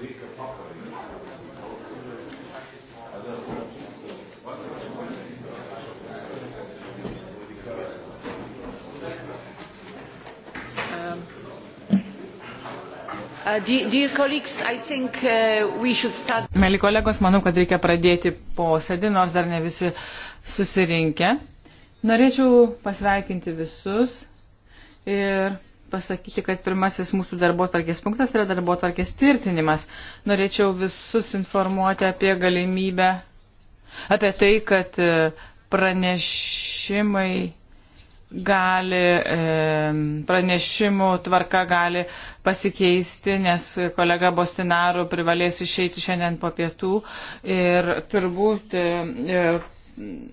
Uh, uh, Mėly kolegos, manau, kad reikia pradėti posėdį, nors dar ne visi susirinkę. Norėčiau pasveikinti visus ir pasakyti, kad pirmasis mūsų darbo tvarkės punktas yra darbo tvarkės tvirtinimas. Norėčiau visus informuoti apie galimybę, apie tai, kad e, pranešimai gali, e, pranešimų tvarka gali pasikeisti, nes kolega Bostinaru privalės išeiti šiandien po pietų ir turbūt e,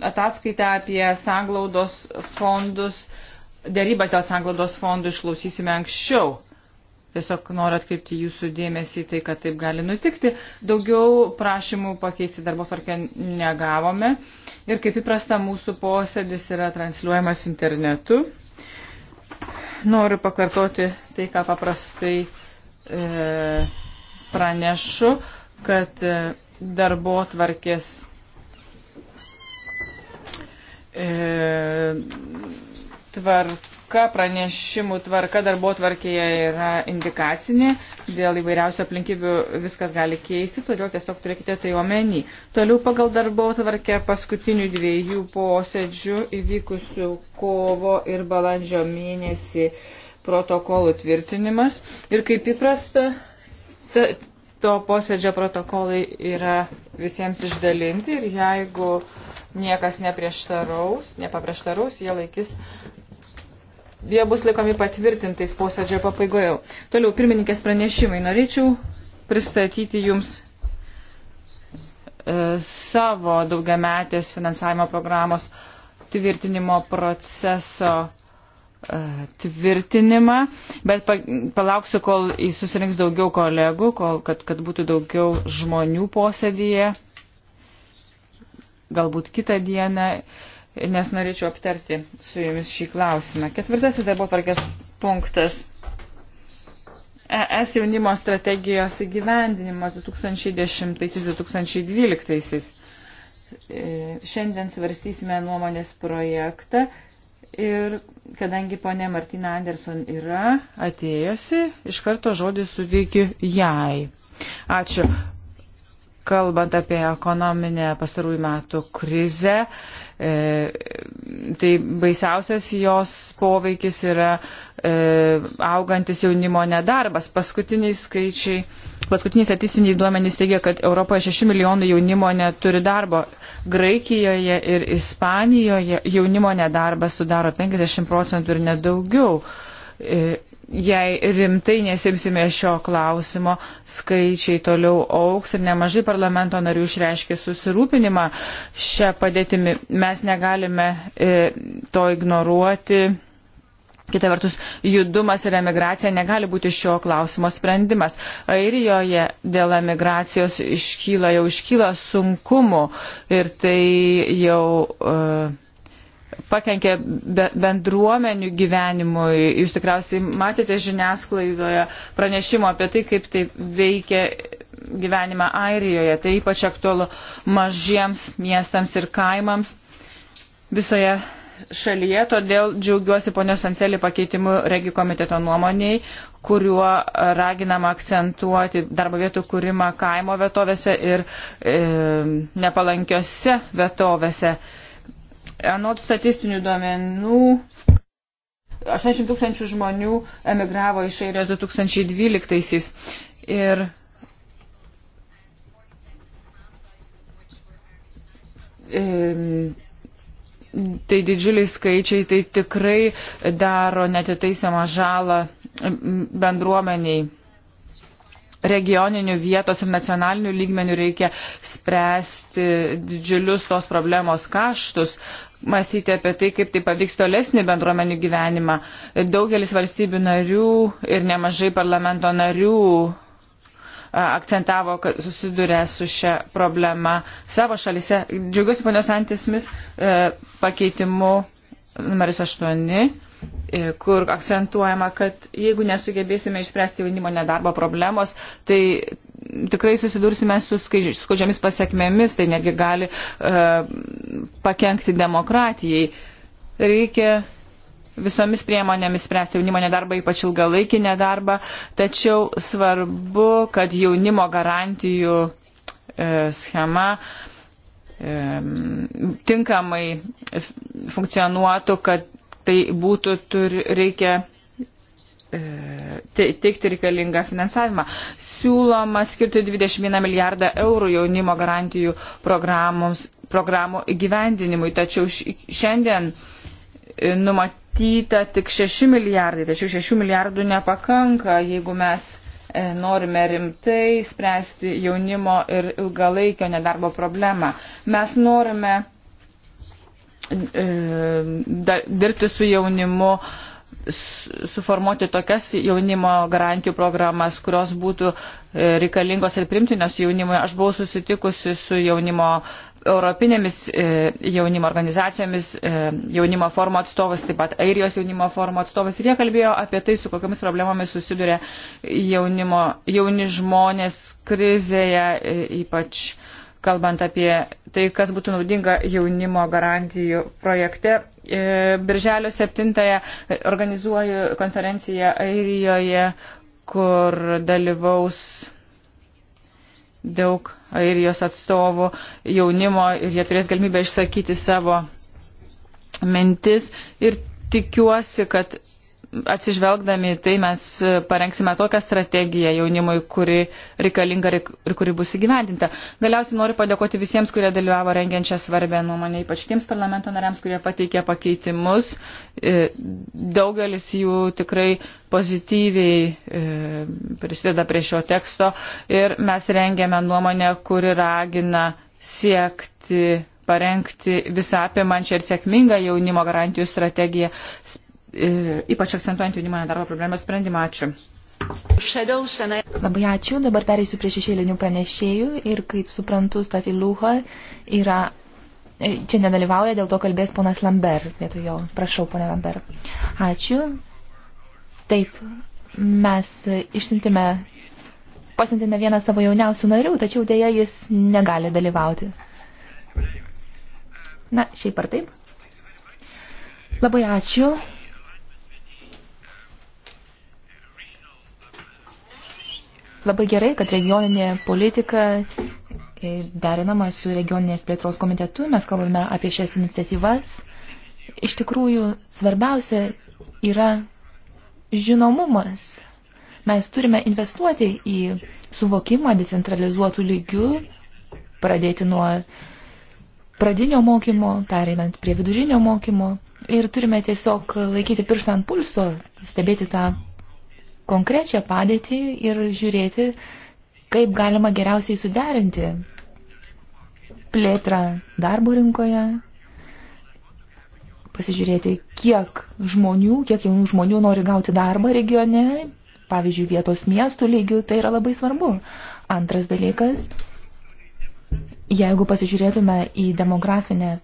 ataskaita apie sanglaudos fondus dėrybas dėl sanglaudos fondų išklausysime anksčiau. Tiesiog noriu atkreipti jūsų dėmesį tai, kad taip gali nutikti. Daugiau prašymų pakeisti darbo tvarkę negavome. Ir kaip įprasta, mūsų posėdis yra transliuojamas internetu. Noriu pakartoti tai, ką paprastai e, pranešu, kad e, darbo tvarkės e, tvarka, pranešimų tvarka darbo tvarkėje yra indikacinė, dėl įvairiausių aplinkybių viskas gali keistis, todėl tiesiog turėkite tai omeny. Toliau pagal darbo tvarkę paskutinių dviejų posėdžių įvykusių kovo ir balandžio mėnesį protokolų tvirtinimas ir kaip įprasta. Ta, to posėdžio protokolai yra visiems išdalinti ir jeigu niekas neprieštaraus, nepaprieštaraus, jie laikys jie bus laikomi patvirtintais posėdžio pabaigoje. Toliau, pirmininkės pranešimai. Norėčiau pristatyti jums e, savo daugiametės finansavimo programos tvirtinimo proceso e, tvirtinimą, bet palauksiu, kol susirinks daugiau kolegų, kol, kad, kad būtų daugiau žmonių posėdėje, galbūt kitą dieną nes norėčiau aptarti su jumis šį klausimą. Ketvirtasis darbo tvarkės punktas. ES jaunimo strategijos įgyvendinimas 2010-2012. E, šiandien svarstysime nuomonės projektą ir kadangi ponė Martina Anderson yra atėjusi, iš karto žodį suveikiu jai. Ačiū. Kalbant apie ekonominę pastarųjų metų krizę, E, tai baisiausias jos poveikis yra e, augantis jaunimo nedarbas. Paskutiniai skaičiai, paskutiniai statistiniai duomenys teigia, kad Europoje 6 milijonų jaunimo neturi darbo. Graikijoje ir Ispanijoje jaunimo nedarbas sudaro 50 procentų ir nedaugiau. E, jei rimtai nesimsime šio klausimo, skaičiai toliau auks ir nemažai parlamento narių išreiškė susirūpinimą šią padėtimi. Mes negalime e, to ignoruoti. Kita vertus, judumas ir emigracija negali būti šio klausimo sprendimas. Airijoje dėl emigracijos iškyla, jau iškyla sunkumų ir tai jau. Uh, pakenkė bendruomenių gyvenimui. Jūs tikriausiai matėte žiniasklaidoje pranešimo apie tai, kaip tai veikia gyvenimą Airijoje. Tai ypač aktualu mažiems miestams ir kaimams visoje šalyje. Todėl džiaugiuosi ponios Anselį pakeitimu regi komiteto nuomoniai, kuriuo raginama akcentuoti darbo vietų kūrimą kaimo vietovėse ir e, nepalankiose vietovėse. E, Anot statistinių duomenų, 80 tūkstančių žmonių emigravo iš Airijos 2012-aisiais. Ir tai didžiuliai skaičiai, tai tikrai daro netitaisamą žalą bendruomeniai regioninių vietos ir nacionalinių lygmenių reikia spręsti didžiulius tos problemos kaštus mąstyti apie tai, kaip tai pavyks tolesnį bendruomenių gyvenimą. Daugelis valstybių narių ir nemažai parlamento narių akcentavo, kad susiduria su šia problema savo šalise. Džiaugiuosi ponios Antis Smith e, pakeitimu numeris 8, e, kur akcentuojama, kad jeigu nesugebėsime išspręsti jaunimo nedarbo problemos, tai tikrai susidursime su skaudžiamis pasiekmėmis, tai netgi gali e, pakengti demokratijai. Reikia visomis priemonėmis spręsti jaunimo nedarbą, ypač ilgalaikį nedarbą, tačiau svarbu, kad jaunimo garantijų e, schema e, tinkamai funkcionuotų, kad tai būtų, tur, reikia E, teikti reikalingą finansavimą. Siūloma skirti 21 milijardą eurų jaunimo garantijų programų įgyvendinimui, tačiau šiandien e, numatyta tik 6 milijardai, tačiau 6 milijardų nepakanka, jeigu mes e, norime rimtai spręsti jaunimo ir ilgalaikio nedarbo problemą. Mes norime dirbti su jaunimu, suformuoti tokias jaunimo garantijų programas, kurios būtų e, reikalingos ir primtinos jaunimui. Aš buvau susitikusi su jaunimo europinėmis e, jaunimo organizacijomis, e, jaunimo forumo atstovas, taip pat Airijos jaunimo forumo atstovas. Ir jie kalbėjo apie tai, su kokiamis problemomis susiduria jaunimo, jauni žmonės krizėje, ypač uh, kalbant apie tai, kas būtų naudinga jaunimo garantijų projekte. E, Birželio 7-ąją organizuoju konferenciją Airijoje, kur dalyvaus daug Airijos atstovų jaunimo ir jie turės galimybę išsakyti savo mintis ir tikiuosi, kad atsižvelgdami tai mes e, parengsime tokią strategiją jaunimui, kuri reikalinga ir kuri bus įgyvendinta. Galiausiai noriu padėkoti visiems, kurie dalyvavo rengiant šią svarbę nuomonę, ypač tiems parlamento nariams, kurie pateikė pakeitimus. E, daugelis jų tikrai pozityviai e, prisideda prie šio teksto ir mes rengėme nuomonę, kuri ragina siekti parengti visą apimančią ir sėkmingą jaunimo garantijų strategiją, E, ypač akcentuojant jaunimo nedarbo problemos sprendimą. Ačiū. Labai ačiū. Dabar pereisiu prie šešėlinių pranešėjų ir, kaip suprantu, Stati Lūha yra... E, čia nedalyvauja, dėl to kalbės ponas Lambert. Vietoj jo. Prašau, ponė Lambert. Ačiū. Taip, mes išsintime, pasintime vieną savo jauniausių narių, tačiau dėja jis negali dalyvauti. Na, šiaip ar taip. Labai ačiū. Labai gerai, kad regioninė politika e, derinama su regioninės plėtros komitetu. Mes kalbame apie šias iniciatyvas. Iš tikrųjų, svarbiausia yra žinomumas. Mes turime investuoti į suvokimą decentralizuotų lygių, pradėti nuo pradinio mokymo, pereinant prie vidurinio mokymo. Ir turime tiesiog laikyti pirštą ant pulso, stebėti tą konkrečią padėtį ir žiūrėti, kaip galima geriausiai suderinti plėtrą darbo rinkoje, pasižiūrėti, kiek žmonių, kiek jaunų žmonių nori gauti darbą regione, pavyzdžiui, vietos miestų lygių, tai yra labai svarbu. Antras dalykas, jeigu pasižiūrėtume į demografinę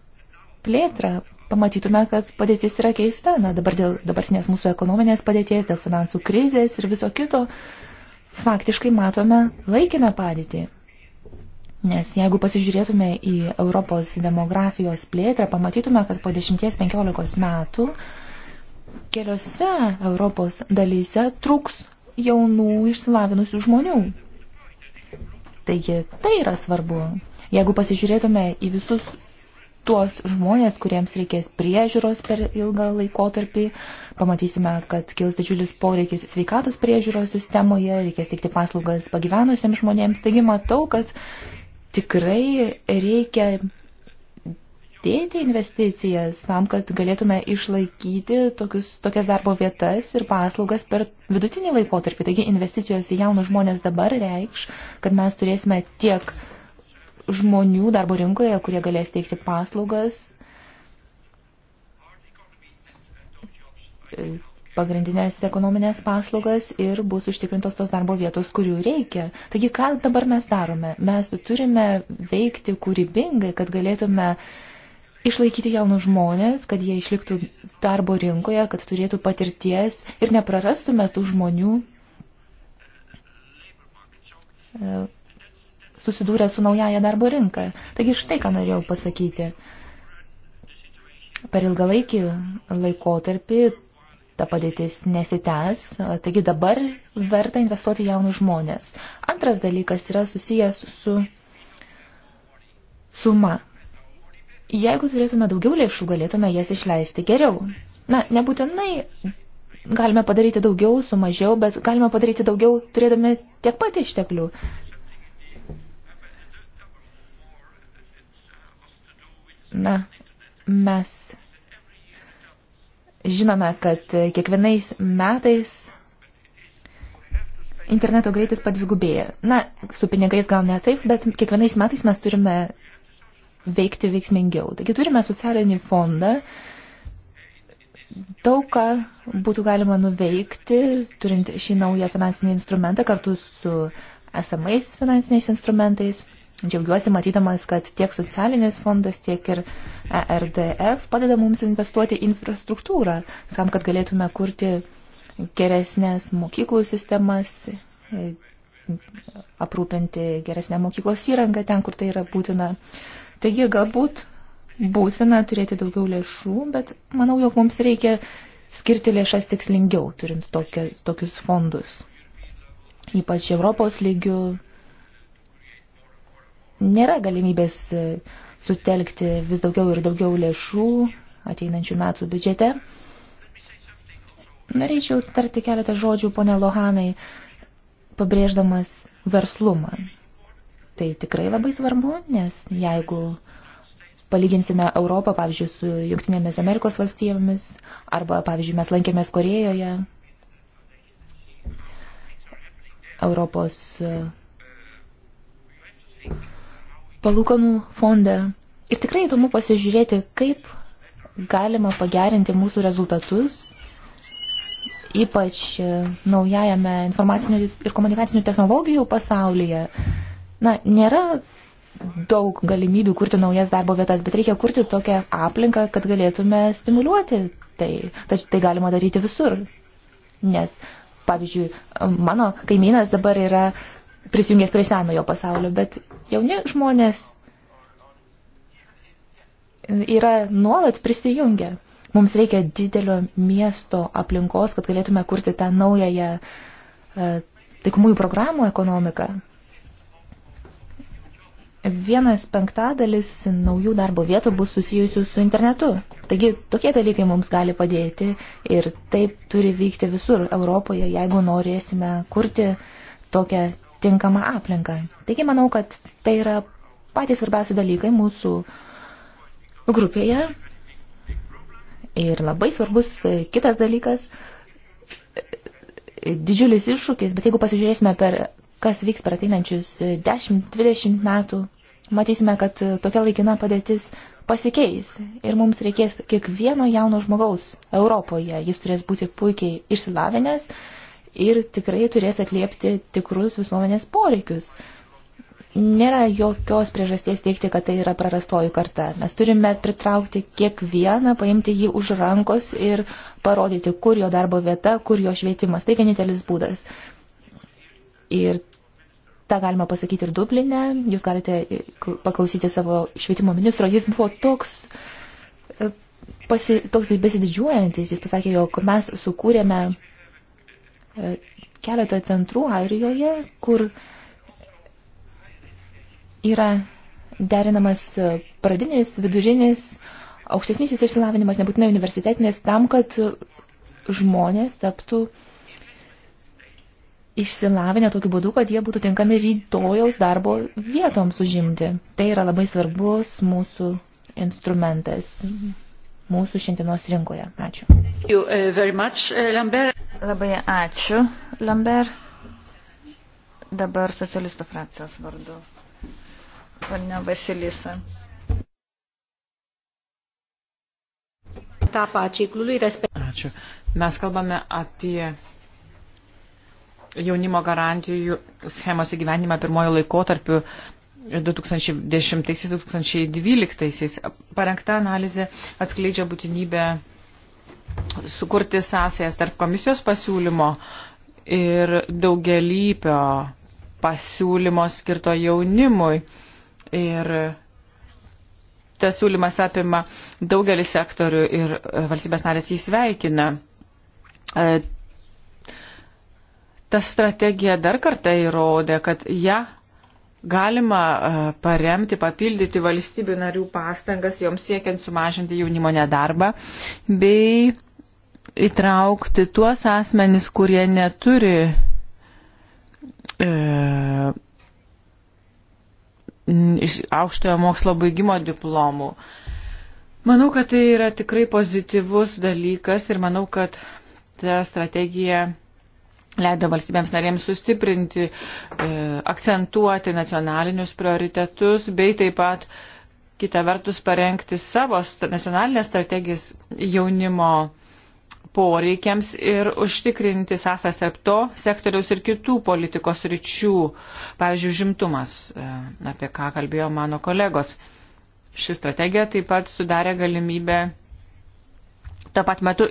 plėtrą, pamatytume, kad padėtis yra keista. Na, dabar dėl dabartinės mūsų ekonominės padėties, dėl finansų krizės ir viso kito, faktiškai matome laikiną padėtį. Nes jeigu pasižiūrėtume į Europos demografijos plėtrą, pamatytume, kad po 10-15 metų keliose Europos dalyse truks jaunų išsilavinusių žmonių. Taigi tai yra svarbu. Jeigu pasižiūrėtume į visus tuos žmonės, kuriems reikės priežiūros per ilgą laikotarpį. Pamatysime, kad kils didžiulis poreikis sveikatos priežiūros sistemoje, reikės teikti paslaugas pagyvenusiems žmonėms. Taigi matau, kad tikrai reikia dėti investicijas tam, kad galėtume išlaikyti tokius, tokias darbo vietas ir paslaugas per vidutinį laikotarpį. Taigi investicijos į jaunus žmonės dabar reikš, kad mes turėsime tiek žmonių darbo rinkoje, kurie galės teikti paslaugas. pagrindinės ekonominės paslaugas ir bus užtikrintos tos darbo vietos, kurių reikia. Taigi, ką dabar mes darome? Mes turime veikti kūrybingai, kad galėtume išlaikyti jaunus žmonės, kad jie išliktų darbo rinkoje, kad turėtų patirties ir neprarastume tų žmonių susidūrę su naujaja darbo rinka. Taigi štai ką norėjau pasakyti. Per ilgalaikį laikotarpį ta padėtis nesitęs, taigi dabar verta investuoti jaunus žmonės. Antras dalykas yra susijęs su suma. Jeigu turėtume daugiau lėšų, galėtume jas išleisti geriau. Na, nebūtinai galime padaryti daugiau su mažiau, bet galime padaryti daugiau turėdami tiek pat išteklių. Na, mes žinome, kad kiekvienais metais interneto greitis padvigubėja. Na, su pinigais gal ne taip, bet kiekvienais metais mes turime veikti veiksmingiau. Taigi turime socialinį fondą, daug ką būtų galima nuveikti, turint šį naują finansinį instrumentą kartu su esamais finansiniais instrumentais. Džiaugiuosi matydamas, kad tiek socialinis fondas, tiek ir ERDF padeda mums investuoti infrastruktūrą, tam, kad galėtume kurti geresnės mokyklų sistemas, e, aprūpinti geresnę mokyklos įrangą ten, kur tai yra būtina. Taigi galbūt būtina turėti daugiau lėšų, bet manau, jog mums reikia skirti lėšas tikslingiau, turint tokia, tokius fondus. Ypač Europos lygių nėra galimybės e, sutelkti vis daugiau ir daugiau lėšų ateinančių metų biudžete. Norėčiau tarti keletą žodžių, ponė Lohanai, pabrėždamas verslumą. Tai tikrai labai svarbu, nes jeigu palyginsime Europą, pavyzdžiui, su Junktinėmis Amerikos valstybėmis, arba, pavyzdžiui, mes lankėmės Korejoje, Europos palūkanų fonde. Ir tikrai įdomu pasižiūrėti, kaip galima pagerinti mūsų rezultatus, ypač naujajame informacinių ir komunikacinių technologijų pasaulyje. Na, nėra daug galimybių kurti naujas darbo vietas, bet reikia kurti tokią aplinką, kad galėtume stimuliuoti tai. Tačiau tai galima daryti visur. Nes, pavyzdžiui, mano kaimynas dabar yra prisijungęs prie senojo pasaulio, bet jauni žmonės yra nuolat prisijungę. Mums reikia didelio miesto aplinkos, kad galėtume kurti tą naująją e, taikomųjų programų ekonomiką. Vienas penktadalis naujų darbo vietų bus susijusių su internetu. Taigi tokie dalykai mums gali padėti ir taip turi vykti visur Europoje, jeigu norėsime kurti tokią tinkamą aplinką. Taigi manau, kad tai yra patys svarbiausi dalykai mūsų grupėje. Ir labai svarbus kitas dalykas, didžiulis iššūkis, bet jeigu pasižiūrėsime per kas vyks per ateinančius 10-20 metų, matysime, kad tokia laikina padėtis pasikeis ir mums reikės kiekvieno jauno žmogaus Europoje. Jis turės būti puikiai išsilavinęs ir tikrai turės atliepti tikrus visuomenės poreikius. Nėra jokios priežasties teikti, kad tai yra prarastoji karta. Mes turime pritraukti kiekvieną, paimti jį už rankos ir parodyti, kur jo darbo vieta, kur jo švietimas. Tai vienintelis būdas. Ir tą galima pasakyti ir Dublinė. Jūs galite e, paklausyti savo švietimo ministro. Jis buvo toks e, pasi, toks besididžiuojantis, jis pasakė, jog mes sukūrėme E, keletą centrų Airijoje, kur yra derinamas pradinis, vidužinis, aukštesnysis išsilavinimas, nebūtinai universitetinis, tam, kad žmonės taptų išsilavinę tokiu būdu, kad jie būtų tinkami rytojaus darbo vietoms užimti. Tai yra labai svarbus mūsų instrumentas mūsų šiandienos rinkoje. Ačiū. Uh, much, uh, Labai ačiū, Lambert. Dabar socialistų frakcijos vardu. Pane Vasilisa. Ačiū. Mes kalbame apie jaunimo garantijų schemos įgyvenimą pirmojų laikotarpių 2010-2012 parengta analizė atskleidžia būtinybę sukurti sąsajas tarp komisijos pasiūlymo ir daugelypio pasiūlymo skirto jaunimui. Ir tas siūlymas apima daugelį sektorių ir valstybės narės jį sveikina. E, ta strategija dar kartą įrodė, kad ją ja, galima e, paremti, papildyti valstybių narių pastangas, joms siekiant sumažinti jaunimo nedarbą, bei įtraukti tuos asmenys, kurie neturi e, aukštojo mokslo baigimo diplomų. Manau, kad tai yra tikrai pozityvus dalykas ir manau, kad ta strategija leido valstybėms narėms sustiprinti, e, akcentuoti nacionalinius prioritetus, bei taip pat kitą vertus parengti savo nacionalinės strategijas jaunimo poreikiams ir užtikrinti sąsas tarp to sektoriaus ir kitų politikos ryčių, pavyzdžiui, žimtumas, e, apie ką kalbėjo mano kolegos. Ši strategija taip pat sudarė galimybę tuo pat metu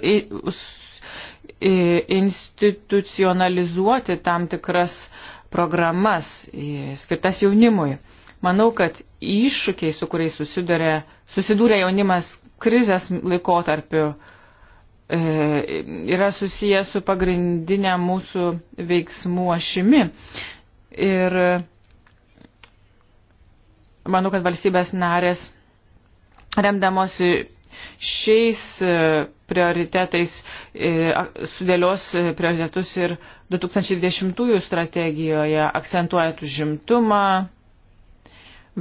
institucionalizuoti tam tikras programas skirtas jaunimui. Manau, kad iššūkiai, su kuriais susidūrė, susidūrė jaunimas krizės laikotarpiu, e, yra susiję su pagrindinė mūsų veiksmų ašimi. Ir manau, kad valstybės narės remdamosi šiais e, prioritetais e, sudėlios e, prioritetus ir 2010 strategijoje, akcentuojant užimtumą,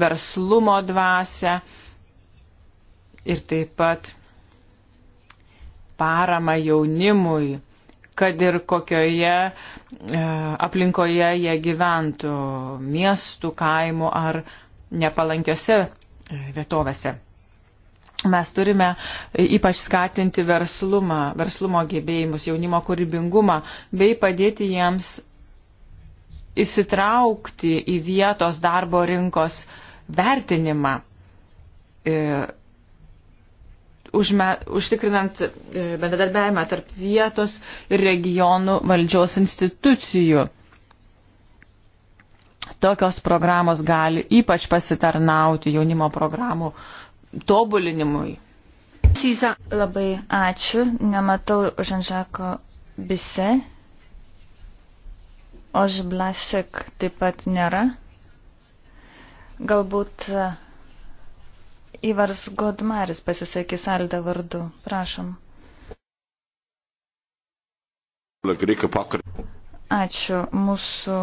verslumo dvasę ir taip pat paramą jaunimui, kad ir kokioje e, aplinkoje jie gyventų, miestų, kaimų ar nepalankiose vietovėse. Mes turime e, ypač skatinti verslumą, verslumo gebėjimus, jaunimo kūrybingumą, bei padėti jiems įsitraukti į vietos darbo rinkos vertinimą, e, užme, užtikrinant e, bendradarbiavimą tarp vietos ir regionų valdžios institucijų. Tokios programos gali ypač pasitarnauti jaunimo programų tobulinimui. Labai ačiū, nematau Žanžako Bise, o Žblašek taip pat nėra. Galbūt e, Ivars Godmaris pasisakys Alda vardu, prašom. Ačiū. Mūsų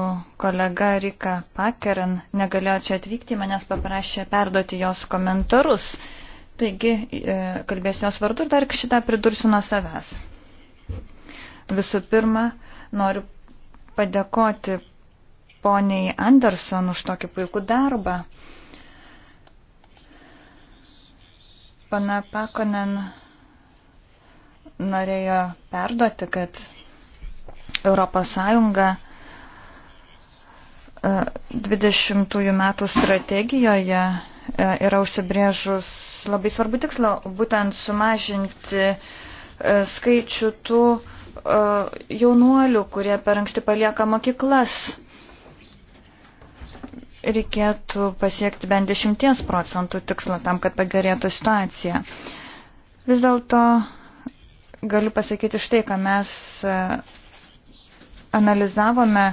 kolega Rika Pakerin negalėjo čia atvykti, manęs paprašė perduoti jos komentarus. Taigi, e, kalbėsiu jos vardu ir dar šitą pridursiu nuo savęs. Visų pirma, noriu padėkoti poniai Anderson už tokį puikų darbą. Pana Pakonen norėjo perduoti, kad Europos Sąjunga 20 e, metų strategijoje e, yra užsibrėžus labai svarbu tikslą, būtent sumažinti e, skaičių tų jaunuolių, kurie per anksti palieka mokyklas. Reikėtų pasiekti bent 10 procentų tikslą tam, kad pagerėtų situacija. Vis dėlto galiu pasakyti štai, ką mes analizavome,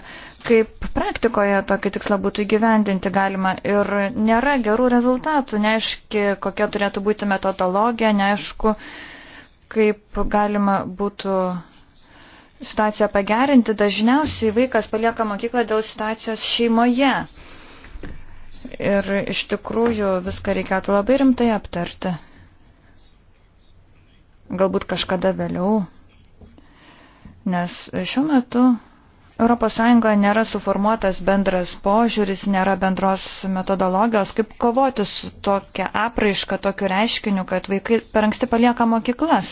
kaip praktikoje tokį tikslą būtų įgyvendinti galima ir nėra gerų rezultatų, neaiški, kokia turėtų būti metodologija, neaišku, kaip galima būtų situaciją pagerinti. Dažniausiai vaikas palieka mokyklą dėl situacijos šeimoje. Ir iš tikrųjų viską reikėtų labai rimtai aptarti. Galbūt kažkada vėliau nes šiuo metu ES nėra suformuotas bendras požiūris, nėra bendros metodologijos, kaip kovoti su tokia apraiška, tokiu reiškiniu, kad vaikai per anksti palieka mokyklas.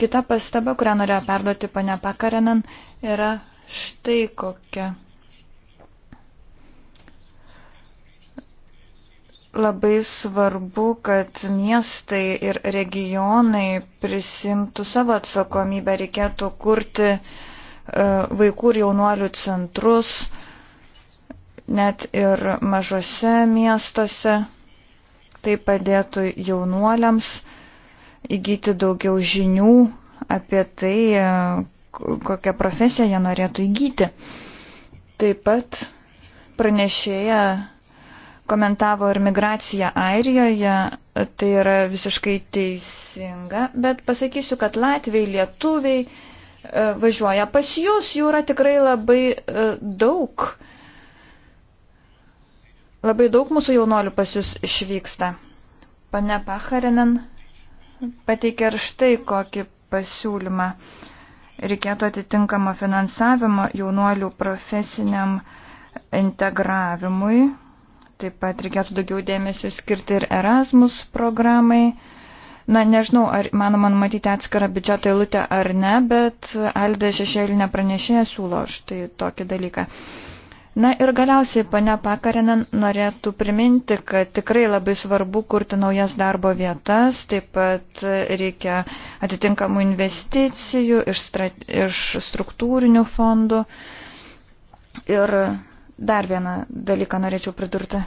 Kita pastaba, kurią norėjo perduoti pane Pakarinen, yra štai kokia. labai svarbu, kad miestai ir regionai prisimtų savo atsakomybę, reikėtų kurti e, vaikų ir jaunuolių centrus, net ir mažose miestuose. Tai padėtų jaunuoliams įgyti daugiau žinių apie tai, e, kokią profesiją jie norėtų įgyti. Taip pat pranešėja komentavo ir migraciją Airijoje, tai yra visiškai teisinga, bet pasakysiu, kad Latviai, Lietuviai e, važiuoja pas jūs, jų yra tikrai labai e, daug. Labai daug mūsų jaunolių pas jūs išvyksta. Pane Pacharinen pateikė ir štai kokį pasiūlymą. Reikėtų atitinkamo finansavimo jaunuolių profesiniam integravimui Taip pat reikėtų daugiau dėmesio skirti ir Erasmus programai. Na, nežinau, ar manoma numatyti atskirą biudžeto eilutę ar ne, bet Aldė šešėlinė pranešėja siūlo štai tokį dalyką. Na ir galiausiai pane Pakarinen norėtų priminti, kad tikrai labai svarbu kurti naujas darbo vietas, taip pat reikia atitinkamų investicijų iš, strate, iš struktūrinių fondų. Ir dar vieną dalyką norėčiau pridurti.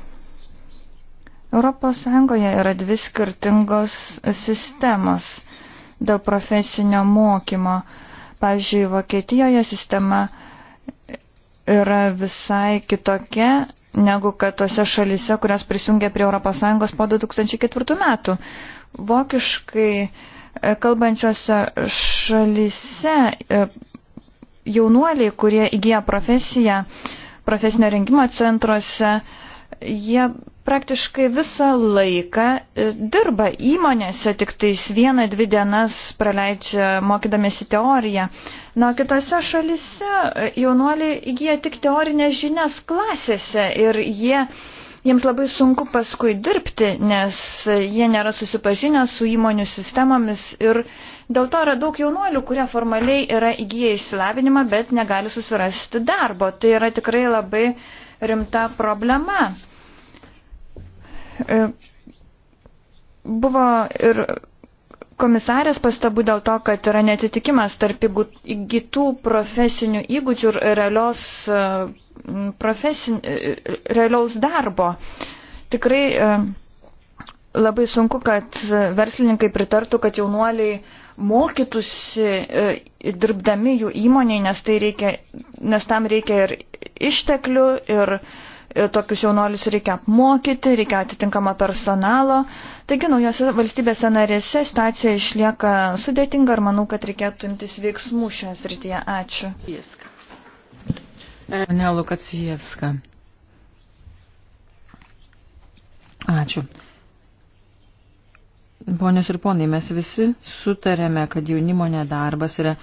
Europos Sąjungoje yra dvi skirtingos sistemos dėl profesinio mokymo. Pavyzdžiui, Vokietijoje sistema yra visai kitokia negu kad tose šalise, kurios prisijungė prie ES po 2004 metų. Vokiškai e, kalbančiose šalise e, jaunuoliai, kurie įgyja profesiją, profesinio rengimo centruose, jie praktiškai visą laiką e, dirba įmonėse, tik tais vieną, dvi dienas praleidžia mokydamėsi teoriją. Na, kitose šalise e, jaunuoliai įgyja tik teorinės žinias klasėse ir jie, jiems labai sunku paskui dirbti, nes jie nėra susipažinę su įmonių sistemomis ir Dėl to yra daug jaunuolių, kurie formaliai yra įgyję išsilavinimą, bet negali susirasti darbo. Tai yra tikrai labai rimta problema. E, buvo ir komisarės pastabų dėl to, kad yra netitikimas tarp įgytų profesinių įgūdžių ir realios, e, profesin, e, realiaus darbo. Tikrai labai sunku, kad verslininkai pritartų, kad jaunuoliai mokytųsi e, dirbdami jų įmoniai, nes, tai reikia, nes tam reikia ir išteklių, ir e, tokius jaunolius reikia apmokyti, reikia atitinkamo personalo. Taigi naujose valstybėse narėse situacija išlieka sudėtinga ir manau, kad reikėtų imtis veiksmų šioje srityje. Ačiū. Pane Lukacijevska. Ačiū. Ponios ir ponai, mes visi sutarėme, kad jaunimo nedarbas yra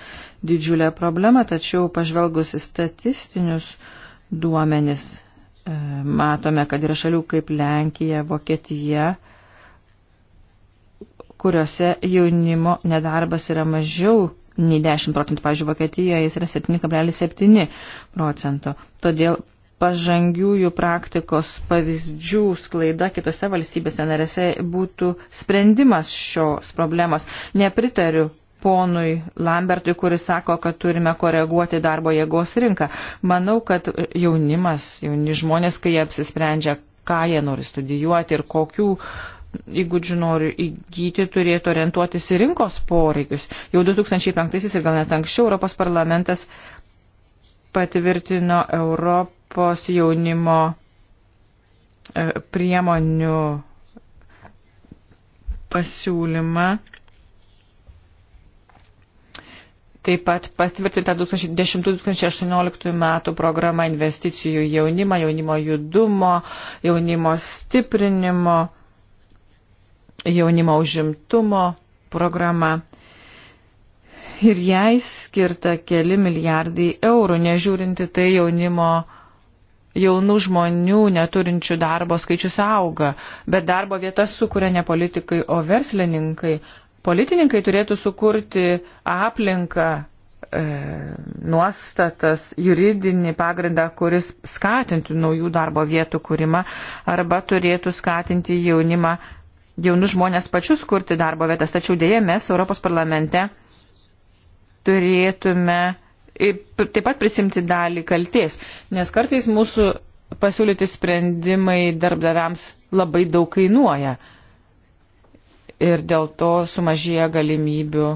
didžiulė problema, tačiau pažvelgus į statistinius duomenis, e, matome, kad yra šalių kaip Lenkija, Vokietija, kuriuose jaunimo nedarbas yra mažiau nei 10 procentų, pavyzdžiui, Vokietijoje jis yra 7,7 procento. Todėl pažangiųjų praktikos pavyzdžių sklaida kitose valstybėse narėse būtų sprendimas šios problemos. Nepritariu ponui Lambertui, kuris sako, kad turime koreguoti darbo jėgos rinką. Manau, kad jaunimas, jauni žmonės, kai jie apsisprendžia, ką jie nori studijuoti ir kokių įgūdžių noriu įgyti, turėtų orientuotis į rinkos poreikius. Jau 2005 ir gal net anksčiau Europos parlamentas patvirtino Europą Europos jaunimo e, priemonių pasiūlymą. Taip pat patvirtinta 2010-2018 metų programa investicijų jaunimą, jaunimo judumo, jaunimo stiprinimo, jaunimo užimtumo programa. Ir jai skirta keli milijardai eurų, nežiūrinti tai jaunimo jaunų žmonių neturinčių darbo skaičius auga, bet darbo vietas sukuria ne politikai, o verslininkai. Politininkai turėtų sukurti aplinką, e, nuostatas, juridinį pagrindą, kuris skatintų naujų darbo vietų kūrimą arba turėtų skatinti jaunimą, jaunus žmonės pačius kurti darbo vietas. Tačiau dėje mes Europos parlamente turėtume ir taip pat prisimti dalį kalties, nes kartais mūsų pasiūlyti sprendimai darbdaviams labai daug kainuoja ir dėl to sumažėja galimybių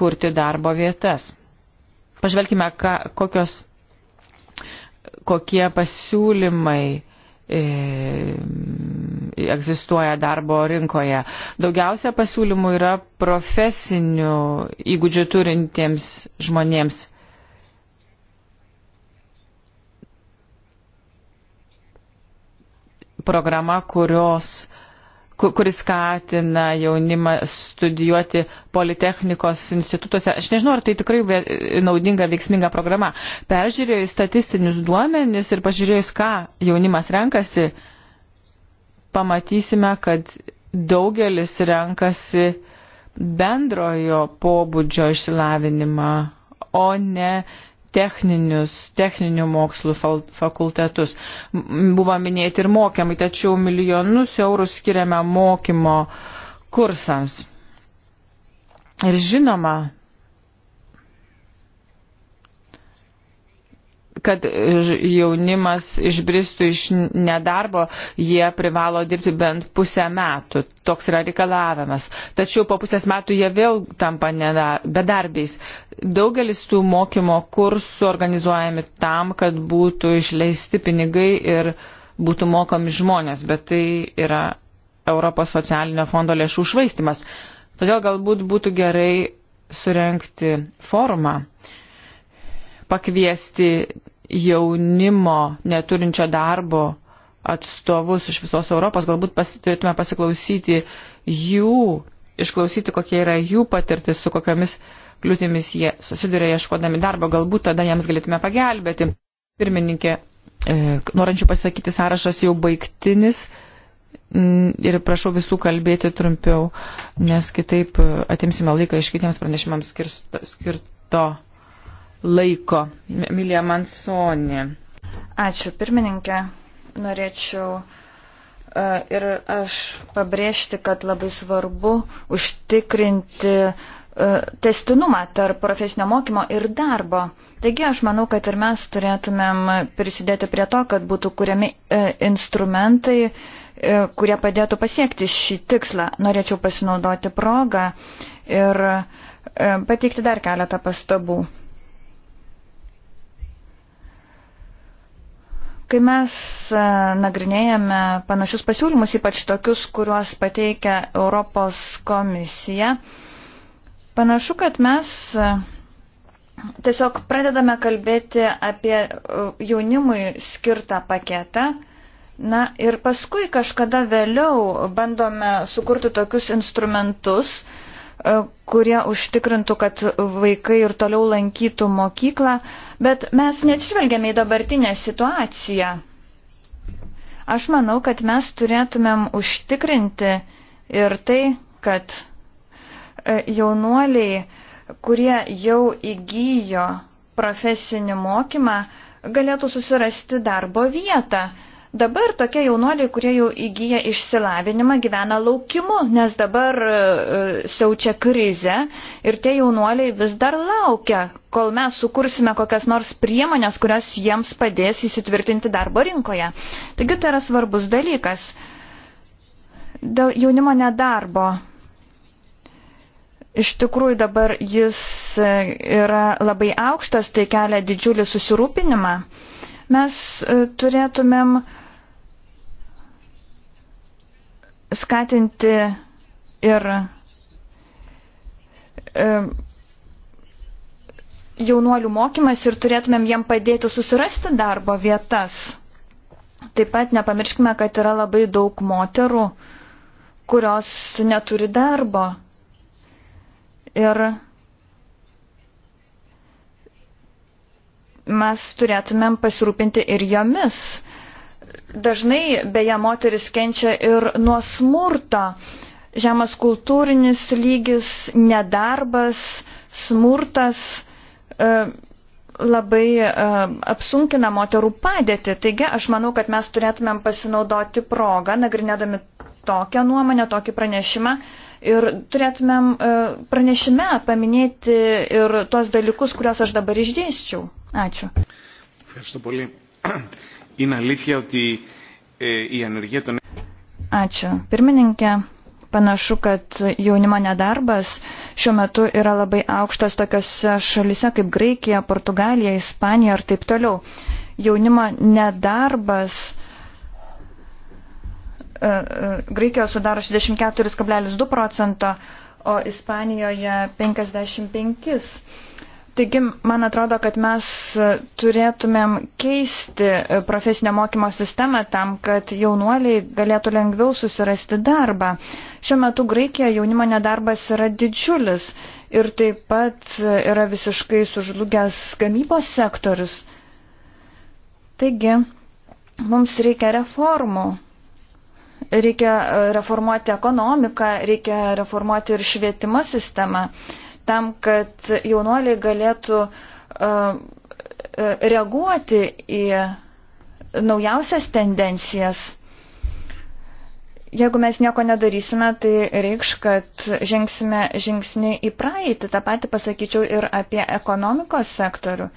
kurti darbo vietas. Pažvelkime, ką, kokios, kokie pasiūlymai E, egzistuoja darbo rinkoje. Daugiausia pasiūlymų yra profesinių įgūdžių turintiems žmonėms. Programa, kurios kuris skatina jaunimą studijuoti politechnikos institutuose. Aš nežinau, ar tai tikrai naudinga, veiksminga programa. Peržiūrėjus statistinius duomenis ir pažiūrėjus, ką jaunimas renkasi, pamatysime, kad daugelis renkasi bendrojo pobūdžio išsilavinimą, o ne techninius, techninių mokslų fakultetus. Buvo minėti ir mokymai, tačiau milijonus eurų skiriame mokymo kursams. Ir žinoma, kad e, jaunimas išbristų iš nedarbo, jie privalo dirbti bent pusę metų. Toks yra reikalavimas. Tačiau po pusės metų jie vėl tampa bedarbiais. Daugelis tų mokymo kursų organizuojami tam, kad būtų išleisti pinigai ir būtų mokomi žmonės, bet tai yra Europos socialinio fondo lėšų švaistimas. Todėl galbūt būtų gerai surenkti forumą pakviesti jaunimo neturinčio darbo atstovus iš visos Europos, galbūt pas, turėtume pasiklausyti jų, išklausyti, kokia yra jų patirtis, su kokiamis kliūtimis jie susiduria ieškodami darbo, galbūt tada jiems galėtume pagelbėti. Pirmininkė, e, norinčių pasakyti sąrašas jau baigtinis m, ir prašau visų kalbėti trumpiau, nes kitaip e, atimsime laiką iš kitiems pranešimams skirsto. skirto laiko. Emilija Mansonė. Ačiū, pirmininkė. Norėčiau e, ir aš pabrėžti, kad labai svarbu užtikrinti e, testinumą tarp profesinio mokymo ir darbo. Taigi aš manau, kad ir mes turėtumėm prisidėti prie to, kad būtų kuriami e, instrumentai, kurie padėtų pasiekti šį tikslą. Norėčiau pasinaudoti progą ir pateikti dar keletą pastabų. Kai mes e, nagrinėjame panašius pasiūlymus, ypač tokius, kuriuos pateikia Europos komisija, panašu, kad mes e, tiesiog pradedame kalbėti apie e, jaunimui skirtą paketą. Na ir paskui kažkada vėliau bandome sukurti tokius instrumentus, uh, E, kurie užtikrintų, kad vaikai ir toliau lankytų mokyklą, bet mes neatsižvelgiame į dabartinę situaciją. Aš manau, kad mes turėtumėm užtikrinti ir tai, kad e, jaunuoliai, kurie jau įgyjo profesinį mokymą, galėtų susirasti darbo vietą. Dabar tokie jaunoliai, kurie jau įgyja išsilavinimą, gyvena laukimu, nes dabar e, siaučia krize ir tie jaunoliai vis dar laukia, kol mes sukursime kokias nors priemonės, kurios jiems padės įsitvirtinti darbo rinkoje. Taigi tai yra svarbus dalykas. Dėl jaunimo nedarbo. Iš tikrųjų dabar jis e, yra labai aukštas, tai kelia didžiulį susirūpinimą. Mes e, turėtumėm uh, skatinti ir e, jaunuolių mokymas ir turėtumėm jiem padėti susirasti darbo vietas. Taip pat nepamirškime, kad yra labai daug moterų, kurios neturi darbo. Ir mes turėtumėm pasirūpinti ir jomis dažnai beje moteris kenčia ir nuo smurto. Žemas kultūrinis lygis, nedarbas, smurtas e, labai e, apsunkina moterų padėtį. Taigi aš manau, kad mes turėtumėm pasinaudoti progą, nagrinėdami tokią nuomonę, tokį pranešimą ir turėtumėm e, pranešime paminėti ir tuos dalykus, kuriuos aš dabar išdėščiau. Ačiū. Ačiū Είναι αλήθεια ότι ε, η ανεργία των... Ačiū. Pirmininkė, panašu, kad jaunimo nedarbas šiuo metu yra labai aukštas tokiose šalise kaip Graikija, Portugalija, Ispanija ir taip toliau. Jaunimo nedarbas e, e, Graikijoje sudaro 64,2 procento, o Ispanijoje 55. Taigi, man atrodo, kad mes turėtumėm keisti profesinio mokymo sistemą tam, kad jaunuoliai galėtų lengviau susirasti darbą. Šiuo metu Graikijoje jaunimo nedarbas yra didžiulis ir taip pat yra visiškai sužlugęs gamybos sektorius. Taigi, mums reikia reformų. Reikia e, reformuoti ekonomiką, reikia reformuoti ir švietimo sistemą. Uh, tam, kad jaunuoliai galėtų reaguoti į naujausias tendencijas. Jeigu mes nieko nedarysime, tai reikš, kad žengsime žingsnį į praeitį. Ta pati pasakyčiau ir apie ekonomikos sektorių.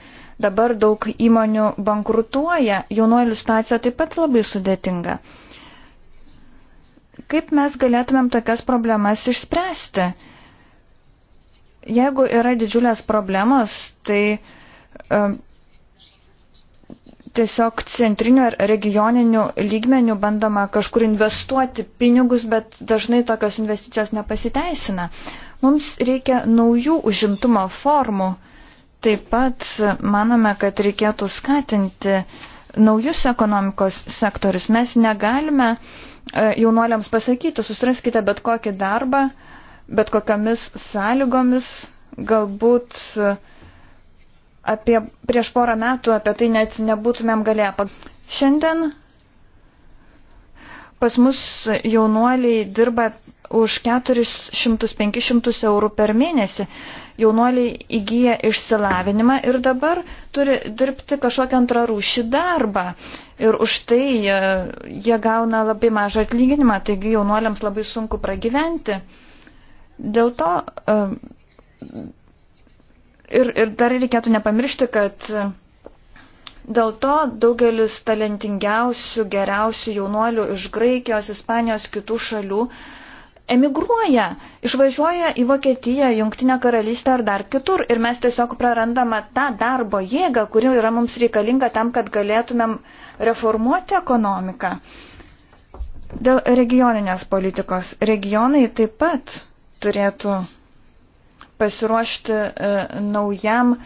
Dabar daug įmonių bankrutuoja, jaunuolių situacija taip pat labai sudėtinga. Kaip mes galėtumėm tokias problemas išspręsti? Jeigu yra didžiulės problemos, tai um, tiesiog centriniu ar regioniniu lygmeniu bandoma kažkur investuoti pinigus, bet dažnai tokios investicijos nepasiteisina. Mums reikia naujų užimtumo formų. Taip pat manome, kad reikėtų skatinti naujus ekonomikos sektorius. Mes negalime e, jaunuoliams pasakyti, susiraskite bet kokį darbą, uh, bet kokiamis sąlygomis, galbūt e, apie, prieš porą metų apie tai net nebūtumėm galėję. Šiandien pas mus jaunuoliai dirba už 400-500 eurų per mėnesį. Jaunuoliai įgyja išsilavinimą ir dabar turi dirbti kažkokią antrą rūšį darbą. Ir už tai jie, jie gauna labai mažą atlyginimą, taigi jaunuoliams labai sunku pragyventi. Uh, Dėl to e, ir, ir dar reikėtų nepamiršti, kad dėl to daugelis talentingiausių, geriausių jaunuolių iš Graikijos, Ispanijos, kitų šalių emigruoja, išvažiuoja į Vokietiją, Junktinę karalystę ar dar kitur ir mes tiesiog prarandame tą darbo jėgą, kuri yra mums reikalinga tam, kad galėtumėm reformuoti ekonomiką. Dėl regioninės politikos regionai taip pat turėtų pasiruošti e, naujam e,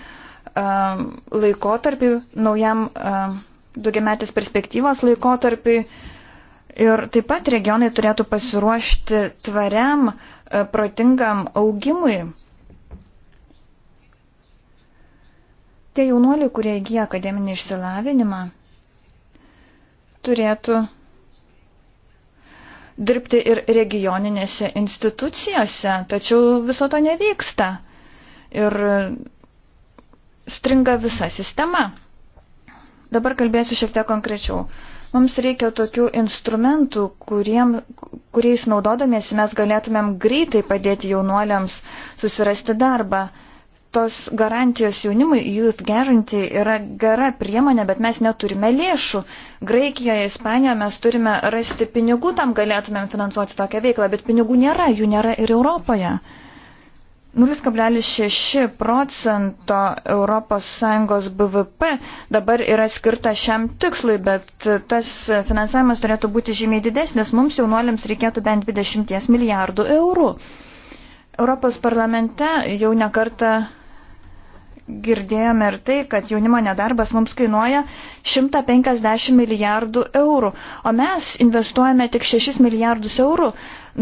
laikotarpiu, naujam e, daugiametės perspektyvos laikotarpiu. Ir taip pat regionai turėtų pasiruošti tvariam, protingam augimui. Tie jaunuoliai, kurie įgyja akademinį išsilavinimą, turėtų dirbti ir regioninėse institucijose, tačiau viso to nevyksta. Ir stringa visa sistema. Dabar kalbėsiu šiek tiek konkrečiau. Mums reikia tokių instrumentų, kuriem, kuriais naudodamiesi mes galėtumėm greitai padėti jaunuoliams susirasti darbą tos garantijos jaunimui, youth guarantee, yra gera priemonė, bet mes neturime lėšų. Graikijoje, Ispanijoje mes turime rasti pinigų, tam galėtumėm finansuoti tokią veiklą, bet pinigų nėra, jų nėra ir Europoje. 0,6 procento ES BVP dabar yra skirta šiam tikslui, bet tas finansavimas turėtų būti žymiai didesnis, mums jaunuoliams reikėtų bent 20 milijardų eurų. Europos parlamente jau nekarta girdėjome ir tai, kad jaunimo nedarbas mums kainuoja 150 milijardų eurų, o mes investuojame tik 6 milijardus eurų,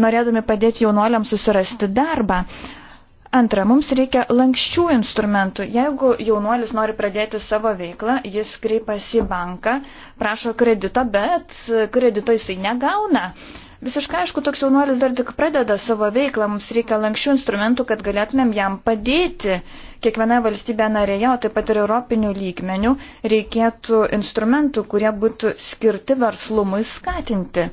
norėdami padėti jaunuoliams susirasti darbą. Antra, mums reikia lankščių instrumentų. Jeigu jaunuolis nori pradėti savo veiklą, jis kreipiasi į banką, prašo kredito, bet kredito jisai negauna. Uh, Visiškai aišku, toks jaunuolis dar tik pradeda savo veiklą, mums reikia lankščių instrumentų, kad galėtumėm jam padėti. Kiekviena valstybė narėje, o taip pat ir europinių lygmenių, reikėtų instrumentų, kurie būtų skirti verslumui skatinti.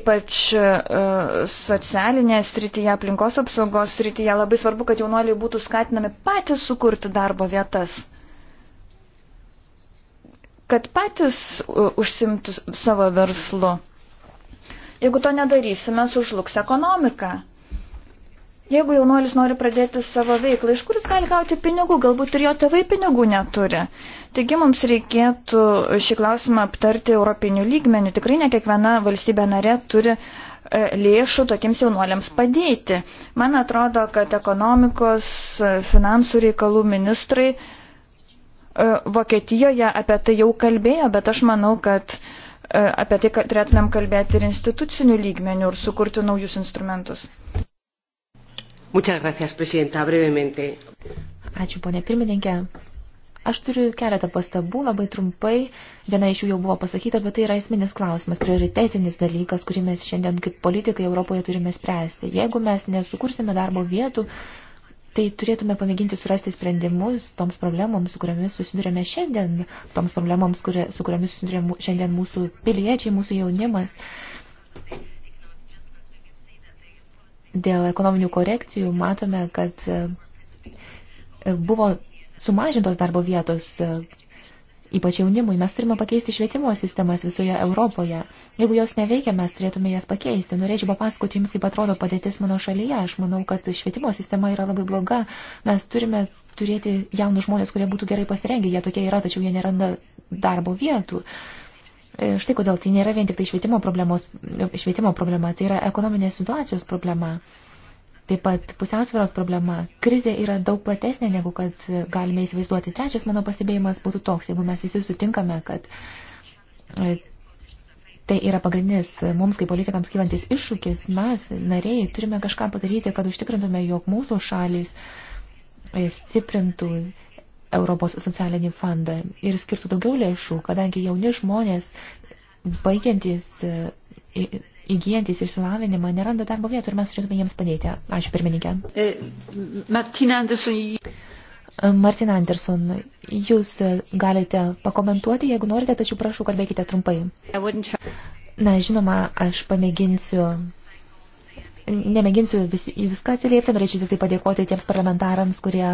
Ypač uh, socialinėje srityje, aplinkos apsaugos srityje labai svarbu, kad jaunuoliai būtų skatinami patys sukurti darbo vietas kad patys e, užsimtų savo verslu. Jeigu to nedarysime, sužlugs ekonomika. Jeigu jaunuolis nori pradėti savo veiklą, iš kur jis gali gauti pinigų, galbūt ir jo tėvai pinigų neturi. Taigi mums reikėtų šį klausimą aptarti europinių lygmenių. Tikrai ne kiekviena valstybė narė turi e, lėšų tokiems jaunuoliams padėti. Man atrodo, kad ekonomikos, e, finansų reikalų ministrai e, Vokietijoje apie tai jau kalbėjo, bet aš manau, kad uh, E, apie tai turėtumėm kalbėti ir institucinių lygmenių ir sukurti naujus instrumentus. Ačiū, ponė pirmininkė. Aš turiu keletą pastabų, labai trumpai. Viena iš jų jau buvo pasakyta, bet tai yra esminis klausimas, prioritetinis dalykas, kurį mes šiandien kaip politikai Europoje turime spręsti. Jeigu mes nesukursime darbo vietų, Tai turėtume pamėginti surasti sprendimus toms problemoms, su kuriamis susidurėme šiandien, toms problemoms, kurie, su kuriamis susidurė šiandien mūsų piliečiai, mūsų jaunimas. Dėl ekonominių korekcijų matome, kad e, buvo sumažintos darbo vietos ypač jaunimui, mes turime pakeisti švietimo sistemas visoje Europoje. Jeigu jos neveikia, mes turėtume jas pakeisti. Norėčiau papasakoti jums, kaip atrodo padėtis mano šalyje. Aš manau, kad švietimo sistema yra labai bloga. Mes turime turėti jaunus žmonės, kurie būtų gerai pasirengę. Jie tokie yra, tačiau jie neranda darbo vietų. E, štai kodėl tai nėra vien tik tai švietimo, problemos, švietimo problema, tai yra ekonominės situacijos problema. Taip pat pusiausvėros problema. Krizė yra daug platesnė, negu kad galime įsivaizduoti. Trečias mano pasibėjimas būtų toks, jeigu mes visi sutinkame, kad e, tai yra pagrindinis mums kaip politikams kylantis iššūkis, mes, nariai, turime kažką padaryti, kad užtikrintume, jog mūsų šalis e, stiprintų Europos socialinį fondą ir skirtų daugiau lėšų, kadangi jauni žmonės baigiantis e, įgyjantis išsilavinimą neranda darbo vietų ir mes turėtume jiems padėti. Ačiū pirmininkė. E, Martina Anderson. E, Martina Anderson, jūs e, galite pakomentuoti, jeigu norite, tačiau prašau, kalbėkite trumpai. Na, žinoma, aš pamėginsiu nemėginsiu vis, į viską atsiliepti, norėčiau tik tai padėkoti tiems parlamentarams, kurie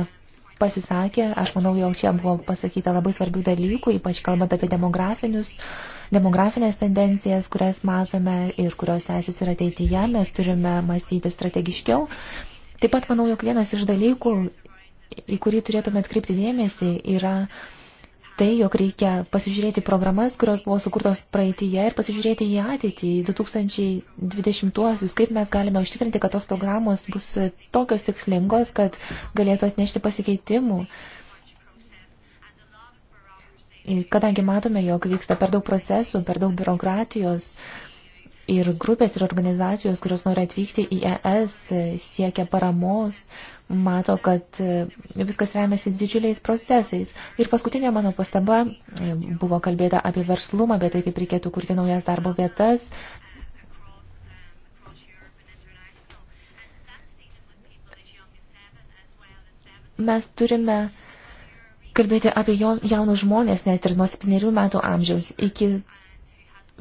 pasisakė, aš manau, jau čia buvo pasakyta labai svarbių dalykų, ypač kalbant apie demografinius, demografinės tendencijas, kurias matome ir kurios tęsis ir ateityje, mes turime mąstyti strategiškiau. Taip pat manau, jog vienas iš dalykų, į kurį turėtume atkreipti dėmesį, yra uh, tai, jog reikia pasižiūrėti programas, kurios buvo sukurtos praeitįje ir pasižiūrėti į ateitį, į 2020-uosius, kaip mes galime užtikrinti, kad tos programos bus tokios tikslingos, kad galėtų atnešti pasikeitimų. Ir kadangi matome, jog vyksta per daug procesų, per daug biurokratijos, ir grupės ir organizacijos, kurios nori atvykti į ES, siekia paramos, uh, mato, kad e, viskas remiasi didžiuliais procesais. Ir paskutinė mano pastaba e, buvo kalbėta apie verslumą, bet tai kaip reikėtų kurti naujas darbo vietas. Mes turime kalbėti apie jaunus žmonės net ir nuo 7 metų amžiaus iki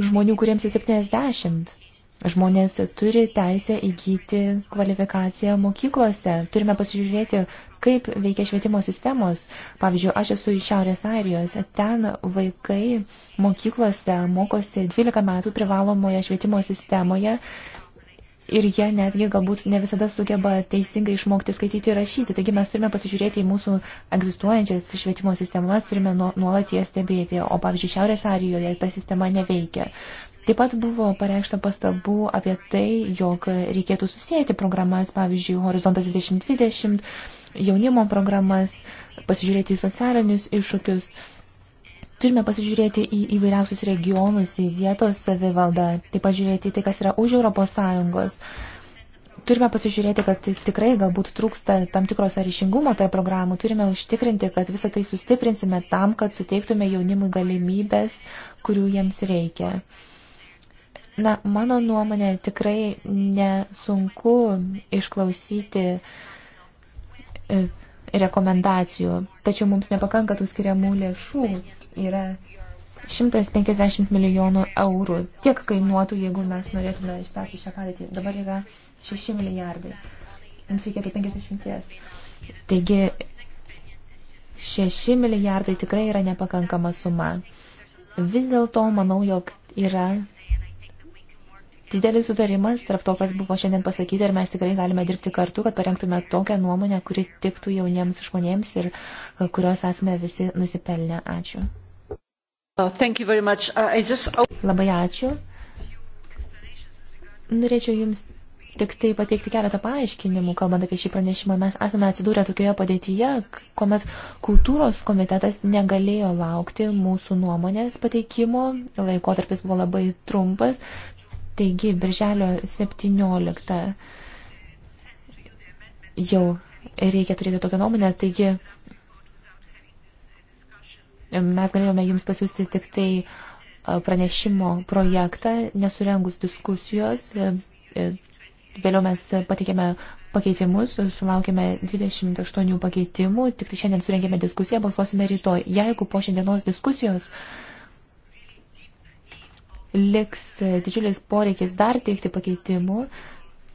žmonių, kuriems jau 70. Žmonės turi teisę įgyti kvalifikaciją mokyklose. Turime pasižiūrėti, kaip veikia švietimo sistemos. Pavyzdžiui, aš esu iš Šiaurės Airijos. Ten vaikai mokyklose mokosi 12 metų privalomoje švietimo sistemoje ir jie netgi galbūt ne visada sugeba teisingai išmokti skaityti ir rašyti. Taigi mes turime pasižiūrėti į mūsų egzistuojančias švietimo sistemas, turime nu-, nuolat jas stebėti, o pavyzdžiui, Šiaurės Arijoje ta sistema neveikia. Taip pat buvo pareikšta pastabų apie tai, jog reikėtų susijęti programas, pavyzdžiui, Horizontas 2020, jaunimo programas, pasižiūrėti į socialinius iššūkius. Turime pasižiūrėti į įvairiausius regionus, į vietos savivaldą, taip pat žiūrėti į tai, kas yra už Europos Sąjungos turime pasižiūrėti, kad tikrai galbūt trūksta tam tikros ryšingumo tarp programų, turime užtikrinti, kad visą tai sustiprinsime tam, kad suteiktume jaunimui galimybės, kurių jiems reikia. Na, mano nuomonė tikrai nesunku išklausyti e, rekomendacijų, tačiau mums nepakanka tų skiriamų lėšų. Yra 150 milijonų eurų. Tiek kainuotų, jeigu mes norėtume ištęsti šią padėtį. Dabar yra 6 milijardai. Mums reikėtų 50. Taigi 6 milijardai tikrai yra nepakankama suma. Vis dėlto manau, jog yra didelis sutarimas tarp to, kas buvo šiandien pasakyta ir mes tikrai galime dirbti kartu, kad parengtume tokią nuomonę, kuri tiktų jauniems žmonėms ir e, kurios esame visi nusipelnę. Ačiū. Oh, uh, just... Labai ačiū. Norėčiau Jums tik tai pateikti keletą paaiškinimų, kalbant apie šį pranešimą. Mes esame atsidūrę tokioje padėtyje, kuomet kultūros komitetas negalėjo laukti mūsų nuomonės pateikimo. Laikotarpis buvo labai trumpas, Taigi, birželio 17 jau reikia turėti tokią nuomonę, taigi mes galėjome jums pasiūsti tik tai pranešimo projektą, nesurengus diskusijos. Vėliau mes pateikėme pakeitimus, sulaukėme 28 pakeitimų, tik tai šiandien surengėme diskusiją, balsuosime rytoj. Jeigu po šiandienos diskusijos uh, liks didžiulis poreikis dar teikti pakeitimų,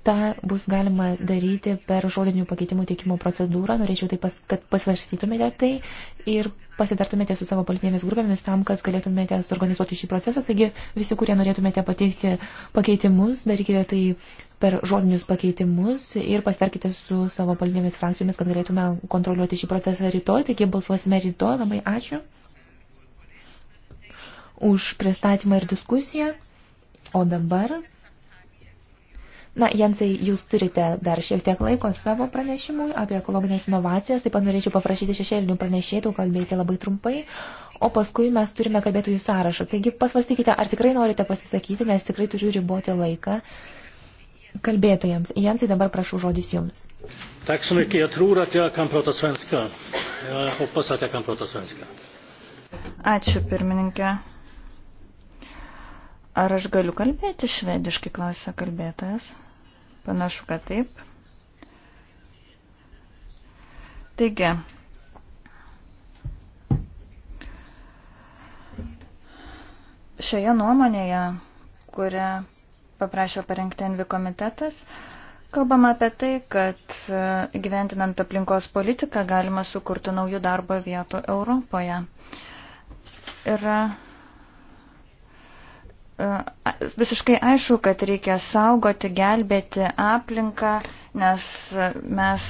tą bus galima daryti per žodinių pakeitimų teikimo procedūrą. Norėčiau tai, pas, kad pasvarstytumėte tai ir pasitartumėte su savo politinėmis grupėmis tam, kad galėtumėte suorganizuoti šį procesą. Taigi visi, kurie norėtumėte pateikti pakeitimus, darykite tai per žodinius pakeitimus ir pasitarkite su savo politinėmis frakcijomis, kad galėtume kontroliuoti šį procesą rytoj. Taigi balsuosime rytoj. Labai ačiū už pristatymą ir diskusiją. O dabar, na, Jensai, jūs turite dar šiek tiek laiko savo pranešimui apie ekologinės inovacijas, taip pat norėčiau paprašyti šešėlinių pranešėtų kalbėti labai trumpai, o paskui mes turime kalbėtojų sąrašą. Taigi pasvarstykite, ar tikrai norite pasisakyti, nes tikrai turiu riboti laiką kalbėtojams. Jensai, dabar prašau žodis jums. Tack så mycket. Jag tror att jag kan prata svenska. Jag hoppas att jag kan prata svenska. Ačiū pirmininkė. Ar aš galiu kalbėti švediškai, klausia kalbėtojas. Panašu, kad taip. Taigi. Šioje nuomonėje, kurią paprašė parengti Envi komitetas, kalbama apie tai, kad e, gyventinant aplinkos politiką galima sukurti naujų darbo vietų Europoje. Yra visiškai aišku, kad reikia saugoti, gelbėti aplinką, nes mes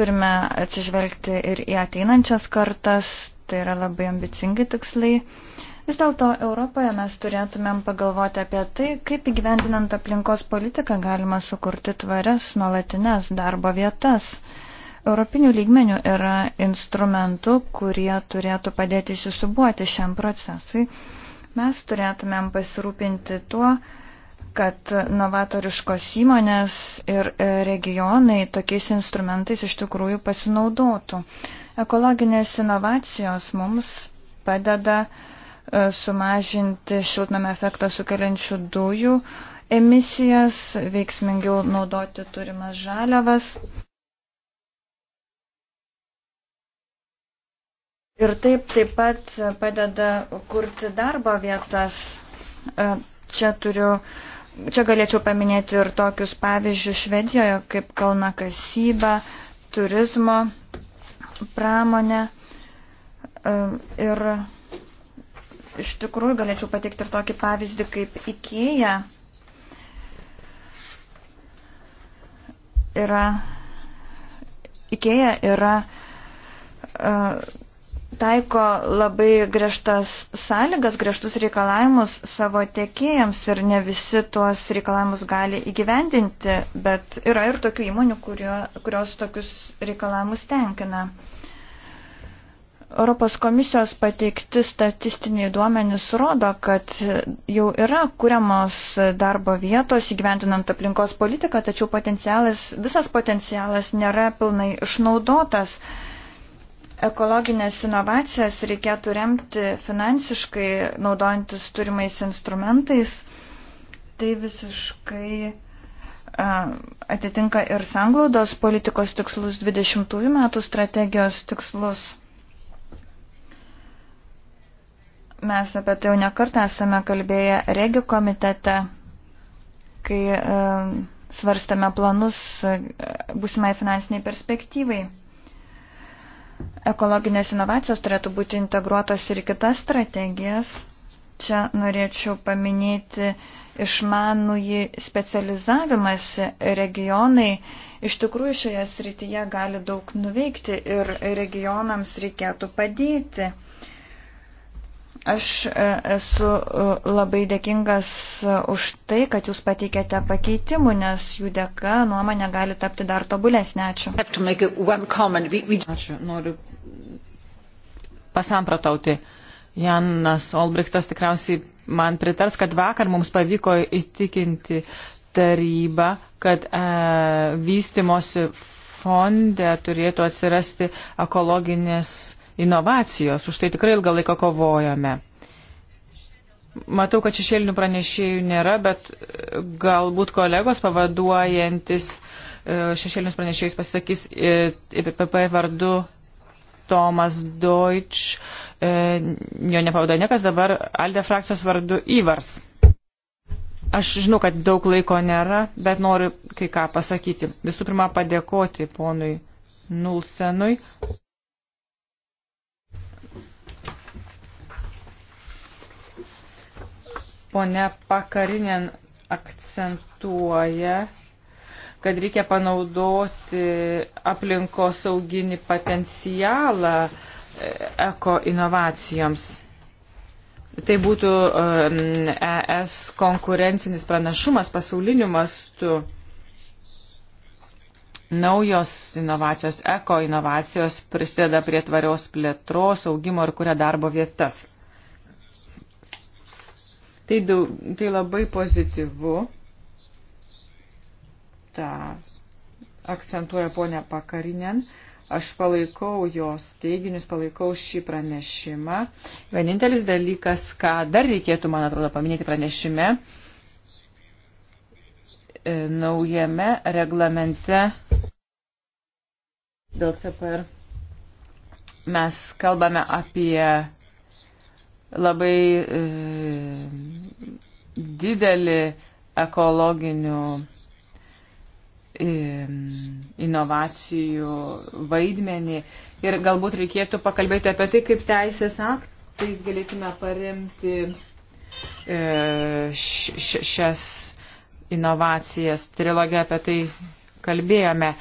turime atsižvelgti ir į ateinančias kartas, tai yra labai ambicingi tikslai. Vis dėlto Europoje mes turėtumėm pagalvoti apie tai, kaip įgyvendinant aplinkos politiką galima sukurti tvarias nuolatines darbo vietas. Europinių lygmenių yra instrumentų, kurie turėtų padėti įsisubuoti šiam procesui Mes turėtumėm pasirūpinti tuo, kad novatoriškos įmonės ir regionai tokiais instrumentais iš tikrųjų pasinaudotų. Ekologinės inovacijos mums padeda e, sumažinti šiltnamio efektą sukeliančių dujų emisijas, veiksmingiau naudoti turimas žaliavas. Ir taip taip pat padeda kurti darbo vietas. E, čia turiu, čia galėčiau paminėti ir tokius pavyzdžius Švedijoje, kaip kalna kasyba, turizmo pramonė. E, ir iš tikrųjų galėčiau pateikti ir tokį pavyzdį kaip IKEA. Yra, IKEA yra uh, taiko labai griežtas sąlygas, griežtus reikalavimus savo tiekėjams ir ne visi tuos reikalavimus gali įgyvendinti, bet yra ir tokių įmonių, kurio, kurios tokius reikalavimus tenkina. Europos komisijos pateikti statistiniai duomenys rodo, kad jau yra kuriamos darbo vietos įgyventinant aplinkos politiką, tačiau potencialas, visas potencialas nėra pilnai išnaudotas. Uh, ekologinės inovacijas reikėtų remti finansiškai, naudojantis turimais instrumentais. Tai visiškai atitinka ir sanglaudos politikos tikslus 20 metų strategijos tikslus. Mes apie tai jau nekartą esame kalbėję regi komitete, kai svarstame planus būsimai finansiniai perspektyvai ekologinės inovacijos turėtų būti integruotos ir kitas strategijas. Čia norėčiau paminėti išmanųjį specializavimąsi regionai. Iš tikrųjų šioje srityje gali daug nuveikti ir regionams reikėtų padėti. Aš e, esu e, labai dėkingas e, už tai, kad jūs pateikėte pakeitimų, nes jų dėka nuomonė gali tapti dar tobulesnė. Ačiū. Ačiū. Noriu pasamprotauti. Janas Olbrichtas tikriausiai man pritars, kad vakar mums pavyko įtikinti tarybą, kad e, vystimosi fonde turėtų atsirasti ekologinės inovacijos. Už tai tikrai ilgą laiką kovojame. Matau, kad šešėlinių pranešėjų nėra, bet e, galbūt kolegos pavaduojantis e, šešėlinius pranešėjus pasisakys PP e, vardu Tomas Deutsch, jo nepavaduoja niekas, dabar Alde frakcijos vardu Ivars. Aš žinau, kad daug laiko nėra, bet noriu kai ką pasakyti. Visų pirma, padėkoti ponui Nulsenui Pone Pakarinen akcentuoja, kad reikia panaudoti aplinkos sauginį potencialą e, eko inovacijoms. Tai būtų ES e konkurencinis pranašumas pasauliniu mastu. Naujos inovacijos, eko inovacijos prisideda prie tvarios plėtros, augimo ir kuria darbo vietas. Tai, daug, tai labai pozityvu. Ta akcentuoja ponia Pakarinen. Aš palaikau jos teiginius, palaikau šį pranešimą. Vienintelis dalykas, ką dar reikėtų, man atrodo, paminėti pranešime, e, naujame reglamente dėl CPR mes kalbame apie labai e, didelį ekologinių e, inovacijų vaidmenį. Ir galbūt reikėtų pakalbėti apie tai, kaip teisės aktais galėtume paremti e, šias inovacijas. Trilogė apie tai kalbėjome.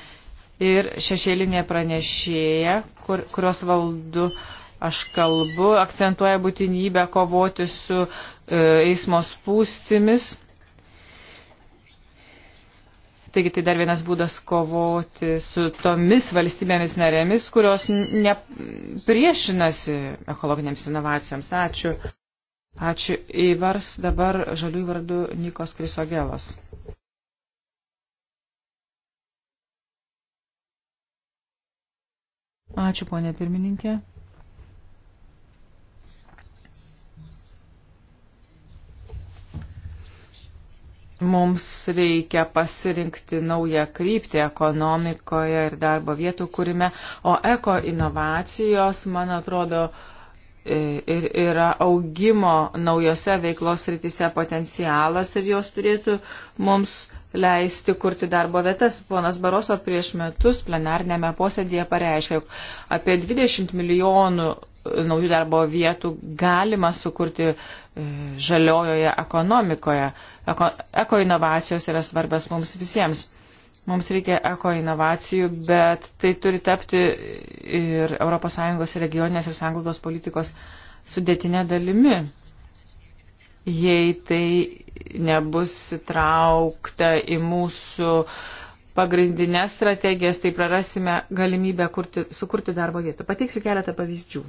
Ir šešėlinė pranešėja, kur, kurios valdu uh, Aš kalbu, akcentuoja būtinybę kovoti su e, eismo spūstimis. Taigi tai dar vienas būdas kovoti su tomis valstybėmis narėmis, kurios nepriešinasi ekologiniams inovacijoms. Ačiū. Ačiū įvars dabar žalių vardu Nikos Krisogelos. Ačiū, ponė pirmininkė. Mums reikia pasirinkti naują kryptį ekonomikoje ir darbo vietų kūrime, o eko inovacijos, man atrodo, ir yra augimo naujose veiklos rytise potencialas ir jos turėtų mums leisti kurti darbo vietas. Ponas Baroso prieš metus plenarnėme posėdėje pareiškė, jog apie 20 milijonų naujų darbo vietų galima sukurti e, žaliojoje ekonomikoje. Eko, ekoinovacijos yra svarbios mums visiems. Mums reikia ekoinovacijų, bet tai turi tapti ir ES regioninės ir sanglaudos politikos sudėtinė dalimi. Jei tai nebus įtraukta į mūsų uh, pagrindinės strategijas, tai prarasime galimybę kurti, sukurti darbo vietą. Pateiksiu keletą pavyzdžių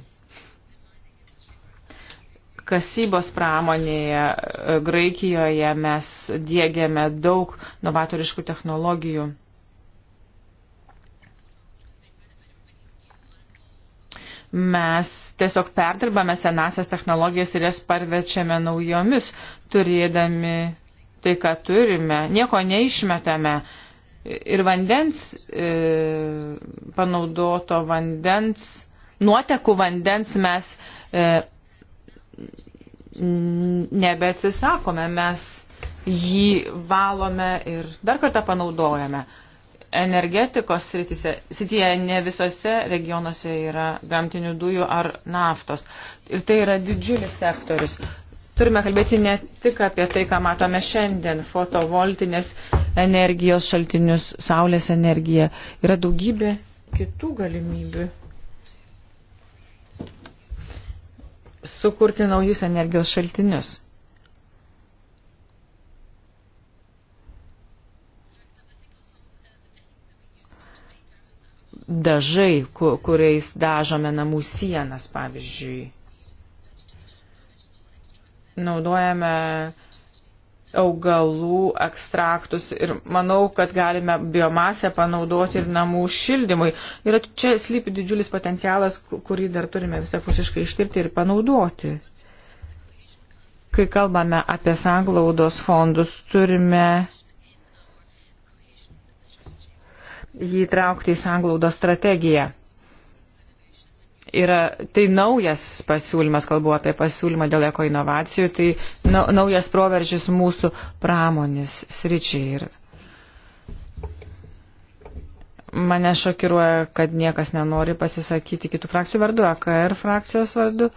kasybos pramonėje e, Graikijoje mes dėgiame daug novatoriškų technologijų. Mes tiesiog perdirbame senasias technologijas ir jas parvečiame naujomis, turėdami tai, ką turime. Nieko neišmetame. Ir vandens, e, panaudoto vandens, nuotekų vandens mes e, nebeatsisakome, mes jį valome ir dar kartą panaudojame. Energetikos sritise, srityje ne visose regionuose yra gamtinių dujų ar naftos. Ir tai yra didžiulis sektorius. Turime kalbėti ne tik apie tai, ką matome šiandien, fotovoltinės energijos šaltinius, saulės energiją. Yra daugybė kitų galimybių. sukurti naujus energijos šaltinius. Dažai, kuriais dažome namų sienas, pavyzdžiui. Naudojame augalų ekstraktus ir manau, kad galime biomasę panaudoti ir namų šildymui. Ir čia slypi didžiulis potencialas, kurį dar turime visapusiškai ištirti ir panaudoti. Kai kalbame apie sanglaudos fondus, turime jį traukti į sanglaudos strategiją yra, tai naujas pasiūlymas, kalbu apie pasiūlymą dėl eko inovacijų, tai na, naujas proveržis mūsų pramonės sričiai. Ir mane šokiruoja, kad niekas nenori pasisakyti kitų frakcijų vardu, AKR frakcijos vardu.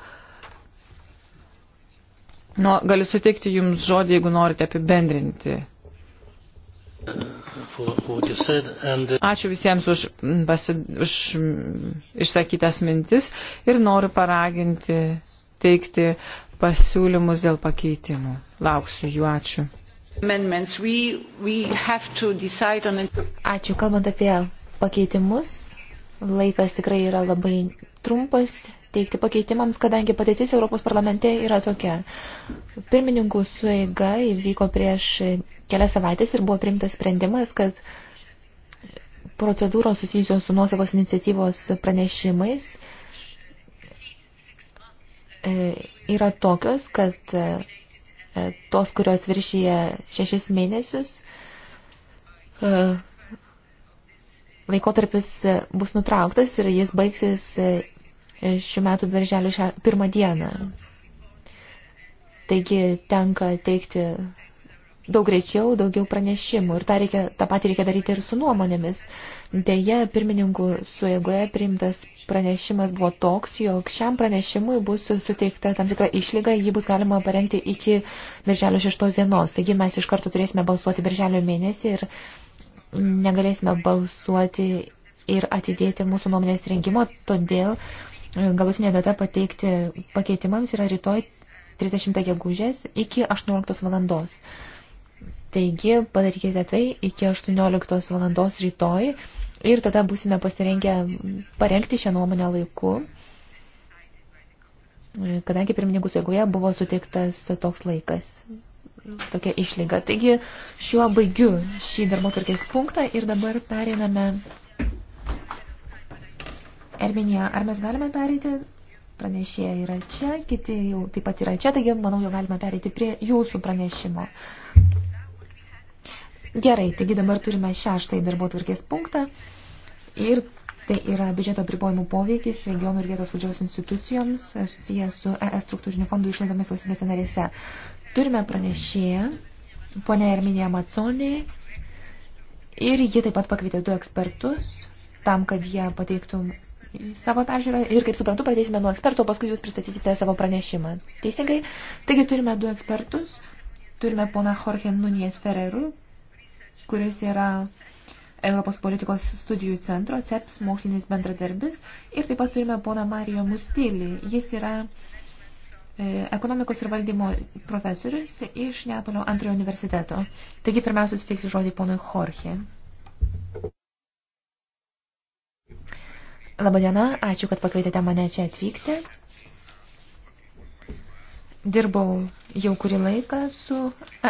Nu, galiu suteikti Jums žodį, jeigu norite apibendrinti Ačiū visiems už, pasi, už išsakytas mintis ir noriu paraginti teikti pasiūlymus dėl pakeitimų. Lauksiu jų, ačiū. Ačiū, kalbant apie pakeitimus, laikas tikrai yra labai trumpas, teikti pakeitimams, kadangi pateitis Europos parlamente yra tokia. Pirmininkų sueiga įvyko prieš kelias savaitės ir buvo priimtas sprendimas, kad procedūros susijusios su nuosavos iniciatyvos pranešimais e, yra tokios, kad e, tos, kurios viršyje šešis mėnesius, e, laikotarpis bus nutrauktas ir jis baigsis šių metų birželio šia, pirmą dieną. Taigi tenka teikti daug greičiau, daugiau pranešimų ir tą, reikia, tą patį reikia daryti ir su nuomonėmis. Deja, pirmininkų suėgoje priimtas pranešimas buvo toks, jog šiam pranešimui bus suteikta tam tikra išlyga, jį bus galima parengti iki birželio šeštos dienos. Taigi mes iš karto turėsime balsuoti birželio mėnesį ir negalėsime balsuoti ir atidėti mūsų nuomonės rengimo, todėl galutinė data pateikti pakeitimams yra rytoj 30 gegužės iki 18 valandos. Taigi padarykite tai iki 18 valandos rytoj ir tada būsime pasirengę parengti šią nuomonę laiku, kadangi pirmininkų sueigoje buvo suteiktas toks laikas, tokia išlyga. Taigi šiuo baigiu šį darbo tvarkės punktą ir dabar pereiname Ermenija, ar mes galime pereiti? Pranešėja yra čia, kiti jau taip pat yra čia, taigi manau, jau galime pereiti prie jūsų pranešimo. Gerai, taigi dabar turime šeštąjį darbo tvarkės punktą ir tai yra biudžeto pribojimų poveikis regionų ir vietos valdžiaus institucijoms susijęs su ES struktūrinių fondų išlaidomis valstybėse narėse. Turime pranešėją, ponia Erminija Maconė, ir ji taip pat pakvietė du ekspertus tam, kad jie pateiktų savo peržiūrą ir, kaip suprantu, pradėsime nuo ekspertų, paskui jūs pristatysite savo pranešimą. Teisingai? Taigi turime du ekspertus. Turime poną Jorge Nunijas Ferreru, kuris yra Europos politikos studijų centro, CEPS mokslinis bendradarbis. Ir taip pat turime poną Marijo Mustilį. Jis yra e, ekonomikos ir valdymo profesorius iš Neapolio antrojo universiteto. Taigi pirmiausia suteiksiu žodį ponui Jorge. Labadiena, ačiū, kad pakvietėte mane čia atvykti. Dirbau jau kurį laiką su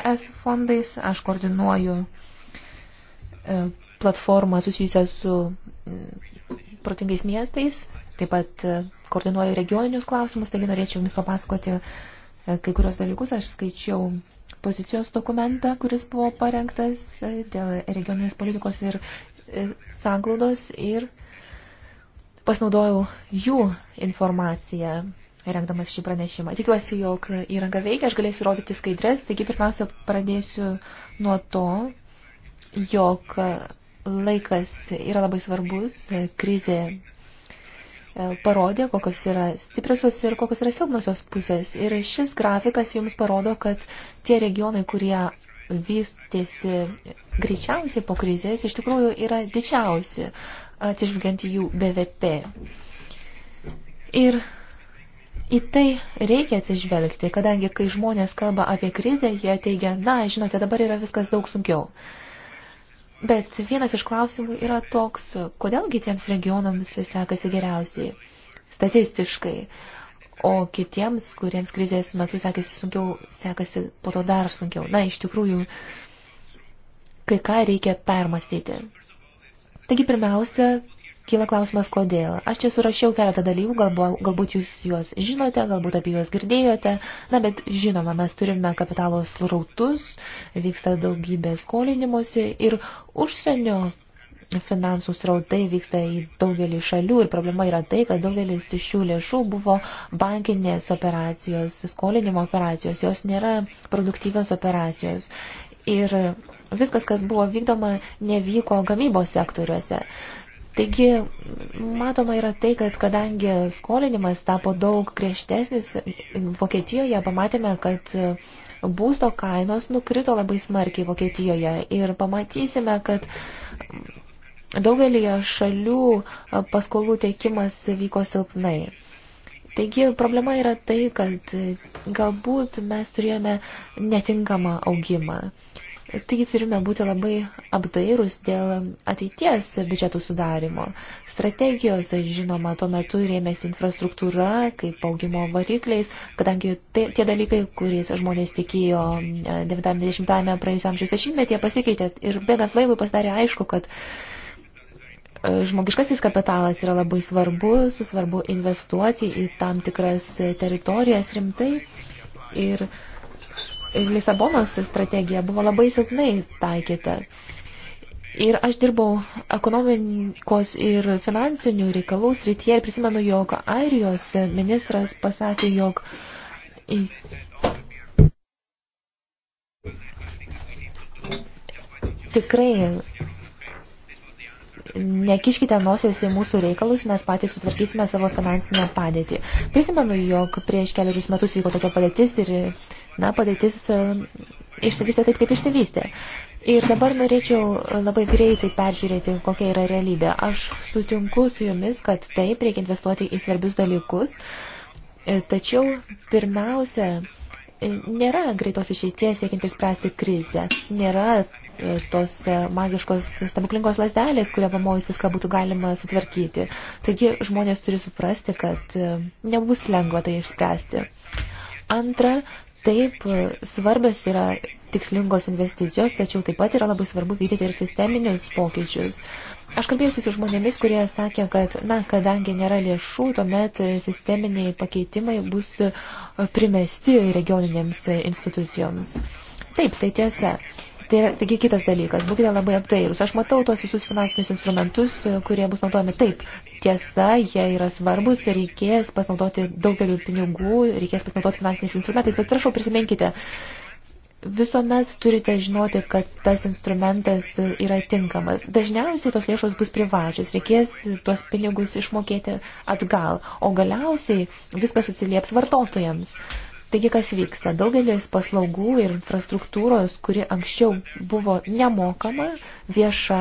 ES fondais, aš koordinuoju e, platformą susijusią su protingais miestais, taip pat e, koordinuoju regioninius klausimus, taigi norėčiau Jums papasakoti e, kai kurios dalykus. Aš skaičiau pozicijos dokumentą, kuris buvo parengtas dėl regioninės politikos ir sanglaudos ir pasinaudojau jų informaciją, rengdamas šį pranešimą. Tikiuosi, jog įranga veikia, aš galėsiu rodyti skaidrės, taigi pirmiausia pradėsiu nuo to, jog laikas yra labai svarbus, krizė e, parodė, kokios yra stipriosios ir kokios yra silpnosios pusės. Ir šis grafikas jums parodo, kad tie regionai, kurie vystėsi greičiausiai po krizės, iš tikrųjų yra didžiausi atsižvelgiant į jų BVP. Ir Į tai reikia atsižvelgti, kadangi kai žmonės kalba apie krizę, jie teigia, na, žinote, dabar yra viskas daug sunkiau. Bet vienas iš klausimų yra toks, kodėlgi tiems regionams sekasi geriausiai, statistiškai, o kitiems, kuriems krizės metu sekasi sunkiau, sekasi po to dar sunkiau. Na, iš tikrųjų, kai ką reikia permastyti. Taigi, pirmiausia, kyla klausimas, kodėl. Aš čia surašiau keletą dalykų, galbūt, galbūt jūs juos žinote, galbūt apie juos girdėjote. Na, bet žinoma, mes turime kapitalo srautus, vyksta daugybė skolinimuose ir užsienio finansų srautai vyksta į daugelį šalių ir problema yra tai, kad daugelis iš šių lėšų buvo bankinės operacijos, skolinimo operacijos, jos nėra produktyvios operacijos. Ir viskas, kas buvo vykdoma, nevyko gamybos sektoriuose. Taigi, matoma yra tai, kad kadangi skolinimas tapo daug griežtesnis, Vokietijoje pamatėme, kad būsto kainos nukrito labai smarkiai Vokietijoje ir pamatysime, kad daugelį šalių paskolų teikimas vyko silpnai. Taigi problema yra tai, kad galbūt mes turėjome netinkamą augimą. Taigi turime būti labai apdairūs dėl ateities biudžeto sudarimo. Strategijos, žinoma, tuo metu rėmėsi infrastruktūra, kaip augimo varikliais, kadangi tai, tie dalykai, kuriais žmonės tikėjo 90-ame e, praėjusio amžiaus dešimtmetyje, pasikeitė ir bėgant laivui pasidarė aišku, kad e, žmogiškasis kapitalas yra labai svarbus, svarbu investuoti į tam tikras teritorijas rimtai. Ir uh, Lisabonos strategija buvo labai silpnai taikyta. Ir aš dirbau ekonomikos ir finansinių reikalų srityje ir prisimenu, jog Airijos ministras pasakė, jog tikrai nekiškite nosies į mūsų reikalus, mes patys sutvarkysime savo finansinę padėtį. Prisimenu, jog prieš keliarius metus vyko tokia padėtis ir na, padėtis e, išsivystė taip, kaip išsivystė. Ir dabar norėčiau e, labai greitai peržiūrėti, kokia yra realybė. Aš sutinku su jumis, kad taip, reikia investuoti į svarbius dalykus, e, tačiau pirmiausia, nėra greitos išeities siekiant išspręsti krizę. Nėra tos magiškos stebuklingos lasdelės, kurią pamojus viską būtų galima sutvarkyti. Taigi žmonės turi suprasti, kad nebus lengva tai išspręsti. Antra, Taip, svarbios yra tikslingos investicijos, tačiau taip pat yra labai svarbu vykdyti ir sisteminius pokyčius. Aš kalbėjusiu su žmonėmis, kurie sakė, kad, na, kadangi nėra lėšų, tuomet sisteminiai pakeitimai bus primesti regioninėms institucijoms. Taip, tai tiesa. Tai yra, taigi kitas dalykas, būkite labai aptairūs. Aš matau tuos visus finansinius instrumentus, e, kurie bus naudojami taip. Tiesa, jie yra svarbus, reikės pasinaudoti daugeliu pinigų, reikės pasinaudoti finansiniais instrumentais, bet prašau prisiminkite, visuomet turite žinoti, kad tas instrumentas yra tinkamas. Dažniausiai tos lėšos bus privačios, reikės tuos pinigus išmokėti atgal, o galiausiai viskas atsilieps vartotojams. Taigi, kas vyksta? Daugelis paslaugų ir infrastruktūros, kuri anksčiau buvo nemokama, vieša,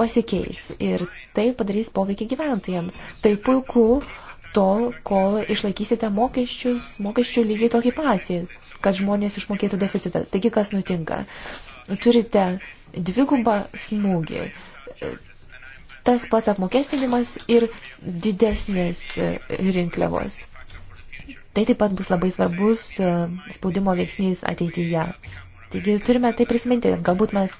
pasikeis ir tai padarys poveikį gyventojams. Tai puiku tol, kol išlaikysite mokesčius, mokesčių lygiai tokį patį, kad žmonės išmokėtų deficitą. Taigi, kas nutinka? Turite dvigubą smūgį. Tas pats apmokestinimas ir didesnės e, rinkliavos. Tai taip pat bus labai svarbus e, spaudimo veiksnys ateityje. Taigi turime tai prisiminti, galbūt mes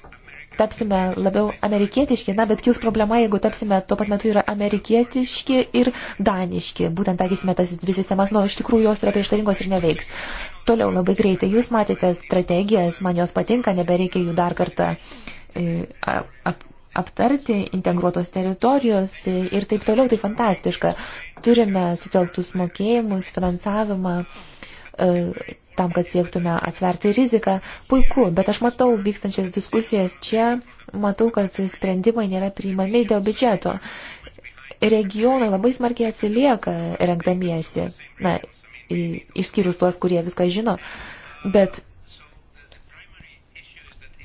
tapsime labiau amerikietiški, na, bet kils problema, jeigu tapsime tuo pat metu yra amerikietiški ir daniški. Būtent takysime tas dvi sistemas, nu, iš tikrųjų jos yra prieštaringos ir neveiks. Toliau labai greitai. Jūs matėte strategijas, man jos patinka, nebereikia jų dar kartą e, ap, ap, aptarti integruotos teritorijos ir taip toliau, tai fantastiška. Turime sutelktus mokėjimus, finansavimą e, tam, kad siektume atsverti riziką. Puiku, bet aš matau vykstančias diskusijas čia, matau, kad sprendimai nėra priimami dėl biudžeto. Regionai labai smarkiai atsilieka rengdamiesi, na, išskyrus tuos, kurie viską žino, bet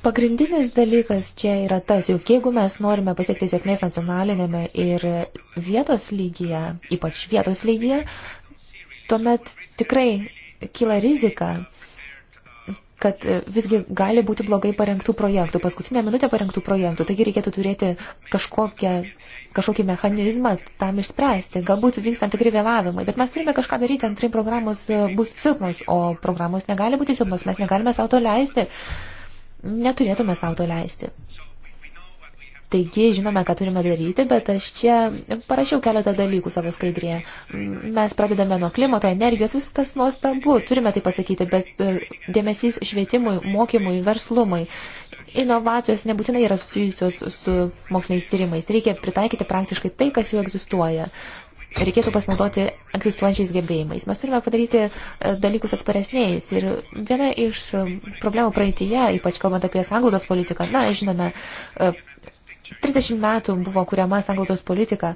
Pagrindinis dalykas čia yra tas, jog jeigu mes norime pasiekti sėkmės nacionalinėme ir vietos lygyje, ypač vietos lygyje, tuomet tikrai kyla rizika, kad visgi gali būti blogai parengtų projektų, paskutinę minutę parengtų projektų, taigi reikėtų turėti kažkokią, kažkokį mechanizmą tam išspręsti. Galbūt vyks tam tikri vėlavimai, bet mes turime kažką daryti, antrai programos bus silpnos, o programos negali būti silpnos, mes negalime savo to leisti. Uh, neturėtume savo to leisti. Taigi žinome, ką turime daryti, bet aš čia parašiau keletą dalykų savo skaidrėje. Mes pradedame nuo klimato, energijos, viskas nuostabu, turime tai pasakyti, bet e, dėmesys švietimui, mokymui, verslumai, inovacijos nebūtinai yra susijusios su moksliniais tyrimais. Reikia pritaikyti praktiškai tai, kas jau egzistuoja reikėtų pasinaudoti egzistuojančiais gebėjimais. Mes turime padaryti e, dalykus atsparesniais. Ir viena iš e, problemų praeityje, ypač kalbant apie sanglaudos politiką, na, žinome, 30 e, metų buvo kuriama sanglaudos politika,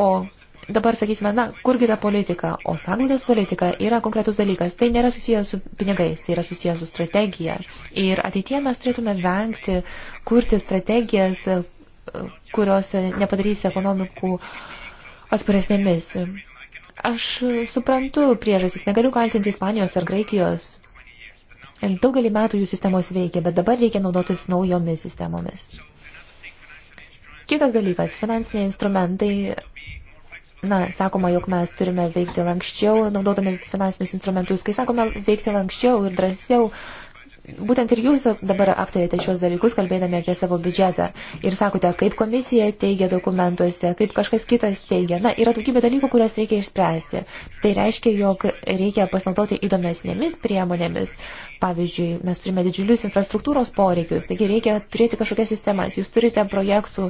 o dabar sakysime, na, kurgi ta politika, o sanglaudos politika yra konkretus dalykas. Tai nėra susijęs su pinigais, tai yra susijęs su strategija. Ir ateitie mes turėtume vengti kurti strategijas, kurios nepadarys ekonomikų uh, atsparesnėmis. Aš suprantu priežastis, negaliu kaltinti Ispanijos ar Graikijos. Daugelį metų jų sistemos veikia, bet dabar reikia naudotis naujomis sistemomis. Kitas dalykas, finansiniai instrumentai, na, sakoma, jog mes turime veikti lankščiau, naudodami finansinius instrumentus. Kai sakome veikti lankščiau ir drąsiau, Būtent ir jūs dabar aptarėte šios dalykus, kalbėdami apie savo biudžetą. Ir sakote, kaip komisija teigia dokumentuose, kaip kažkas kitas teigia. Na, yra daugybė dalykų, kurias reikia išspręsti. Tai reiškia, jog reikia pasinaudoti įdomesnėmis priemonėmis. Pavyzdžiui, mes turime didžiulius infrastruktūros poreikius, taigi reikia turėti kažkokias sistemas. Jūs turite projektų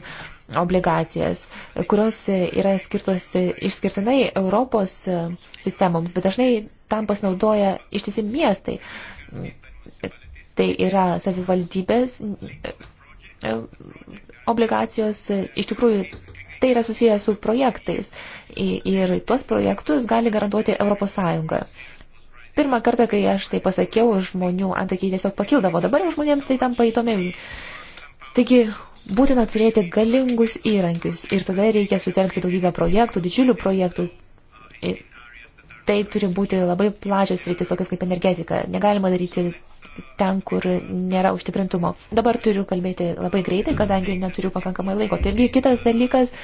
obligacijas, kurios yra skirtos išskirtinai Europos e, sistemoms, bet dažnai tam pasinaudoja ištisi miestai Tai yra savivaldybės e, e, obligacijos, e, iš tikrųjų, tai yra susiję su projektais ir tuos projektus gali garantuoti Europos Sąjunga. Pirmą kartą, kai aš tai pasakiau, žmonių antakiai tiesiog pakildavo, dabar žmonėms tai tampa įdomiai. Taigi, būtina turėti galingus įrankius ir tada reikia sutelkti daugybę projektų, didžiulių projektų. Tai turi būti labai plačios rytis, tokios kaip energetika. Negalima daryti ten, kur nėra užtikrintumo. Dabar turiu kalbėti labai greitai, kadangi neturiu pakankamai laiko. Taigi kitas dalykas.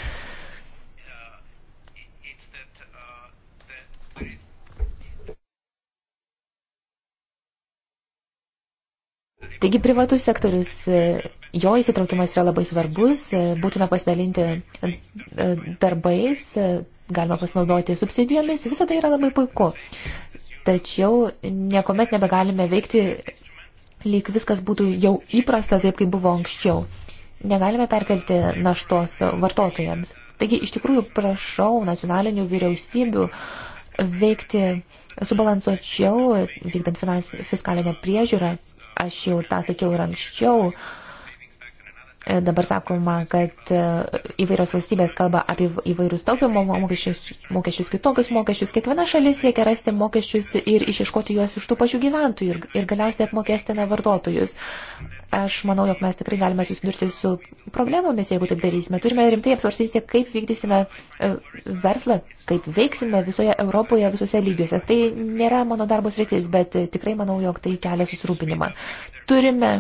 Taigi privatus sektorius, jo įsitraukimas yra labai svarbus, būtina pasidalinti e, darbais, e, galima pasinaudoti subsidijomis, visą tai yra labai puiku tačiau niekuomet nebegalime veikti, lyg viskas būtų jau įprasta taip, kaip buvo anksčiau. Negalime perkelti naštos vartotojams. Taigi, iš tikrųjų, prašau nacionalinių vyriausybių veikti subalansuočiau, vykdant fiskalinę priežiūrą. Aš jau tą sakiau ir anksčiau. Uh, Dabar sakoma, kad e, įvairios valstybės kalba apie įvairius taupimo mokesčius, mokesčius, kitokius mokesčius. Kiekviena šalis siekia rasti mokesčius ir išieškoti juos iš tų pačių gyventojų ir, ir galiausiai apmokestina vartotojus. Aš manau, jog mes tikrai galime susidurti su problemomis, jeigu taip darysime. Turime rimtai apsvarstyti, kaip vykdysime e, verslą, kaip veiksime visoje Europoje, visose lygiuose. Tai nėra mano darbos rytis, bet tikrai manau, jog tai kelia susirūpinimą. Turime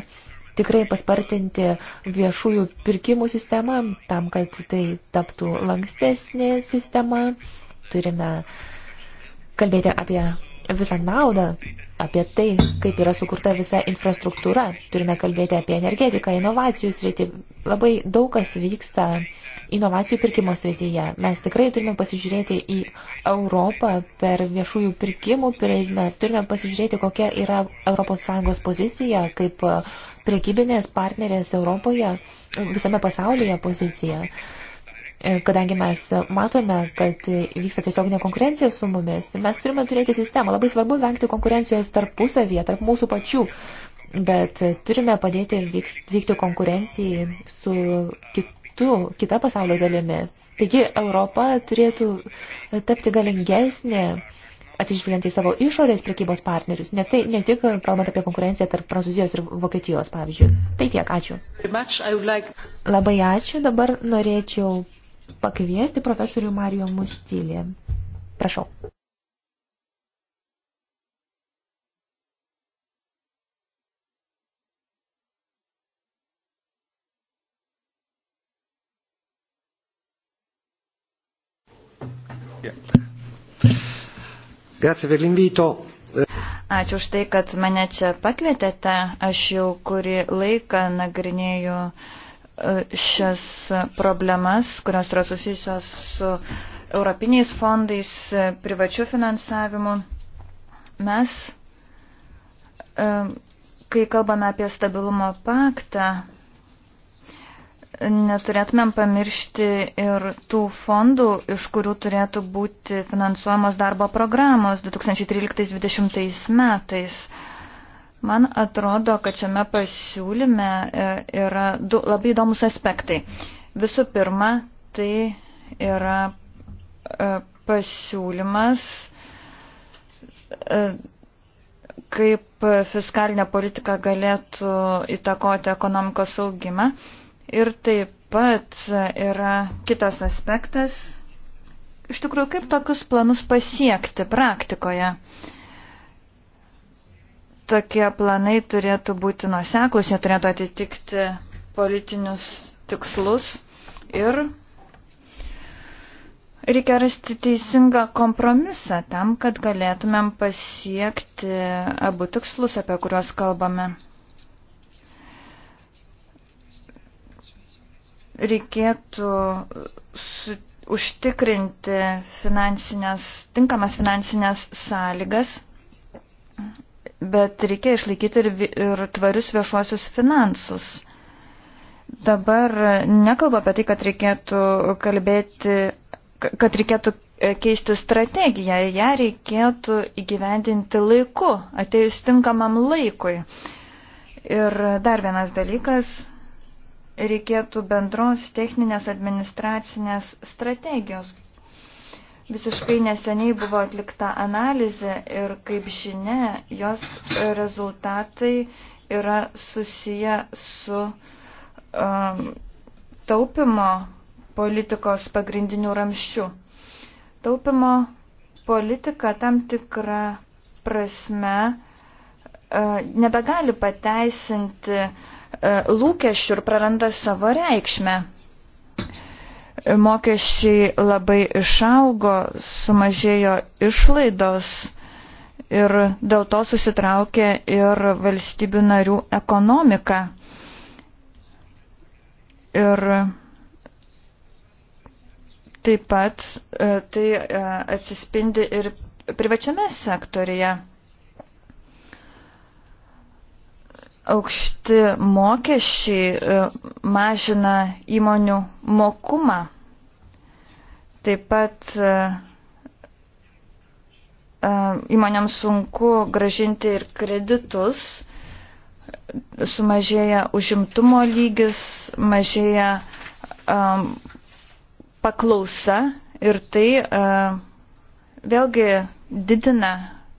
tikrai paspartinti viešųjų pirkimų sistemą, tam, kad tai taptų lankstesnė sistema. Turime kalbėti apie visą naudą, apie tai, kaip yra sukurta visa infrastruktūra. Turime kalbėti apie energetiką, inovacijų sritį. Labai daug kas vyksta inovacijų pirkimo srityje. Mes tikrai turime pasižiūrėti į Europą per viešųjų pirkimų prizmę. Turime pasižiūrėti, kokia yra ES pozicija kaip prekybinės partnerės Europoje, visame pasaulyje poziciją. Kadangi mes matome, kad vyksta tiesioginė konkurencija su mumis, mes turime turėti sistemą. Labai svarbu vengti konkurencijos tarpusavyje, tarp mūsų pačių bet turime padėti ir vykti konkurencijai su kitu, kita pasaulio dalimi. Taigi Europa turėtų tapti galingesnė atsižvelgiant į savo išorės prekybos partnerius, ne, tai, ne tik uh, kalbant apie konkurenciją tarp Prancūzijos ir Vokietijos, pavyzdžiui. Tai tiek, ačiū. Labai ačiū, dabar norėčiau pakviesti profesorių Mario Mustilį. Prašau. Yeah. Grazie per l'invito. Ačiū už tai, kad mane čia pakvietėte. Aš jau kurį laiką nagrinėjau e, šias problemas, kurios yra susijusios su europiniais fondais, e, privačių finansavimu. Mes, e, kai kalbame apie stabilumo paktą, neturėtumėm pamiršti ir tų fondų, iš kurių turėtų būti finansuojamos darbo programos 2013-2020 metais. Man atrodo, kad šiame pasiūlyme e, yra du labai įdomus aspektai. Visų pirma, tai yra e, pasiūlymas e, kaip fiskalinė politika galėtų įtakoti ekonomikos augimą. Ir taip pat yra kitas aspektas, iš tikrųjų, kaip tokius planus pasiekti praktikoje. Tokie planai turėtų būti nuseklus, jie turėtų atitikti politinius tikslus ir reikia rasti teisingą kompromisą tam, kad galėtumėm pasiekti abu tikslus, apie kuriuos kalbame. reikėtų su, užtikrinti finansinės, tinkamas finansinės sąlygas, bet reikia išlaikyti ir, ir tvarius viešuosius finansus. Dabar nekalba apie tai, kad reikėtų kalbėti, kad reikėtų e, keisti strategiją, ją reikėtų įgyvendinti laiku, atėjus tinkamam laikui. Ir dar vienas dalykas, reikėtų bendros techninės administracinės strategijos. Visiškai neseniai buvo atlikta analizė ir, kaip žinia, jos rezultatai yra susiję su um, taupimo politikos pagrindinių ramščių. Taupimo politika tam tikra prasme E, nebegali pateisinti e, lūkesčių ir praranda savo reikšmę. Mokesčiai labai išaugo, sumažėjo išlaidos ir dėl to susitraukė ir valstybių narių ekonomika. Ir taip pat e, tai atsispindi ir privačiame sektorija. aukšti mokesčiai e, mažina įmonių mokumą. Taip pat e, e, įmonėms sunku gražinti ir kreditus, sumažėja užimtumo lygis, mažėja um, paklausa ir tai uh, vėlgi didina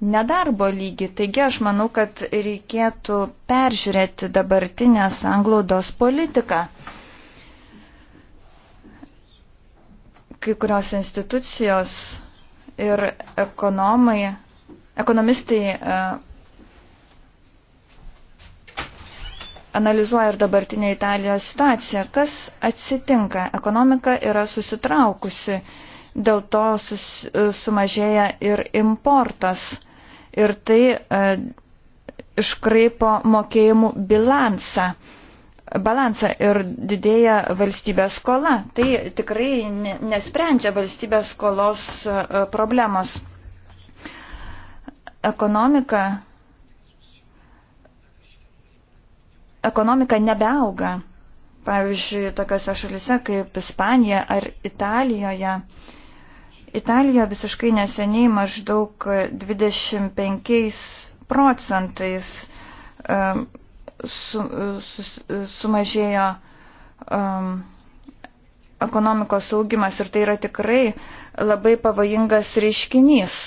nedarbo lygį. Taigi aš manau, kad reikėtų peržiūrėti dabartinę sanglaudos politiką. Kai kurios institucijos ir ekonomai, ekonomistai e, analizuoja ir dabartinę Italijos situaciją. Kas atsitinka? Ekonomika yra susitraukusi, dėl to sus, e, sumažėja ir importas ir tai e, iškraipo mokėjimų bilansą. Balansą ir didėja valstybės skola. Tai tikrai nesprendžia valstybės skolos e, problemos. Ekonomika, ekonomika nebeauga. Pavyzdžiui, tokiose šalise kaip Ispanija ar Italijoje. Uh, Italija visiškai neseniai maždaug 25 procentais um, su, su, sumažėjo um, ekonomikos augimas ir tai yra tikrai labai pavojingas reiškinys.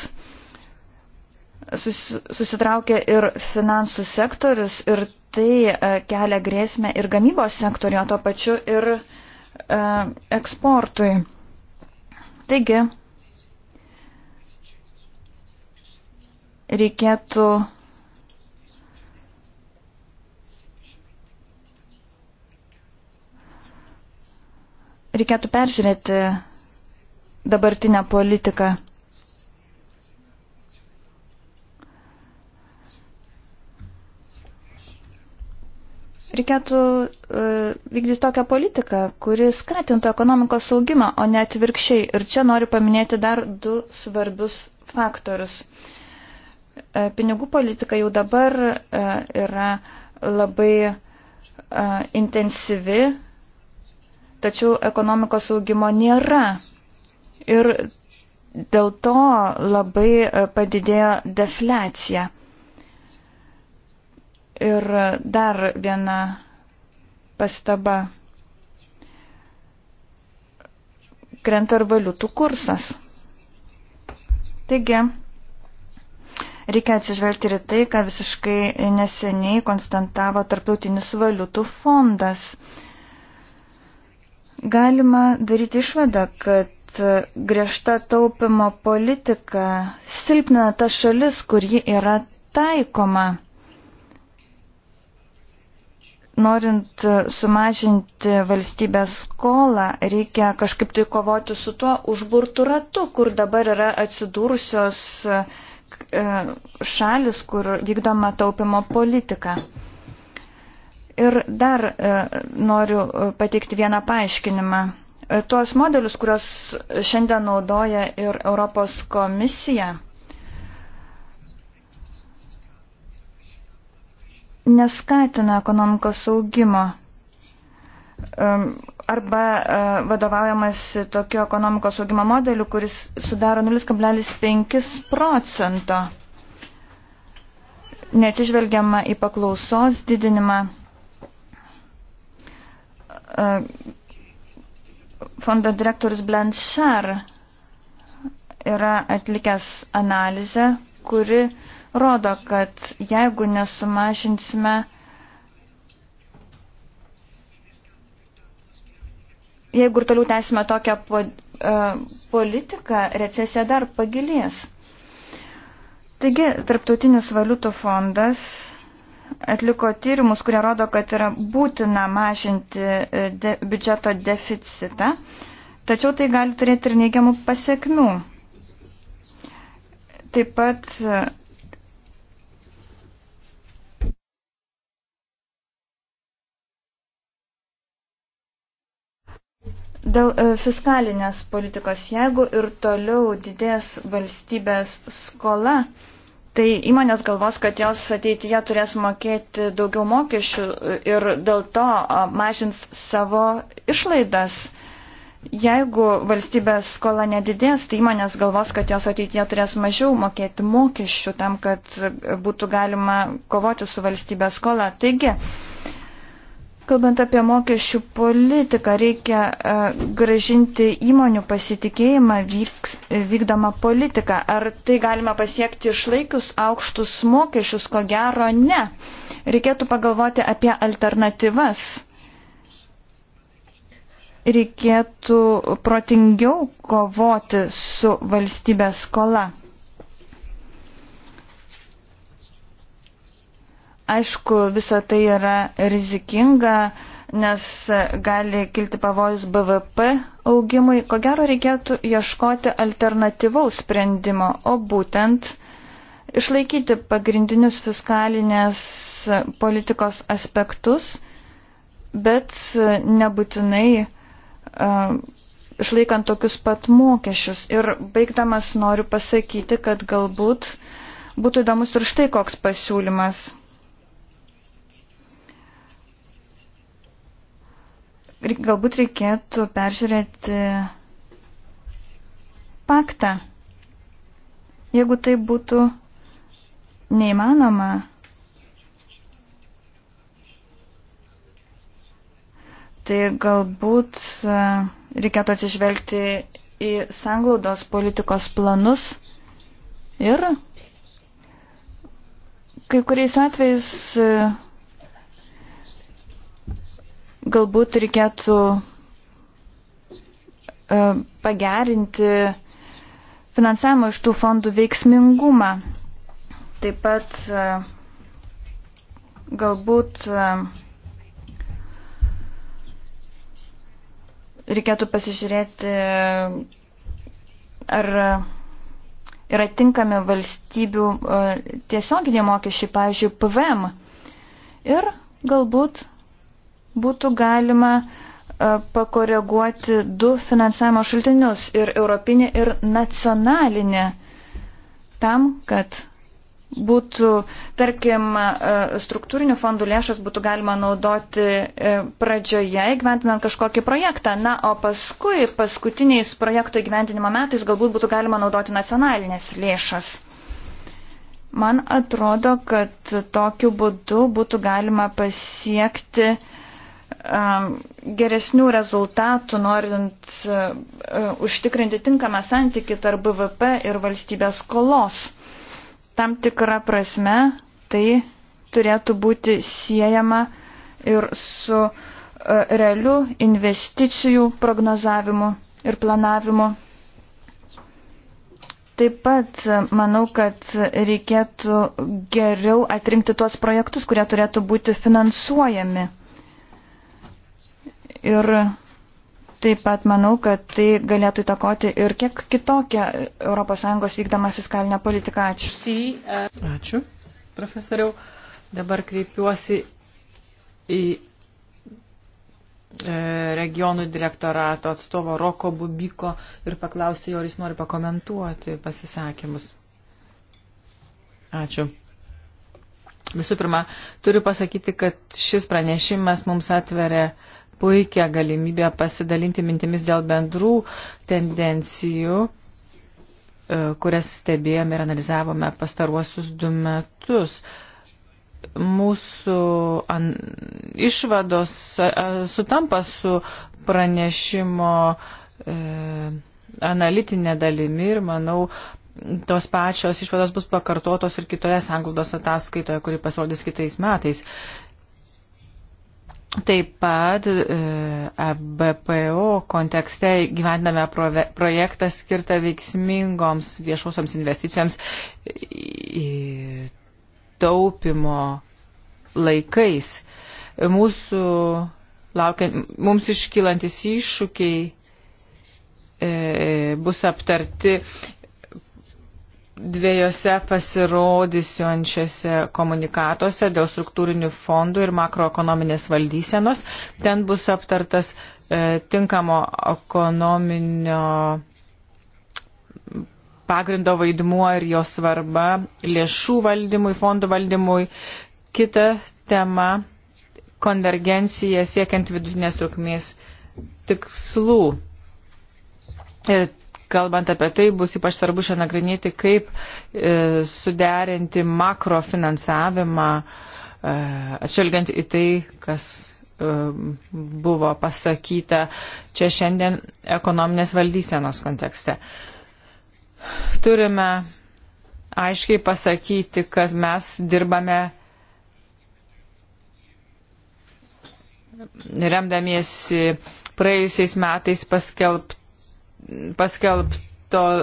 Sus, susitraukia ir finansų sektorius ir tai e, kelia grėsmę ir gamybos sektoriu, o to pačiu ir e, eksportui. Taigi, reikėtų reikėtų peržiūrėti dabartinę politiką. Reikėtų uh, vykdyti tokią politiką, kuri skatintų ekonomikos saugimą, o ne atvirkščiai. Ir čia noriu paminėti dar du svarbius faktorius. Uh, E, pinigų politika jau dabar e, yra labai e, intensyvi, tačiau ekonomikos augimo nėra. Ir dėl to labai padidėjo deflecija. Ir dar viena pastaba. Krenta ir valiutų kursas. Taigi, Reikia atsižvelgti ir tai, ką visiškai neseniai konstantavo Tarptautinis valiutų fondas. Galima daryti išvadą, kad griežta taupimo politika silpnina tas šalis, kur ji yra taikoma norint sumažinti valstybės skolą, reikia kažkaip tai kovoti su tuo užburtu ratu, kur dabar yra atsidūrusios E, šalis, kur vykdoma taupimo politika. Ir dar e, noriu e, pateikti vieną paaiškinimą. Tuos modelius, kuriuos šiandien naudoja ir Europos komisija, neskatina ekonomikos augimo arba e, vadovaujamas tokio ekonomikos augimo modeliu, kuris sudaro 0,5 procento. Neatsižvelgiama į paklausos didinimą. E, fondo direktorius Blanchard yra atlikęs analizę, kuri rodo, kad jeigu nesumažinsime uh, jeigu ir toliau tęsime tokią po, uh, politiką, recesija dar pagilės. Taigi, Tarptautinis valiutų fondas atliko tyrimus, kurie rodo, kad yra būtina mažinti e, de, biudžeto deficitą, tačiau tai gali turėti ir neigiamų pasiekmių. Taip pat Dėl e, fiskalinės politikos, jeigu ir toliau didės valstybės skola, tai įmonės galvos, kad jos ateityje turės mokėti daugiau mokesčių e, ir dėl to mažins savo išlaidas. Jeigu valstybės skola nedidės, tai įmonės galvos, kad jos ateityje turės mažiau mokėti mokesčių tam, kad būtų galima kovoti su valstybės skola. Taigi, Kalbant apie mokesčių politiką, reikia e, gražinti įmonių pasitikėjimą vyks, vykdomą politiką. Ar tai galima pasiekti išlaikius aukštus mokesčius? Ko gero, ne. Reikėtų pagalvoti apie alternatyvas. Reikėtų protingiau kovoti su valstybės skola. Aišku, visa tai yra rizikinga, nes gali kilti pavojus BVP augimui. Ko gero reikėtų ieškoti alternatyvaus sprendimo, o būtent išlaikyti pagrindinius fiskalinės politikos aspektus, bet nebūtinai uh, išlaikant tokius pat mokesčius. Ir baigdamas noriu pasakyti, kad galbūt būtų įdomus ir štai koks pasiūlymas. galbūt reikėtų peržiūrėti paktą. Jeigu tai būtų neįmanoma, tai galbūt e, reikėtų atsižvelgti į sanglaudos politikos planus ir kai kuriais atvejais e, Galbūt reikėtų e, pagerinti finansavimo iš tų fondų veiksmingumą. Taip pat e, galbūt e, reikėtų pasižiūrėti, ar yra tinkami valstybių tiesioginiai mokesčiai, pavyzdžiui, PVM. Ir galbūt būtų galima e, pakoreguoti du finansavimo šaltinius ir europinį ir nacionalinį tam, kad būtų, tarkim, e, struktūrinių fondų lėšas būtų galima naudoti e, pradžioje įgyventinant kažkokį projektą, na, o paskui paskutiniais projekto įgyventinimo metais galbūt būtų galima naudoti nacionalinės lėšas. Man atrodo, kad tokiu būdu būtų galima pasiekti uh, Um, geresnių rezultatų, norint uh, uh, užtikrinti tinkamą santyki tarp BVP ir valstybės skolos. Tam tikra prasme tai turėtų būti siejama ir su uh, realiu investicijų prognozavimu ir planavimu. Taip pat manau, kad reikėtų geriau atrinkti tuos projektus, kurie turėtų būti finansuojami. Ir taip pat manau, kad tai galėtų įtakoti ir kiek kitokią ES vykdamą fiskalinę politiką. Ačiū. E, Ačiū, profesoriau. Dabar kreipiuosi į e, regionų direktorato atstovo Roko Bubiko ir paklausti, ar jis nori pakomentuoti pasisakymus. Ačiū. Visų pirma, turiu pasakyti, kad šis pranešimas mums atveria uh, puikią galimybę pasidalinti mintimis dėl bendrų tendencijų, e, kurias stebėjome ir analizavome pastaruosius du metus. Mūsų an, išvados e, sutampa su pranešimo e, analitinė dalimi ir, manau, tos pačios išvados bus pakartotos ir kitoje sanglaudos ataskaitoje, kuri pasirodys kitais metais. Taip pat e, ABPO kontekste gyvendame projektą skirtą veiksmingoms viešosioms investicijoms taupimo laikais. Mūsų laukiant, mums iškylantis iššūkiai e, bus aptarti dviejose pasirodysiuončiose komunikatuose dėl struktūrinių fondų ir makroekonominės valdysenos. Ten bus aptartas e, tinkamo ekonominio pagrindo vaidmuo ir jo svarba lėšų valdymui, fondų valdymui. Kita tema - konvergencija siekiant vidutinės trukmės tikslų. E, kalbant apie tai, bus ypač svarbu šią nagrinėti, kaip e, suderinti makrofinansavimą, e, atšvelgiant į tai, kas e, buvo pasakyta čia šiandien ekonominės valdysenos kontekste. Turime aiškiai pasakyti, kad mes dirbame remdamiesi praėjusiais metais paskelbt paskelbto e,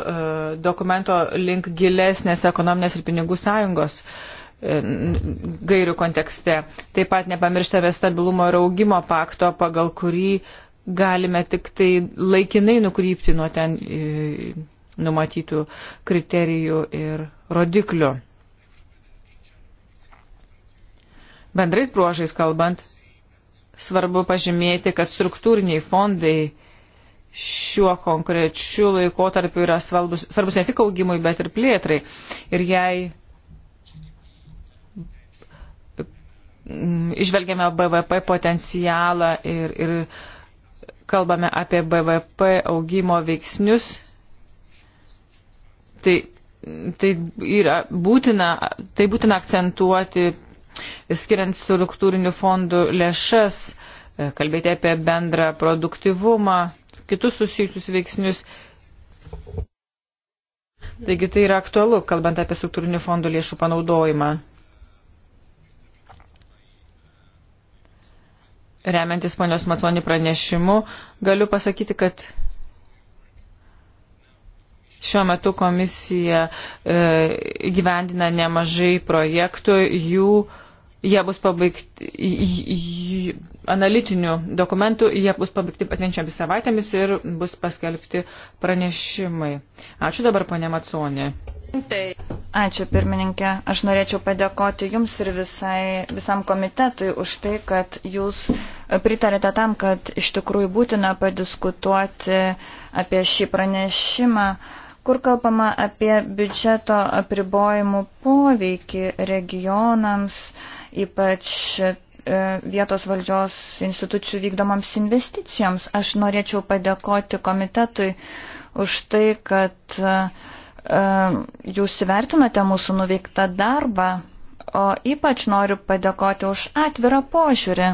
dokumento link gilesnės ekonominės ir pinigų sąjungos e, gairių kontekste. Taip pat nepamirštame stabilumo ir augimo pakto, pagal kurį galime tik tai laikinai nukrypti nuo ten e, numatytų kriterijų ir rodiklių. Bendrais bruožais kalbant, svarbu pažymėti, kad struktūriniai fondai šiuo konkrečiu laikotarpiu yra svarbus, svarbus ne tik augimui, bet ir plėtrai. Ir jei mm, išvelgiame BVP potencialą ir, ir kalbame apie BVP augimo veiksnius, tai, tai yra būtina, tai būtina akcentuoti, skiriant struktūrinių fondų lėšas, kalbėti apie bendrą produktivumą kitus susijusius veiksnius. Taigi tai yra aktualu, kalbant apie struktūrinių fondų lėšų panaudojimą. Remiantis ponios Maconi pranešimu, galiu pasakyti, kad Šiuo metu komisija e, gyvendina nemažai projektų, jų jie bus pabaigti, analitinių dokumentų, jie bus pabaigti atnešiomis savaitėmis ir bus paskelbti pranešimai. Ačiū dabar, ponė Maconė. Ačiū, pirmininkė. Aš norėčiau padėkoti Jums ir visai, visam komitetui už tai, kad Jūs pritarėte tam, kad iš tikrųjų būtina padiskutuoti apie šį pranešimą kur kalbama apie biudžeto apribojimų poveikį regionams, uh, ypač e, vietos valdžios institucijų vykdomams investicijoms. Aš norėčiau padėkoti komitetui už tai, kad e, e, jūs įvertinote mūsų nuveiktą darbą, o ypač noriu padėkoti už atvirą požiūrį.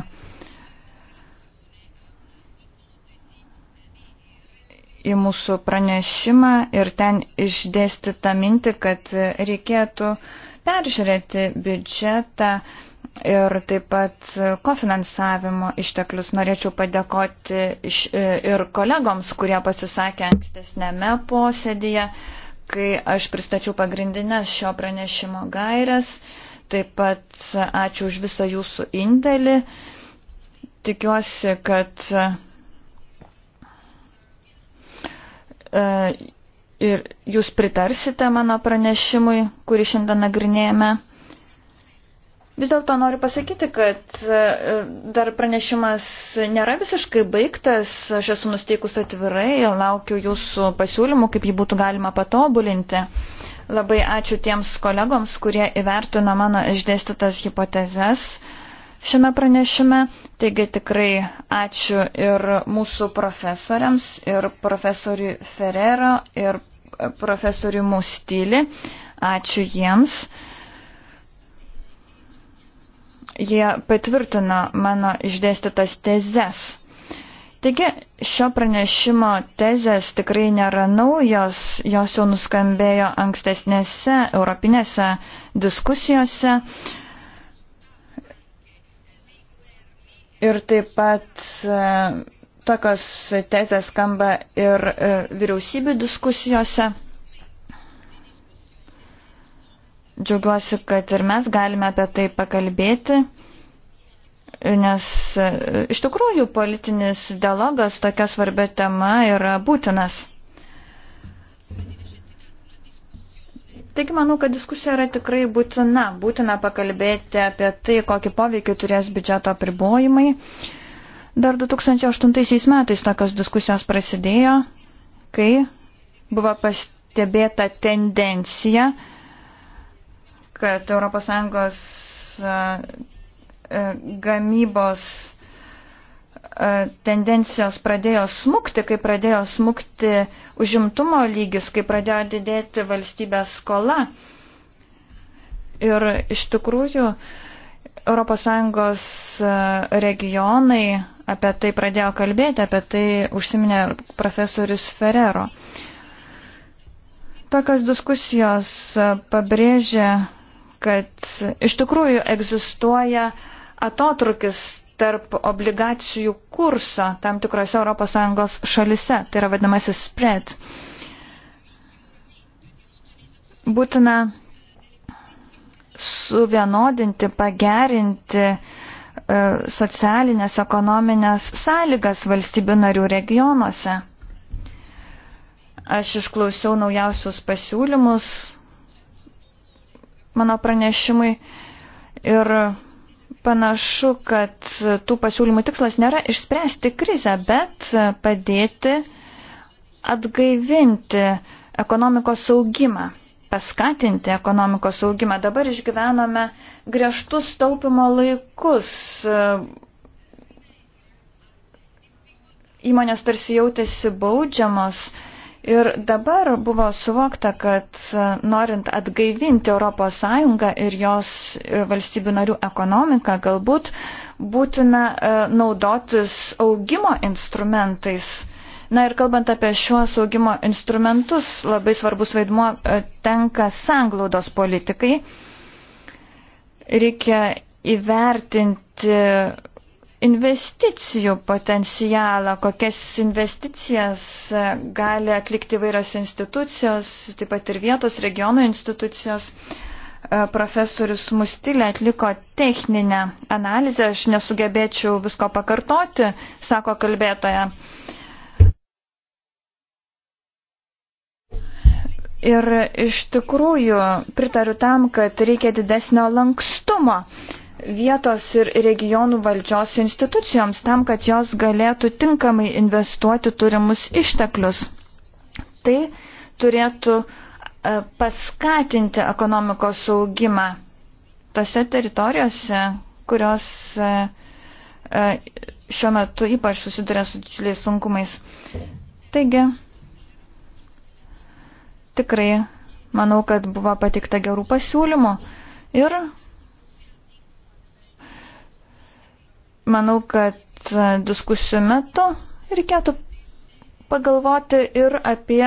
į mūsų pranešimą ir ten išdėstyta minti, kad reikėtų uh, peržiūrėti biudžetą ir taip pat kofinansavimo išteklius. Norėčiau padėkoti e, ir kolegoms, kurie pasisakė ankstesnėme posėdėje, kai aš pristačiau pagrindinės šio pranešimo gairias. Taip pat ačiū už visą jūsų indėlį. Tikiuosi, kad e, ir jūs pritarsite mano pranešimui, kurį šiandien nagrinėjame. Vis dėlto noriu pasakyti, kad e, dar pranešimas nėra visiškai baigtas, aš esu nusteikus atvirai, laukiu jūsų pasiūlymų, kaip jį būtų galima patobulinti. Labai ačiū tiems kolegoms, kurie įvertino mano išdėstytas hipotezes šiame pranešime. Taigi tikrai ačiū ir mūsų profesoriams, ir profesoriui Ferrero, ir profesoriumu Stylį. Ačiū jiems. Jie patvirtino mano išdėstytas tezes. Taigi, šio pranešimo tezės tikrai nėra naujos, jos jau nuskambėjo ankstesnėse europinėse diskusijose. Ir taip pat Tokios tezės skamba ir e, vyriausybių diskusijose. Džiaugiuosi, kad ir mes galime apie tai pakalbėti, nes e, iš tikrųjų politinis dialogas tokia svarbia tema yra būtinas. Taigi manau, kad diskusija yra tikrai būtina. Būtina pakalbėti apie tai, kokį poveikį turės biudžeto apribojimai. Uh, Dar 2008 metais tokios diskusijos prasidėjo, kai buvo pastebėta tendencija, kad ES gamybos tendencijos pradėjo smukti, kai pradėjo smukti užimtumo lygis, kai pradėjo didėti valstybės skola. Ir iš tikrųjų ES regionai apie tai pradėjo kalbėti, apie tai užsiminė profesorius Ferrero. Tokios diskusijos pabrėžia, kad iš tikrųjų egzistuoja atotrukis tarp obligacijų kurso tam tikrose ES šalise, tai yra vadinamasis spread. Būtina suvienodinti, pagerinti uh, E, socialinės, ekonominės sąlygas valstybių narių regionuose. Aš išklausiau naujausius pasiūlymus mano pranešimui ir panašu, kad tų pasiūlymų tikslas nėra išspręsti krizę, bet padėti atgaivinti ekonomikos saugimą paskatinti ekonomikos augimą. Dabar išgyvenome griežtus taupimo laikus. Įmonės tarsi jautėsi baudžiamos ir dabar buvo suvokta, kad norint atgaivinti ES ir jos valstybių narių ekonomiką, galbūt būtina e, naudotis augimo instrumentais Na ir kalbant apie šiuos augimo instrumentus, labai svarbus vaidmuo e, tenka sanglaudos politikai. Reikia įvertinti investicijų potencialą, kokias investicijas e, gali atlikti vairios institucijos, taip pat ir vietos regionų institucijos. E, profesorius Mustilė atliko techninę analizę, aš nesugebėčiau visko pakartoti, sako kalbėtoja. Uh, Ir iš tikrųjų pritariu tam, kad reikia didesnio lankstumo vietos ir regionų valdžios institucijoms tam, kad jos galėtų tinkamai investuoti turimus išteklius. Tai turėtų e, paskatinti ekonomikos augimą tose teritorijose, kurios e, e, šiuo metu ypač susiduria su didžiuliais sunkumais. Taigi, Tikrai manau, kad buvo patikta gerų pasiūlymų ir manau, kad diskusijų metu reikėtų pagalvoti ir apie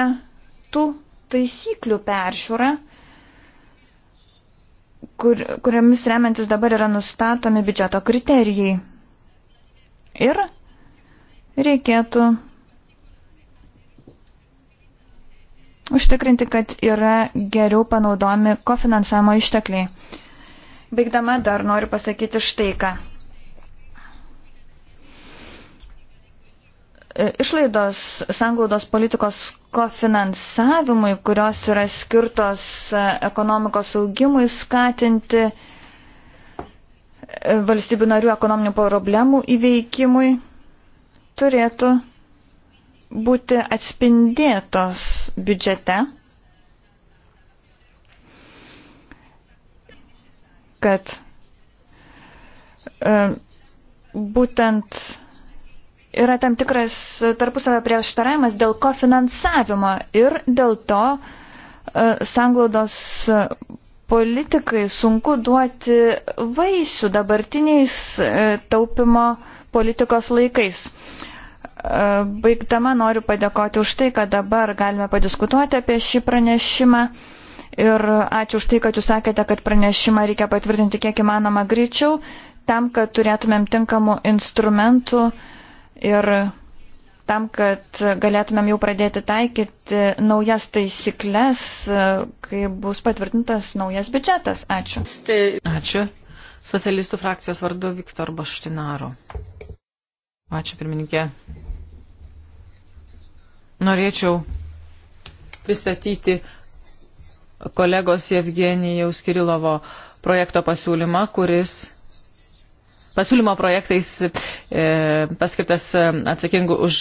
tų taisyklių peržiūrą, kur, kuriamis remiantis dabar yra nustatomi biudžeto kriterijai. Ir reikėtų užtikrinti, kad yra geriau panaudomi kofinansavimo ištekliai. Baigdama dar noriu pasakyti štai ką. Išlaidos sanglaudos politikos kofinansavimui, kurios yra skirtos ekonomikos augimui skatinti valstybių narių ekonominių problemų įveikimui, turėtų būti atspindėtos biudžete, kad e, būtent yra tam tikras tarpusavio prieštaravimas dėl kofinansavimo ir dėl to e, sanglaudos politikai sunku duoti vaisių dabartiniais e, taupimo politikos laikais. E, baigdama noriu padėkoti už tai, kad dabar galime padiskutuoti apie šį pranešimą. Ir ačiū už tai, kad jūs sakėte, kad pranešimą reikia patvirtinti kiek įmanoma greičiau, tam, kad turėtumėm tinkamų instrumentų ir tam, kad galėtumėm jau pradėti taikyti naujas taisyklės, kai bus patvirtintas naujas biudžetas. Ačiū. Ačiū. Socialistų frakcijos vardu Viktor Boštinaru. Ačiū pirmininkė. Norėčiau pristatyti kolegos Evgenijaus Kirilovo projekto pasiūlymą, kuris pasiūlymo projektais e, paskirtas e, atsakingų už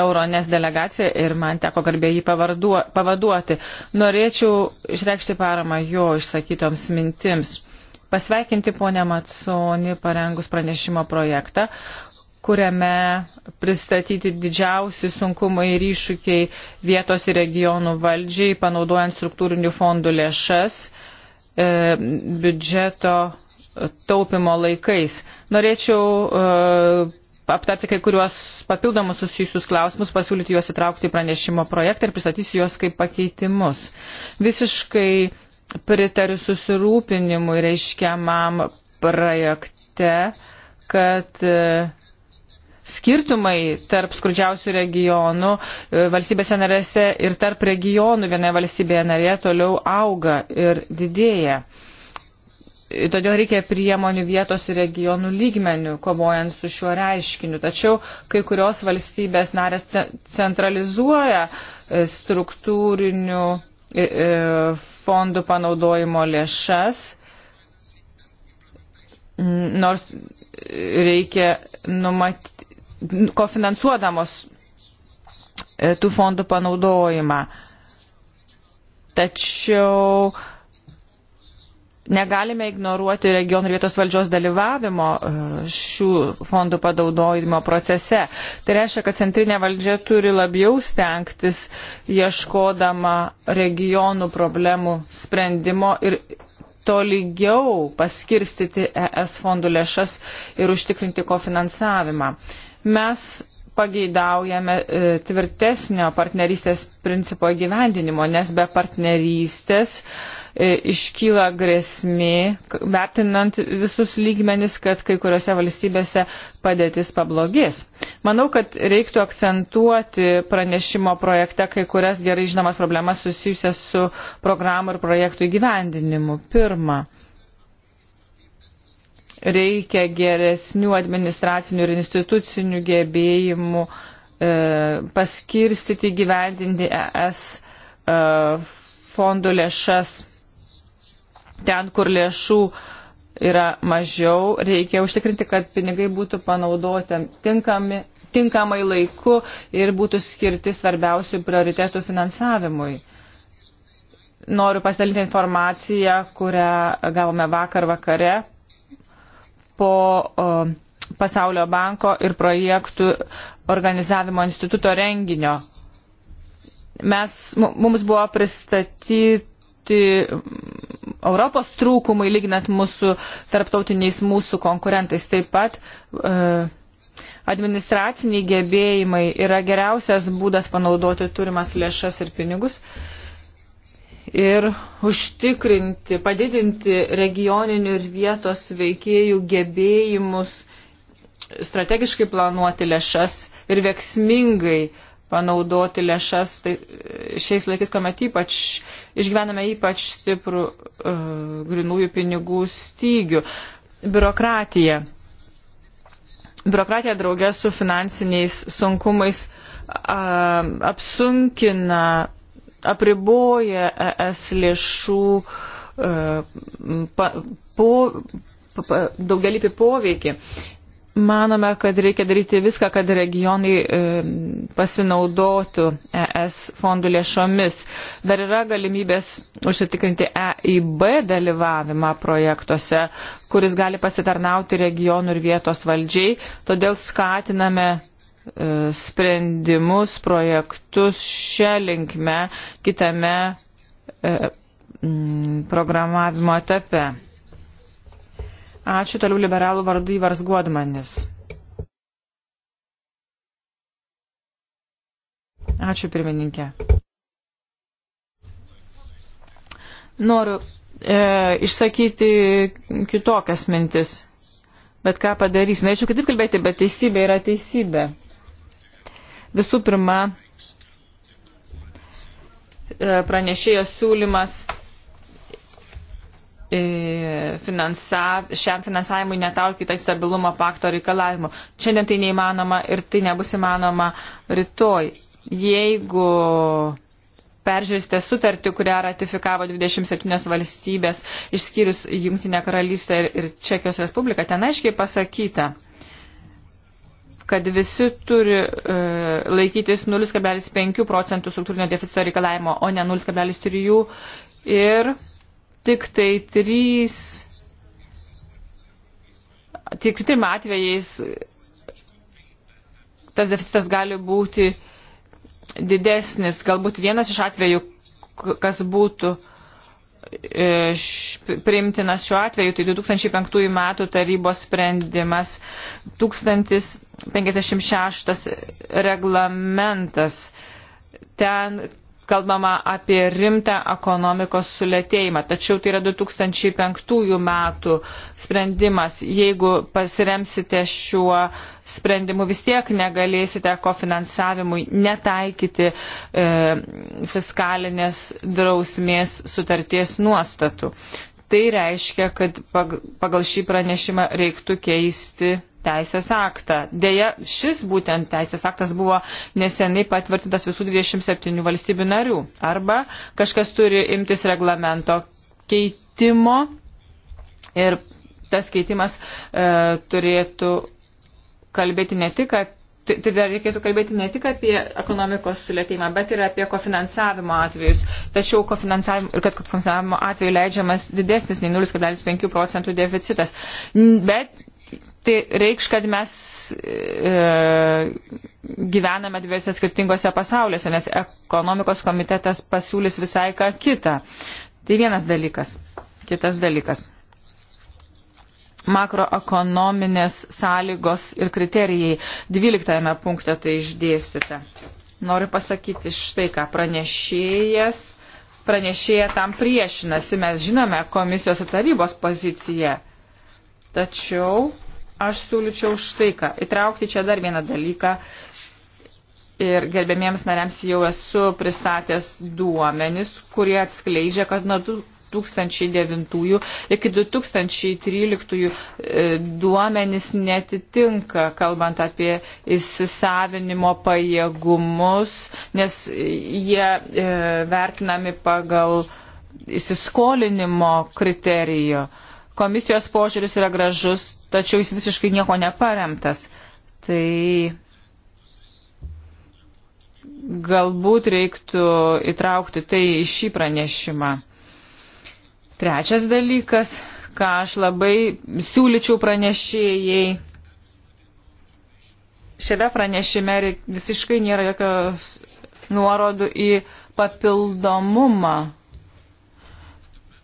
Euronės delegaciją ir man teko garbė jį pavaduo, pavaduoti. Norėčiau išreikšti paramą jo išsakytoms mintims. Pasveikinti ponę Matsonį parengus pranešimo projektą, kuriame pristatyti didžiausi sunkumai ir iššūkiai vietos ir regionų valdžiai, panaudojant struktūrinių fondų lėšas e, biudžeto taupimo laikais. Norėčiau e, aptarti kai kuriuos papildomus susijusius klausimus, pasiūlyti juos įtraukti į pranešimo projektą ir pristatysiu juos kaip pakeitimus. Visiškai pritariu susirūpinimui reiškiamam projekte, kad e, skirtumai tarp skurdžiausių regionų e, valstybėse narėse ir tarp regionų vienoje valstybėje narėje toliau auga ir didėja. E, todėl reikia priemonių vietos ir regionų lygmenių, kovojant su šiuo reiškiniu. Tačiau kai kurios valstybės narės centralizuoja e, struktūrinių fondų panaudojimo lėšas, nors reikia numatyti, kofinansuodamos e, tų fondų panaudojimą. Tačiau negalime ignoruoti regionų ir vietos valdžios dalyvavimo e, šių fondų padaudojimo procese. Tai reiškia, kad centrinė valdžia turi labiau stengtis ieškodama regionų problemų sprendimo ir tolygiau paskirstyti ES fondų lėšas ir užtikrinti kofinansavimą. finansavimą Mes pageidaujame e, tvirtesnio partnerystės principo gyvendinimo, nes be partnerystės e, iškyla grėsmė, vertinant visus lygmenis, kad kai kuriuose valstybėse padėtis pablogės. Manau, kad reiktų akcentuoti pranešimo projekte kai kurias gerai žinomas problemas susijusias su programų ir projektų įgyvendinimu. Pirma, Reikia geresnių administracinių ir institucinių gebėjimų e, paskirstyti gyvendinti ES e, fondų lėšas ten, kur lėšų yra mažiau, reikia užtikrinti, kad pinigai būtų panaudoti tinkami, tinkamai laiku ir būtų skirti svarbiausių prioritetų finansavimui. Noriu pasidalinti informaciją, kurią gavome vakar vakare po Pasaulio banko ir projektų organizavimo instituto renginio. Mes, mums buvo pristatyti Europos trūkumai, lyginant mūsų tarptautiniais mūsų konkurentais. Taip pat e, administraciniai gebėjimai yra geriausias būdas panaudoti turimas lėšas ir pinigus. E, ir užtikrinti, padidinti regioninių ir vietos veikėjų gebėjimus strategiškai planuoti lėšas ir veiksmingai panaudoti lėšas tai e, šiais laikais, kuomet ypač išgyvename ypač stiprų uh, grinųjų pinigų stygių. Biurokratija. Biurokratija draugė su finansiniais sunkumais uh, apsunkina apriboja ES lėšų e, pa, po, pa, daugelįpį poveikį. Manome, kad reikia daryti viską, kad regionai e, pasinaudotų ES fondų lėšomis. Dar yra galimybės užsitikrinti EIB dalyvavimą projektuose, kuris gali pasitarnauti regionų ir vietos valdžiai. Todėl skatiname E, sprendimus, projektus šią linkme kitame e, programavimo etape. Ačiū toliau liberalų vardu Ivars Guodmanis. Ačiū pirmininkė. Noriu e, išsakyti kitokias mintis, bet ką padarys. Norėčiau kitaip kalbėti, bet teisybė yra teisybė. Visų pirma, e, pranešėjo siūlymas e, finansa, šiam finansavimui netaukytai stabilumo pakto reikalavimu. Šiandien tai neįmanoma ir tai nebus įmanoma rytoj. Jeigu peržiūrėsite sutartį, kurią ratifikavo 27 valstybės, išskyrus Jungtinę karalystę ir Čekijos Respubliką, ten aiškiai pasakyta, kad visi turi e, laikytis 0,5 procentų struktūrinio deficito reikalavimo, o ne 0,3 ir tik tai 3, tik trim atvejais tas deficitas gali būti didesnis, galbūt vienas iš atvejų, kas būtų e, E, priimtinas šiuo atveju, tai 2005 metų tarybos sprendimas 1056 reglamentas. Ten kalbama apie rimtą ekonomikos sulėtėjimą. Tačiau tai yra 2005 metų sprendimas. Jeigu pasiremsite šiuo sprendimu, vis tiek negalėsite kofinansavimui netaikyti e, fiskalinės drausmės sutarties nuostatų. Tai reiškia, kad pagal šį pranešimą reiktų keisti teisės aktą. Deja, šis būtent teisės aktas buvo neseniai patvirtintas visų 27 valstybių narių. Arba kažkas turi imtis reglamento keitimo ir tas keitimas e, turėtų kalbėti ne tik, kad tai, tai dar reikėtų kalbėti ne tik apie ekonomikos sulėtėjimą, bet ir apie kofinansavimo atvejus. Tačiau kofinansavimo, kad kofinansavimo atveju leidžiamas didesnis nei 0,5 procentų deficitas. Bet tai reikš, kad mes e, gyvename dviejose skirtingose pasauliuose, nes ekonomikos komitetas pasiūlys visai ką kitą. Tai vienas dalykas. Kitas dalykas. Makroekonominės sąlygos ir kriterijai. 12 punkte tai išdėstyta. Noriu pasakyti štai ką. Pranešėjas, pranešėja tam priešinasi. Mes žinome komisijos ir tarybos poziciją Tačiau aš siūlyčiau štai ką. Įtraukti čia dar vieną dalyką. Ir gerbėmiems nariams jau esu pristatęs duomenis, kurie atskleidžia, kad nuo 2009 iki 2013 e, duomenys netitinka, kalbant apie įsisavinimo pajėgumus, nes jie e, vertinami pagal įsiskolinimo kriterijo. Komisijos požiūris yra gražus, tačiau jis visiškai nieko neparemtas. Tai galbūt reiktų įtraukti tai į šį pranešimą. Trečias dalykas, ką aš labai siūlyčiau pranešėjai. Šiame pranešime visiškai nėra jokios nuorodų į papildomumą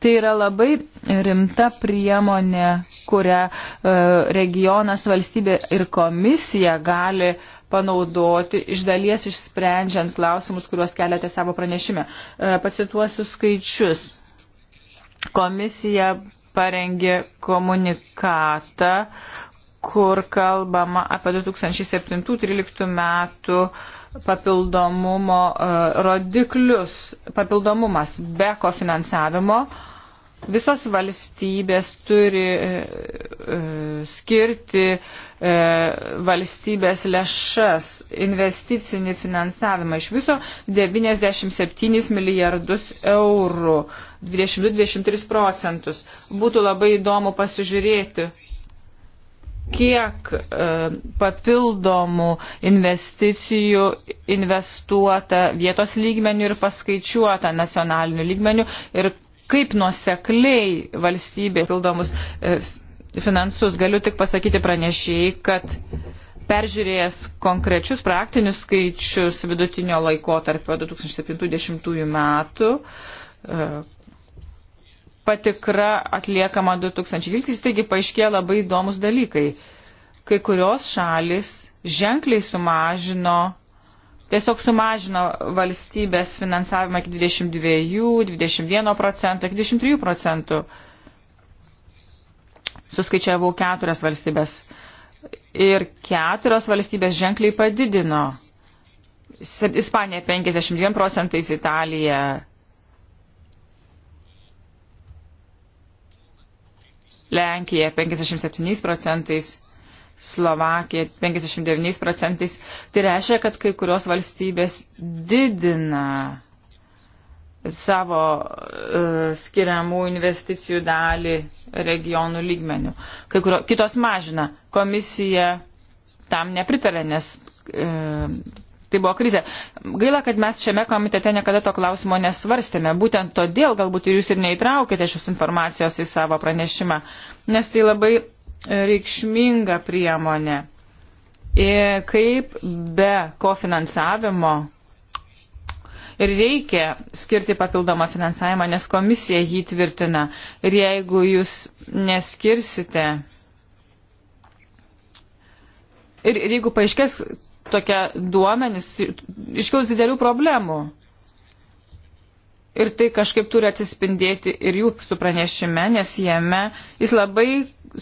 Tai yra labai rimta priemonė, kurią e, regionas, valstybė ir komisija gali panaudoti iš dalies išsprendžiant klausimus, kuriuos keliate savo pranešime. E, pacituosiu skaičius. Komisija parengė komunikatą, kur kalbama apie 2007-2013 metų papildomumo e, rodiklius, papildomumas be kofinansavimo finansavimo visos valstybės turi e, e, skirti e, valstybės lėšas, investicinį finansavimą iš viso 97 milijardus eurų, 22-23 procentus. Būtų labai įdomu pasižiūrėti, kiek papildomų investicijų investuota vietos lygmenių ir paskaičiuota nacionaliniu lygmeniu ir kaip nuosekliai valstybė pildomus e, finansus. Galiu tik pasakyti pranešėjai, kad peržiūrėjęs konkrečius praktinius skaičius vidutinio laiko tarp 2070 metų, e, patikra atliekama 2012, taigi paaiškėjo labai įdomus dalykai. Kai kurios šalis ženkliai sumažino tiesiog sumažino valstybės finansavimą iki 22, 21 procentų, iki 23 procentų. Suskaičiavau keturias valstybės. Ir keturios valstybės ženkliai padidino. Ispanija 52 procentais, Italija 57 Lenkija 57 procentais, Slovakija 59 procentais. Tai reiškia, kad kai kurios valstybės didina savo uh, skiriamų investicijų dalį regionų lygmenių. Kai kurio, kitos mažina. Komisija tam nepritarė, nes uh, tai buvo krizė. Gaila, kad mes šiame komitete niekada to klausimo nesvarstėme. Būtent todėl galbūt ir jūs ir neįtraukite šios informacijos į savo pranešimą, nes tai labai reikšminga priemonė. Ir kaip be kofinansavimo ir reikia skirti papildomą finansavimą, nes komisija jį tvirtina. Ir jeigu jūs neskirsite ir, ir jeigu paaiškės tokia duomenis, iškils didelių problemų ir tai kažkaip turi atsispindėti ir jų su pranešime, nes jame jis labai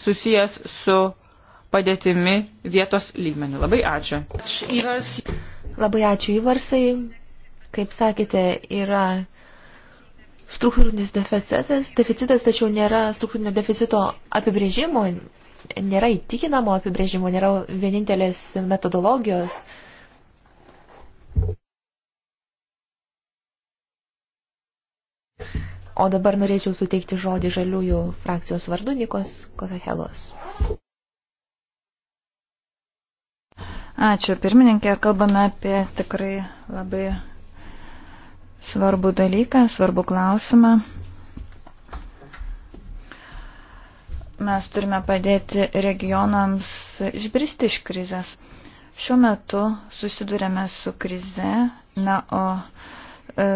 susijęs su padėtimi vietos lygmenių. Labai ačiū. Labai ačiū įvarsai. Kaip sakėte, yra struktūrinis deficitas, deficitas, tačiau nėra struktūrinio deficito apibrėžimo, nėra įtikinamo apibrėžimo, nėra vienintelės metodologijos. O dabar norėčiau suteikti žodį žaliųjų frakcijos vardu Nikos Kovehelos. Ačiū, pirmininkė. Kalbame apie tikrai labai svarbų dalyką, svarbų klausimą. Mes turime padėti regionams išbristi iš krizės. Šiuo metu susidurėme su krize, na, o e,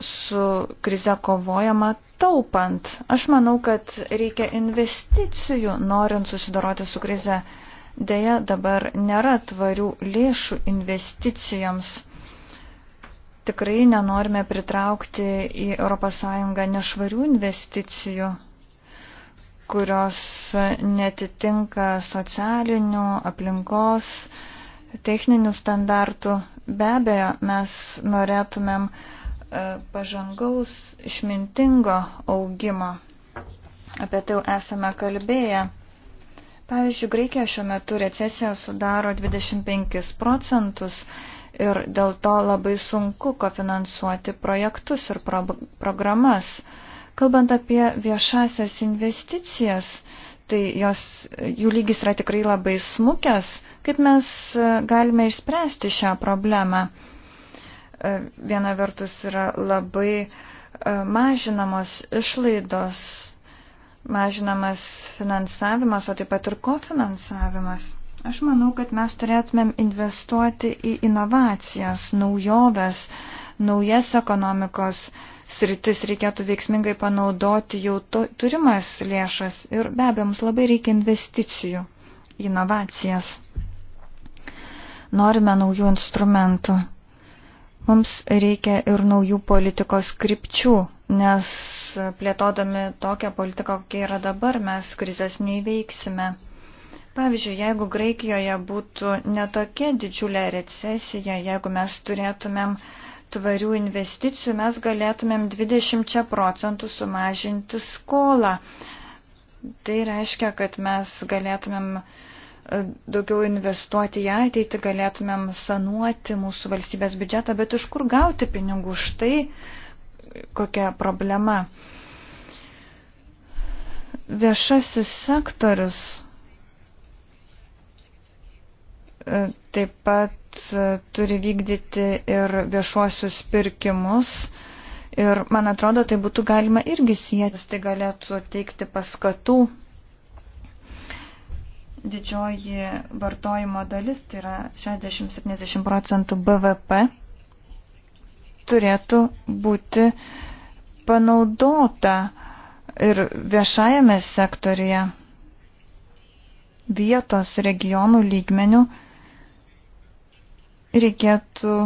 su krize kovojama taupant. Aš manau, kad reikia investicijų, norint susidoroti su krize. Deja, dabar nėra tvarių lėšų investicijoms. Tikrai nenorime pritraukti į ES nešvarių investicijų, kurios netitinka socialinių, aplinkos, techninių standartų. Be abejo, mes norėtumėm uh, E, pažangaus, išmintingo augimo. Apie tai jau esame kalbėję. Pavyzdžiui, Graikija šiuo metu recesija sudaro 25 procentus ir dėl to labai sunku kofinansuoti projektus ir pro programas. Kalbant apie viešasias investicijas, tai jos, jų lygis yra tikrai labai smukęs. Kaip mes e, galime išspręsti šią problemą? E, viena vertus yra labai e, mažinamos išlaidos, mažinamas finansavimas, o taip pat ir kofinansavimas. Aš manau, kad mes turėtumėm investuoti į inovacijas, naujoves, naujas ekonomikos sritis, reikėtų veiksmingai panaudoti jau to, turimas lėšas ir be abejo, mums labai reikia investicijų į inovacijas. Norime naujų instrumentų. Mums reikia ir naujų politikos krypčių, nes plėtodami tokią politiką, kokia yra dabar, mes krizės neįveiksime. Pavyzdžiui, jeigu Graikijoje būtų netokia didžiulė recesija, jeigu mes turėtumėm tvarių investicijų, mes galėtumėm 20 procentų sumažinti skolą. Tai reiškia, kad mes galėtumėm uh, daugiau investuoti į ateitį, galėtumėm sanuoti mūsų valstybės biudžetą, bet iš kur gauti pinigų už tai, kokia problema. Viešasis sektorius e, taip pat e, turi vykdyti ir viešuosius pirkimus. Ir man atrodo, tai būtų galima irgi sieti, tai galėtų teikti paskatų didžioji vartojimo dalis, tai yra 60-70 procentų BVP, turėtų būti panaudota ir viešajame sektorija vietos regionų lygmenių reikėtų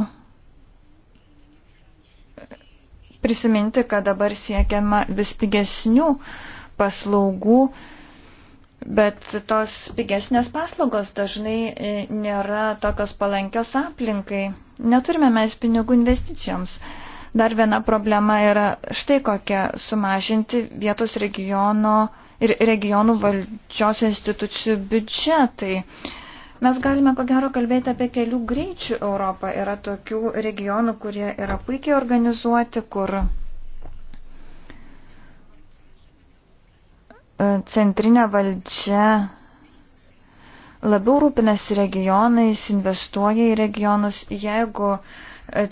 prisiminti, kad dabar siekiama vis pigesnių paslaugų, Bet tos pigesnės paslaugos dažnai e, nėra tokios palankios aplinkai. Neturime mes pinigų investicijoms. Dar viena problema yra štai kokia - sumažinti vietos regiono ir regionų valdžios institucijų biudžetai. Mes galime ko gero kalbėti apie kelių greičių Europą. Yra tokių regionų, kurie yra puikiai organizuoti, kur centrinė valdžia labiau rūpinasi regionais, investuoja į regionus. Jeigu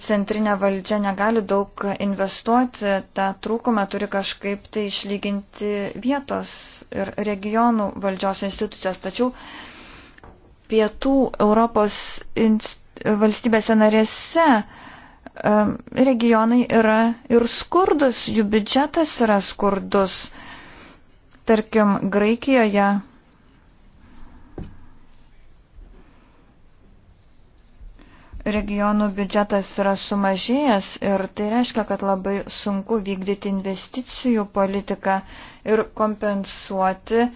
centrinė valdžia negali daug investuoti, tą trūkumą turi kažkaip tai išlyginti vietos ir regionų valdžios institucijos. Tačiau pietų Europos valstybėse narėse regionai yra ir skurdus, jų biudžetas yra skurdus Tarkim, Graikijoje regionų biudžetas yra sumažėjęs ir tai reiškia, kad labai sunku vykdyti investicijų politiką ir kompensuoti uh,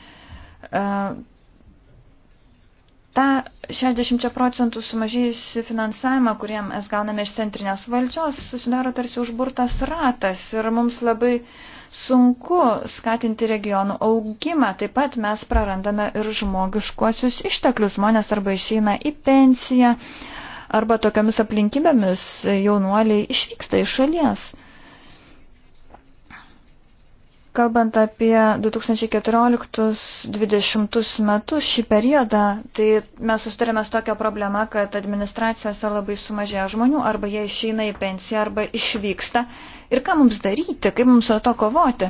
tą 60 procentų sumažėjusi finansavimą, kuriem mes gauname iš centrinės valdžios, susidaro tarsi užburtas ratas ir mums labai sunku skatinti regionų augimą. Taip pat mes prarandame ir žmogiškuosius išteklius. Žmonės arba išeina į pensiją, arba tokiamis aplinkybėmis jaunuoliai išvyksta iš šalies. Kalbant apie 2014-2020 metus šį periodą, tai mes susitarėme su tokia problema, kad administracijose labai sumažėja žmonių, arba jie išeina į pensiją, arba išvyksta. Ir ką mums daryti, kaip mums su to kovoti?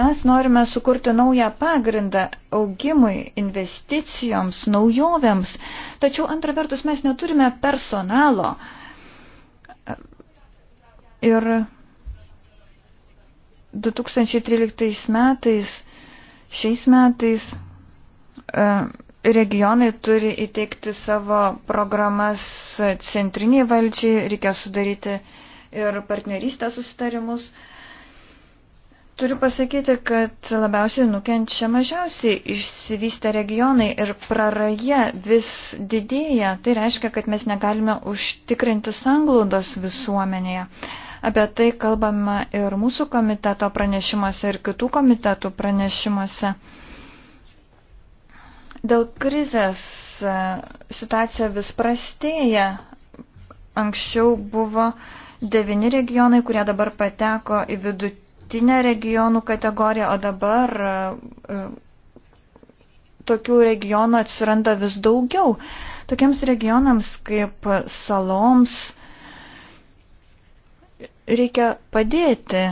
Mes norime sukurti naują pagrindą augimui, investicijoms, naujovėms, tačiau antra vertus mes neturime personalo. Ir 2013 metais, šiais metais e, regionai turi įteikti savo programas centriniai valdžiai, reikia sudaryti ir partnerystę susitarimus. Turiu pasakyti, kad labiausiai nukenčia mažiausiai išsivystę regionai ir praraja vis didėja. Tai reiškia, kad mes negalime užtikrinti sanglaudos visuomenėje. Uh, Apie tai kalbame ir mūsų komiteto pranešimuose, ir kitų komitetų pranešimuose. Dėl krizės e, situacija vis prastėja. Anksčiau buvo devini regionai, kurie dabar pateko į vidutinę regionų kategoriją, o dabar e, e, tokių regionų atsiranda vis daugiau. Tokiems regionams kaip saloms Reikia padėti.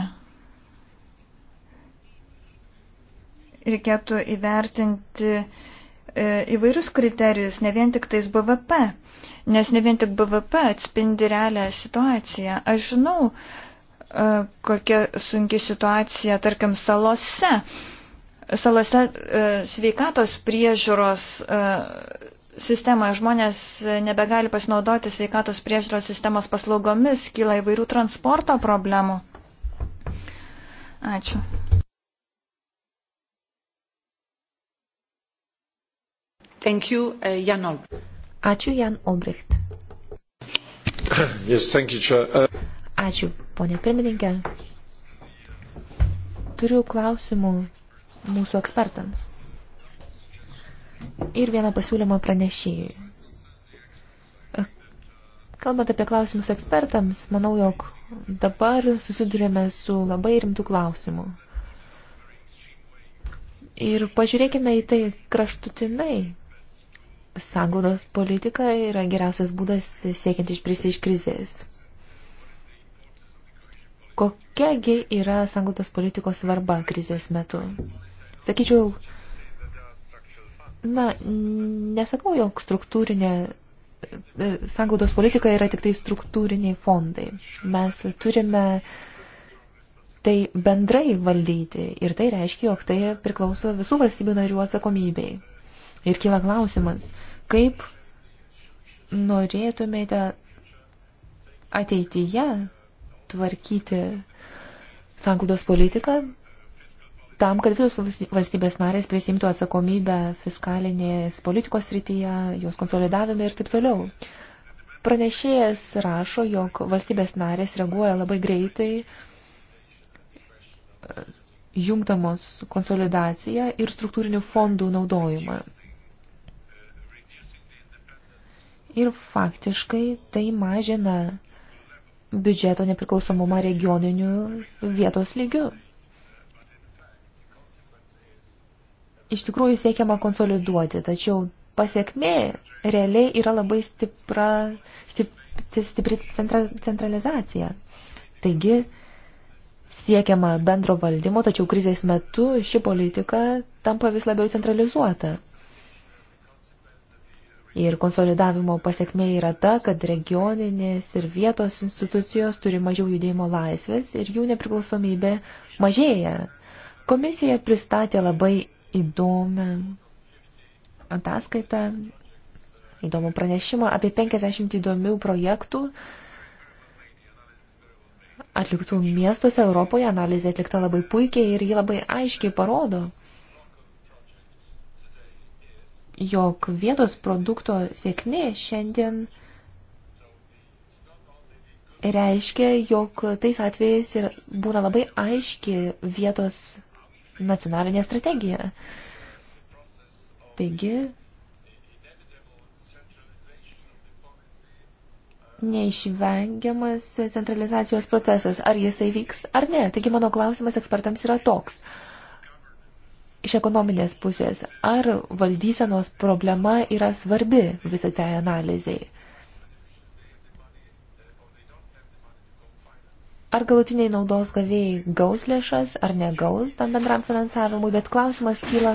Reikėtų įvertinti e, įvairius kriterijus, ne vien tik tais BVP, nes ne vien tik BVP atspindi realią situaciją. Aš žinau, e, kokia sunki situacija, tarkim, salose. Salose e, sveikatos priežiūros sistemoje žmonės nebegali pasinaudoti sveikatos priežiūros sistemos paslaugomis, kyla įvairių transporto problemų. Ačiū. Thank you, uh, Jan Olbricht. Ačiū, Jan Olbricht. Yes, thank you, Chair. Uh... Ačiū, ponė pirmininkė. Turiu klausimų mūsų ekspertams ir vieną pasiūlymą pranešėjui. E, kalbant apie klausimus ekspertams, manau, jog dabar susidurėme su labai rimtų klausimų. Ir pažiūrėkime į tai kraštutinai. Sanglaudos politika yra geriausias būdas siekiant išbristi iš krizės. Kokiagi yra sanglaudos politikos svarba krizės metu? Sakyčiau, Na, nesakau, jog struktūrinė e, sanglaudos politika yra tik tai struktūriniai fondai. Mes turime tai bendrai valdyti ir tai reiškia, jog tai priklauso visų valstybių narių atsakomybei. Ir kyla klausimas, kaip norėtumėte ateityje tvarkyti sanglaudos politiką, tam, kad visos valstybės narės prisimtų atsakomybę fiskalinės politikos srityje, jos konsolidavime ir taip toliau. Pranešėjas rašo, jog valstybės narės reaguoja labai greitai, e, jungdamos konsolidaciją ir struktūrinių fondų naudojimą. Ir faktiškai tai mažina biudžeto nepriklausomumą regioninių vietos lygių. iš tikrųjų siekiama konsoliduoti, tačiau pasiekmė realiai yra labai stipra, stip, stipri centra, centralizacija. Taigi siekiama bendro valdymo, tačiau krizės metu ši politika tampa vis labiau centralizuota. Ir konsolidavimo pasiekmė yra ta, kad regioninės ir vietos institucijos turi mažiau judėjimo laisvės ir jų nepriklausomybė mažėja. Komisija pristatė labai įdomią ataskaitą, įdomų pranešimą apie 50 įdomių projektų atliktų miestuose Europoje. Analizė atlikta labai puikiai ir ji labai aiškiai parodo, jog vietos produkto sėkmė šiandien reiškia, jog tais atvejais ir būna labai aiški vietos nacionalinė strategija. Taigi, neišvengiamas centralizacijos procesas, ar jisai vyks ar ne. Taigi mano klausimas ekspertams yra toks. Iš ekonominės pusės, ar valdysenos problema yra svarbi visai tai analizai? ar galutiniai naudos gavėjai gaus lėšas ar negaus tam bendram finansavimui, bet klausimas kyla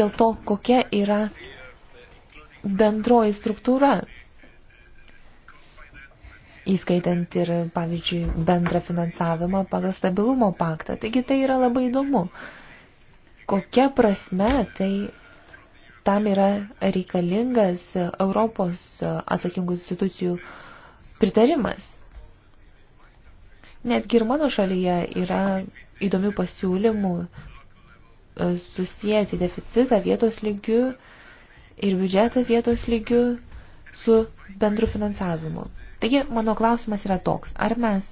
dėl to, kokia yra bendroji struktūra, įskaitant ir, pavyzdžiui, bendrą finansavimą pagal stabilumo paktą. Taigi tai yra labai įdomu. Kokia prasme tai tam yra reikalingas Europos atsakingų institucijų pritarimas? Netgi ir mano šalyje yra įdomių pasiūlymų e, susijęti deficitą vietos lygių ir biudžetą vietos lygių su bendru finansavimu. Taigi, mano klausimas yra toks, ar mes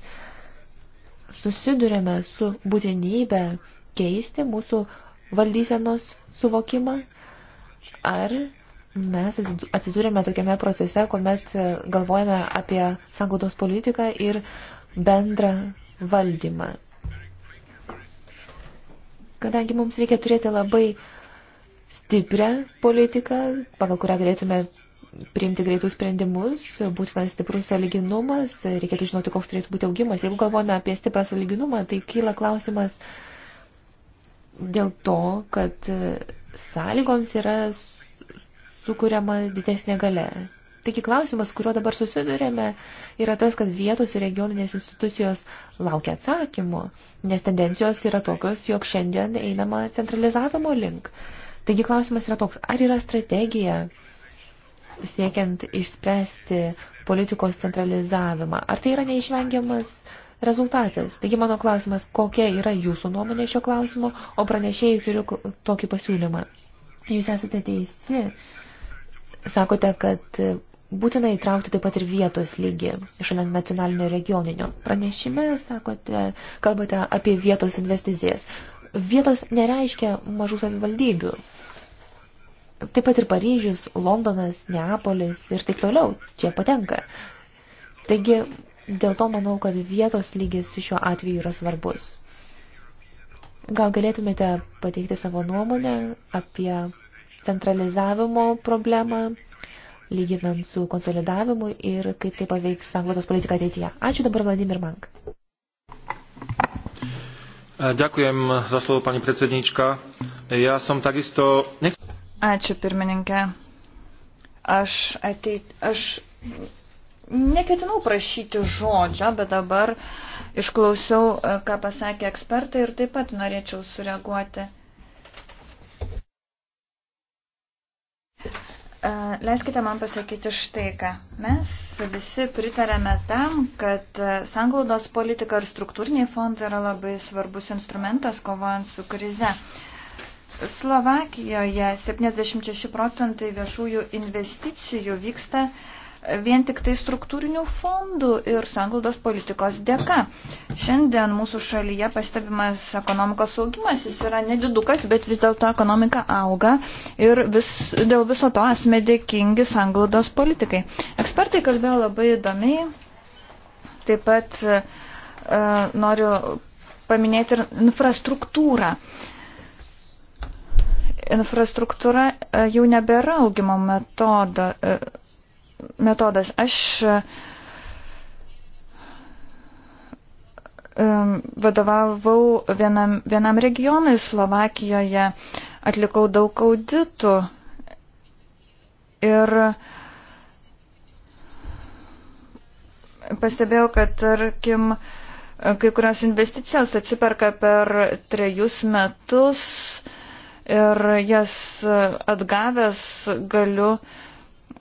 susidurėme su būtinybė keisti mūsų valdysenos suvokimą, ar mes atsidūrėme tokiame procese, kuomet galvojame apie sanglaudos politiką ir bendrą valdymą. Kadangi mums reikia turėti labai stiprią politiką, pagal kurią galėtume priimti greitus sprendimus, būtina stiprus saliginumas, reikėtų žinoti, koks turėtų būti augimas. Jeigu galvojame apie stiprą saliginumą, tai kyla klausimas dėl to, kad sąlygoms yra sukuriama didesnė gale. Taigi klausimas, kuriuo dabar susidurėme, yra tas, kad vietos ir regioninės institucijos laukia atsakymų, nes tendencijos yra tokios, jog šiandien einama centralizavimo link. Taigi klausimas yra toks, ar yra strategija siekiant išspręsti politikos centralizavimą, ar tai yra neišvengiamas rezultatas. Taigi mano klausimas, kokia yra jūsų nuomonė šio klausimo, o pranešėjai turiu tokį pasiūlymą. Jūs esate teisi, sakote, kad būtina įtraukti taip pat ir vietos lygį, šalia nacionalinio regioninio. Pranešime sakote, kalbate apie vietos investicijas. Vietos nereiškia mažų savivaldybių. Taip pat ir Paryžius, Londonas, Neapolis ir taip toliau čia patenka. Taigi, dėl to manau, kad vietos lygis šiuo atveju yra svarbus. Gal galėtumėte pateikti savo nuomonę apie centralizavimo problemą lyginant su konsolidavimu ir kaip tai paveiks sanglados politiką ateityje. Ačiū dabar Vladimir Mank. E, Ďakujem za slovo, pani predsednička. E, ja som takisto... Ačiū, pirmininkė. Aš, ateit... Aš neketinau prašyti žodžio, bet dabar išklausiau, e, ką pasakė ekspertai ir taip pat norėčiau sureaguoti. E, leiskite man pasakyti štai ką. Mes visi pritarėme tam, kad e, sanglaudos politika ir struktūriniai fondai yra labai svarbus instrumentas kovojant su krize. Slovakijoje 76 procentai viešųjų investicijų vyksta uh, vien tik tai struktūrinių fondų ir sanglaudos politikos dėka. Šiandien mūsų šalyje pastebimas ekonomikos augimas, jis yra nedidukas, bet vis dėlto ekonomika auga ir vis, dėl viso to esame dėkingi sanglaudos politikai. Ekspertai kalbėjo labai įdomiai, taip pat e, noriu paminėti ir infrastruktūrą. Infrastruktūra e, jau nebėra augimo metodo. E, metodas. Aš vadovavau vienam, vienam regionui Slovakijoje, atlikau daug auditų ir pastebėjau, kad, tarkim, kai kurios investicijos atsiperka per trejus metus ir jas atgavęs galiu uh,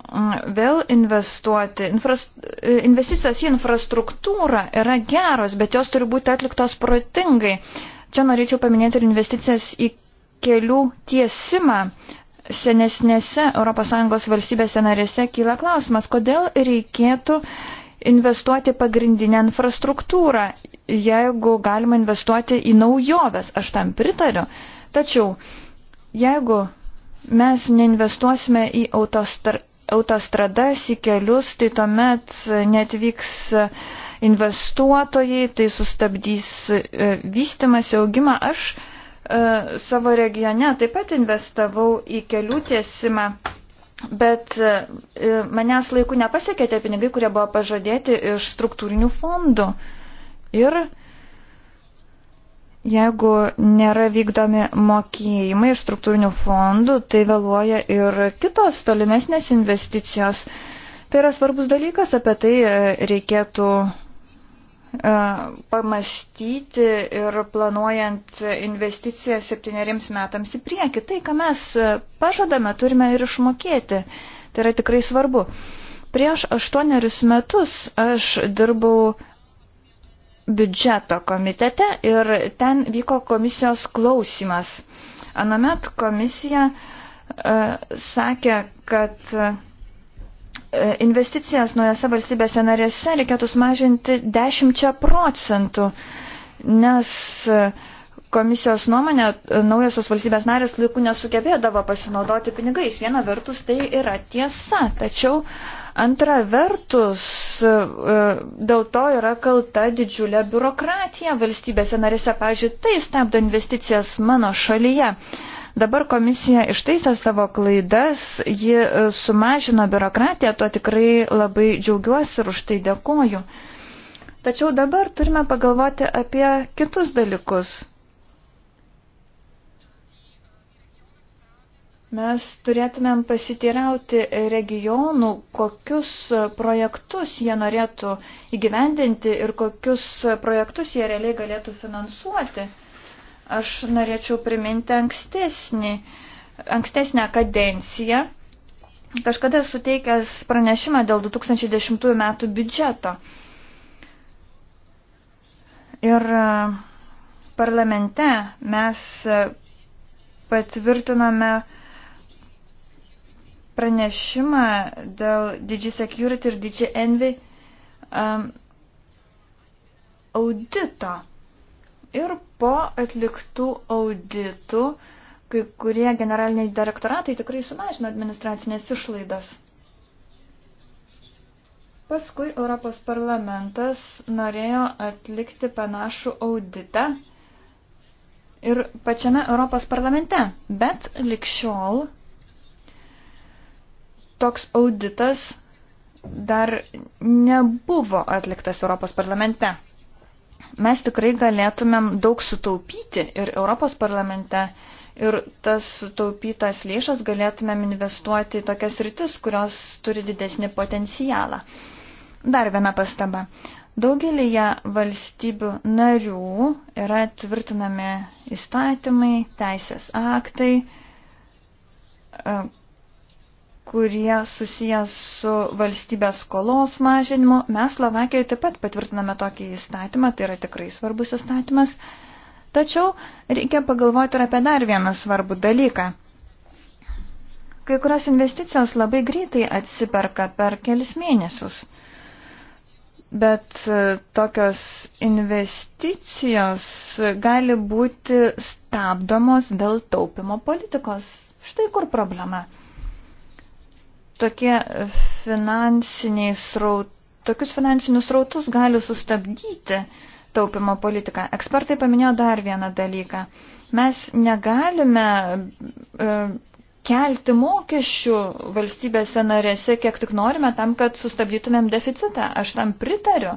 Mm, vėl investuoti. Infras, investicijos į infrastruktūrą yra geros, bet jos turi būti atliktos protingai. Čia norėčiau paminėti ir investicijas į kelių tiesimą. Senesnėse ES valstybėse narėse kyla klausimas, kodėl reikėtų investuoti pagrindinę infrastruktūrą, jeigu galima investuoti į naujoves. Aš tam pritariu. Tačiau, jeigu mes neinvestuosime į autostar autostradas, į kelius, tai tuomet e, netvyks e, investuotojai, tai sustabdys e, vystimas augimą. Aš e, savo regione taip pat investavau į kelių tiesimą, bet e, manęs laiku nepasiekė tie pinigai, kurie buvo pažadėti iš struktūrinių fondų. Ir Jeigu nėra vykdomi mokėjimai iš struktūrinių fondų, tai vėluoja ir kitos tolimesnės investicijos. Tai yra svarbus dalykas, apie tai e, reikėtų e, pamastyti ir planuojant investiciją septyneriems metams į priekį. Tai, ką mes pažadame, turime ir išmokėti. Tai yra tikrai svarbu. Prieš aštuonerius metus aš dirbau biudžeto komitete ir ten vyko komisijos klausimas. Anomet komisija e, sakė, kad e, investicijas nuojose valstybėse narėse reikėtų sumažinti 10 procentų, nes e, komisijos nuomonė e, naujosios valstybės narės laiku nesugebėdavo pasinaudoti pinigais. Viena vertus tai yra tiesa, tačiau e, Antra vertus, e, dėl to yra kalta didžiulė biurokratija valstybėse narėse. Pavyzdžiui, tai stabdo investicijas mano šalyje. Dabar komisija ištaisė savo klaidas, ji e, sumažino biurokratiją, tuo tikrai labai džiaugiuosi ir už tai dėkoju. Tačiau dabar turime pagalvoti apie kitus dalykus. Mes turėtumėm pasitirauti regionų, kokius projektus jie norėtų įgyvendinti ir kokius projektus jie realiai galėtų finansuoti. Aš norėčiau priminti ankstesnį, ankstesnę kadenciją. Kažkada suteikęs pranešimą dėl 2010 metų biudžeto. Ir parlamente mes patvirtiname pranešimą dėl DG Security ir DG Envy um, audito. Ir po atliktų auditų kai kurie generaliniai direktoratai tikrai sumažino administracinės išlaidas. Paskui Europos parlamentas norėjo atlikti panašų auditą ir pačiame Europos parlamente, bet likščiol toks auditas dar nebuvo atliktas Europos parlamente. Mes tikrai galėtumėm daug sutaupyti ir Europos parlamente, ir tas sutaupytas lėšas galėtumėm investuoti į tokias rytis, kurios turi didesnį potencialą. Dar viena pastaba. Daugelįje valstybių narių yra tvirtinami įstatymai, teisės aktai, kurie susijęs su valstybės skolos mažinimu. Mes Slovakijoje taip pat patvirtiname tokį įstatymą, tai yra tikrai svarbus įstatymas. Tačiau reikia pagalvoti ir apie dar vieną svarbų dalyką. Kai kurios investicijos labai greitai atsiperka per kelis mėnesius. Bet e, tokios investicijos gali būti stabdomos dėl taupimo politikos. Štai kur problema tokie finansiniai srautai, tokius finansinius srautus gali sustabdyti taupimo politika. Ekspertai paminėjo dar vieną dalyką. Mes negalime e, kelti mokesčių valstybėse narėse, kiek tik norime, tam, kad sustabdytumėm deficitą. Aš tam pritariu.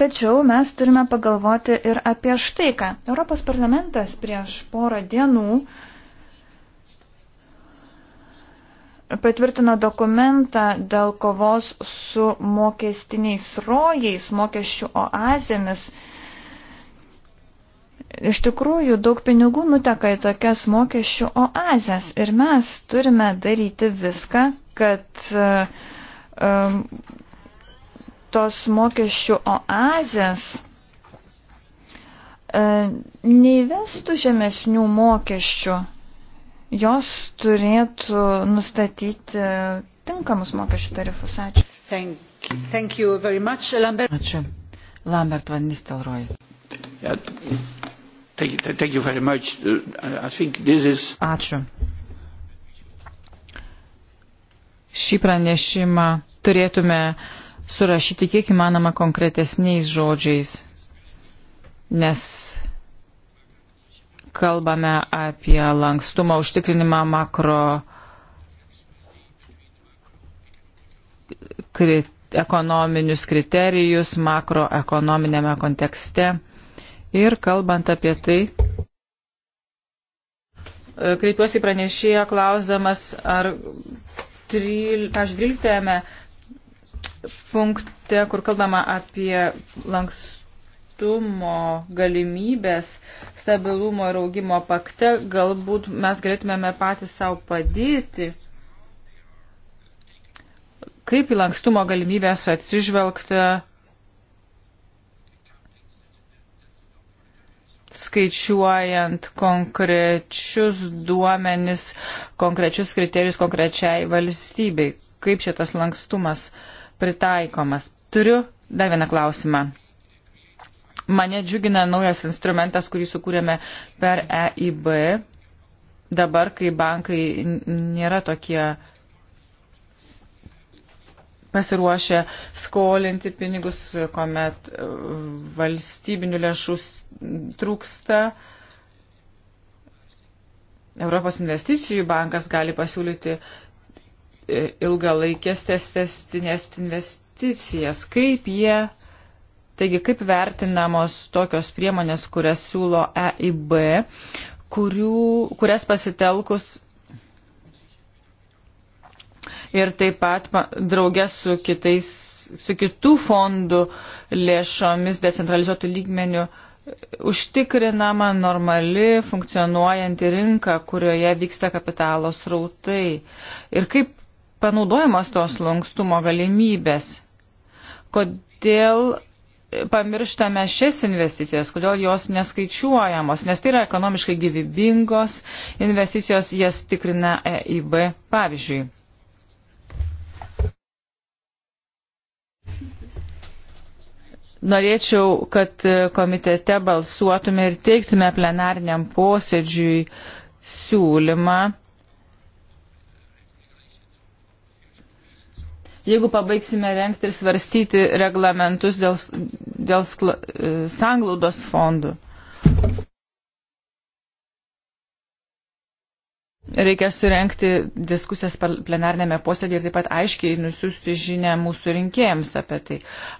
Tačiau mes turime pagalvoti ir apie štai ką. Europos parlamentas prieš porą dienų uh, patvirtino dokumentą dėl kovos su mokestiniais rojais, mokesčių oazėmis. Iš tikrųjų, daug pinigų nuteka į tokias mokesčių oazės ir mes turime daryti viską, kad um, tos mokesčių oazės um, neįvestų žemesnių mokesčių jos turėtų nustatyti tinkamus mokesčių tarifus. Ačiū. Thank, thank you very much, Lambert. Ačiū. Lambert Van Nistelrooy. Yeah. Thank, thank you very much. Uh, I think this is... Ačiū. Šį pranešimą turėtume surašyti kiek įmanoma konkretesniais žodžiais, nes kalbame apie lankstumą užtikrinimą makro krit, ekonominius kriterijus makroekonominėme kontekste ir kalbant apie tai, e, kreipiuosi pranešėją klausdamas, ar 13 punkte, kur kalbama apie lanks, lankstumo galimybės stabilumo ir augimo pakte, galbūt mes galėtumėme patys savo padėti, kaip į lankstumo galimybės atsižvelgti skaičiuojant konkrečius duomenis, konkrečius kriterijus konkrečiai valstybei. Kaip šitas lankstumas pritaikomas? Turiu dar vieną klausimą. Mane džiugina naujas instrumentas, kurį sukūrėme per EIB. Dabar, kai bankai nėra tokie pasiruošę skolinti pinigus, kuomet e, valstybinių lėšų trūksta. Europos investicijų bankas gali pasiūlyti e, ilgalaikės testinės investicijas. Kaip jie Taigi, kaip vertinamos tokios priemonės, kurias siūlo EIB, kurių, kurias pasitelkus ir taip pat draugė su, kitais, su kitų fondų lėšomis decentralizuotų lygmenių užtikrinama normali funkcionuojanti rinka, kurioje vyksta kapitalo srautai. Ir kaip panaudojamos tos lankstumo galimybės? Kodėl pamirštame šias investicijas, kodėl jos neskaičiuojamos, nes tai yra ekonomiškai gyvybingos investicijos, jas tikrina EIB pavyzdžiui. Norėčiau, kad komitete balsuotume ir teiktume plenariniam posėdžiui siūlymą jeigu pabaigsime renkti ir svarstyti reglamentus dėl, dėl skla, e, sanglaudos fondų. Reikia surenkti diskusijas plenarnėme posėdėje ir taip pat aiškiai nusiųsti žinę mūsų rinkėjams apie tai.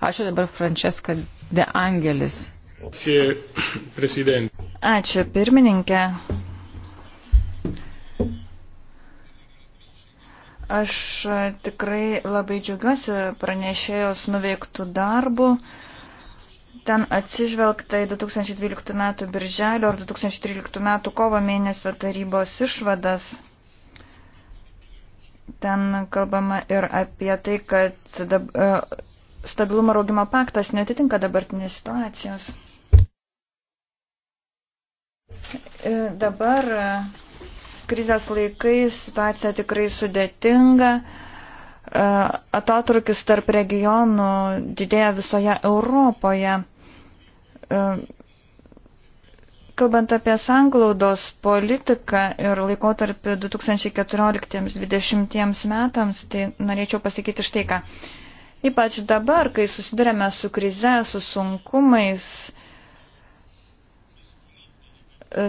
Ačiū dabar Franceska de Angelis. Ačiū pirmininkė. Aš e, tikrai labai džiugiuosi pranešėjos nuveiktų darbų. Ten atsižvelgta į 2012 m. birželio ar 2013 m. kovo mėnesio tarybos išvadas. Ten kalbama ir apie tai, kad dab, e, stabilumo raugimo paktas netitinka dabartinės situacijos. E, dabar Krizės laikais situacija tikrai sudėtinga. E, atotrukis tarp regionų didėja visoje Europoje. E, kalbant apie sanglaudos politiką ir laikotarpį 2014-2020 metams, tai norėčiau pasakyti štai ką. Ypač dabar, kai susidurėme su krize, su sunkumais,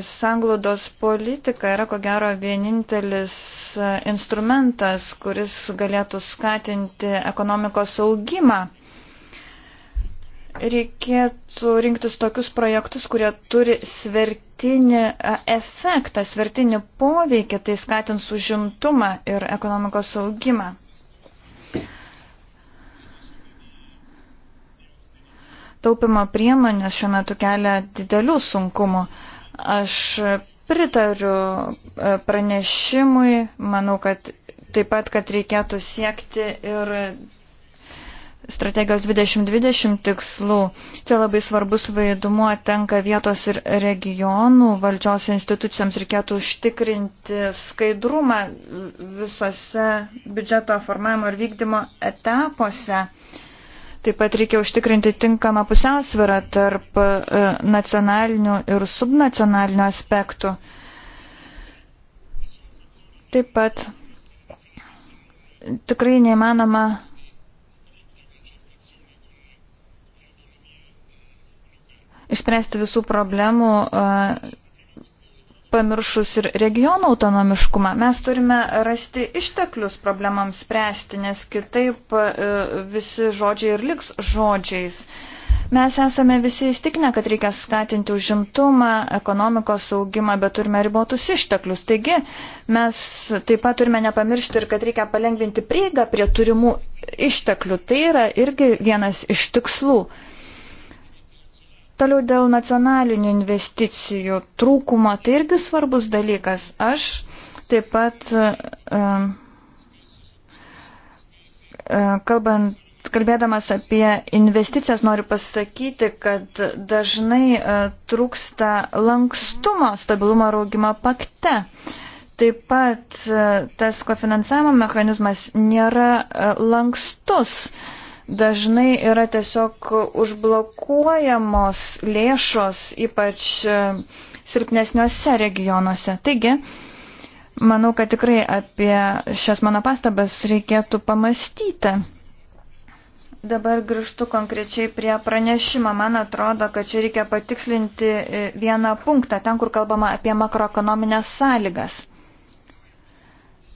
sanglaudos politika yra ko gero vienintelis e, instrumentas, kuris galėtų skatinti ekonomikos augimą. Reikėtų rinktis tokius projektus, kurie turi svertinį e, efektą, svertinį poveikį, tai skatins užimtumą ir ekonomikos augimą. Taupimo priemonės šiuo metu kelia didelių sunkumų. Aš pritariu e, pranešimui, manau, kad taip pat, kad reikėtų siekti ir strategijos 2020 tikslų. Čia labai svarbus vaidumuo tenka vietos ir regionų valdžios institucijoms reikėtų užtikrinti skaidrumą visose biudžeto formavimo ir vykdymo etapuose. Uh, Taip pat reikia užtikrinti tinkamą pusiausvyrą tarp e, nacionalinių ir subnacionalinių aspektų. Taip pat tikrai neįmanoma išspręsti visų problemų e, pamiršus ir regionų autonomiškumą. Mes turime rasti išteklius problemams spręsti, nes kitaip e, visi žodžiai ir liks žodžiais. Mes esame visi įstikinę, kad reikia skatinti užimtumą, ekonomikos saugimą, bet turime ribotus išteklius. Taigi mes taip pat turime nepamiršti ir kad reikia palengvinti prieigą prie turimų išteklių. Tai yra irgi vienas iš tikslų. Toliau dėl nacionalinių investicijų trūkumo, tai irgi svarbus dalykas. Aš taip pat, e, e, kalbant, kalbėdamas apie investicijas, noriu pasakyti, kad dažnai e, trūksta lankstumo stabilumo raugimo pakte. Taip pat tas kofinansavimo mechanizmas nėra lankstus dažnai yra tiesiog užblokuojamos lėšos, ypač e, silpnesniuose regionuose. Taigi, manau, kad tikrai apie šias mano pastabas reikėtų pamastyti. Dabar grįžtu konkrečiai prie pranešimo. Man atrodo, kad čia reikia patikslinti e, vieną punktą, ten, kur kalbama apie makroekonominės sąlygas.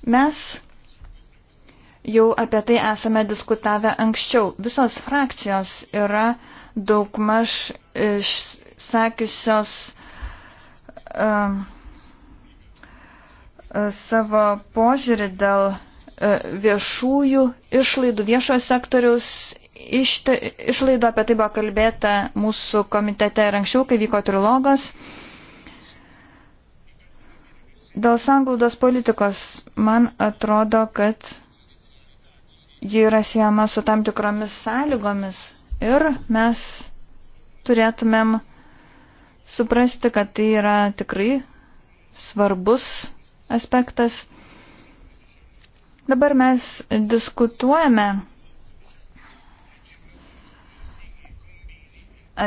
Mes Jau apie tai esame diskutavę anksčiau. Visos frakcijos yra daugmaž išsakiusios um, savo požiūrį dėl e, viešųjų išlaidų, viešojo sektoriaus ište, išlaidų, apie tai buvo kalbėta mūsų komitete ir anksčiau, kai vyko trilogas. Dėl sanglaudos politikos man atrodo, kad ji yra siejama su tam tikromis sąlygomis ir mes turėtumėm suprasti, kad tai yra tikrai svarbus aspektas. Dabar mes diskutuojame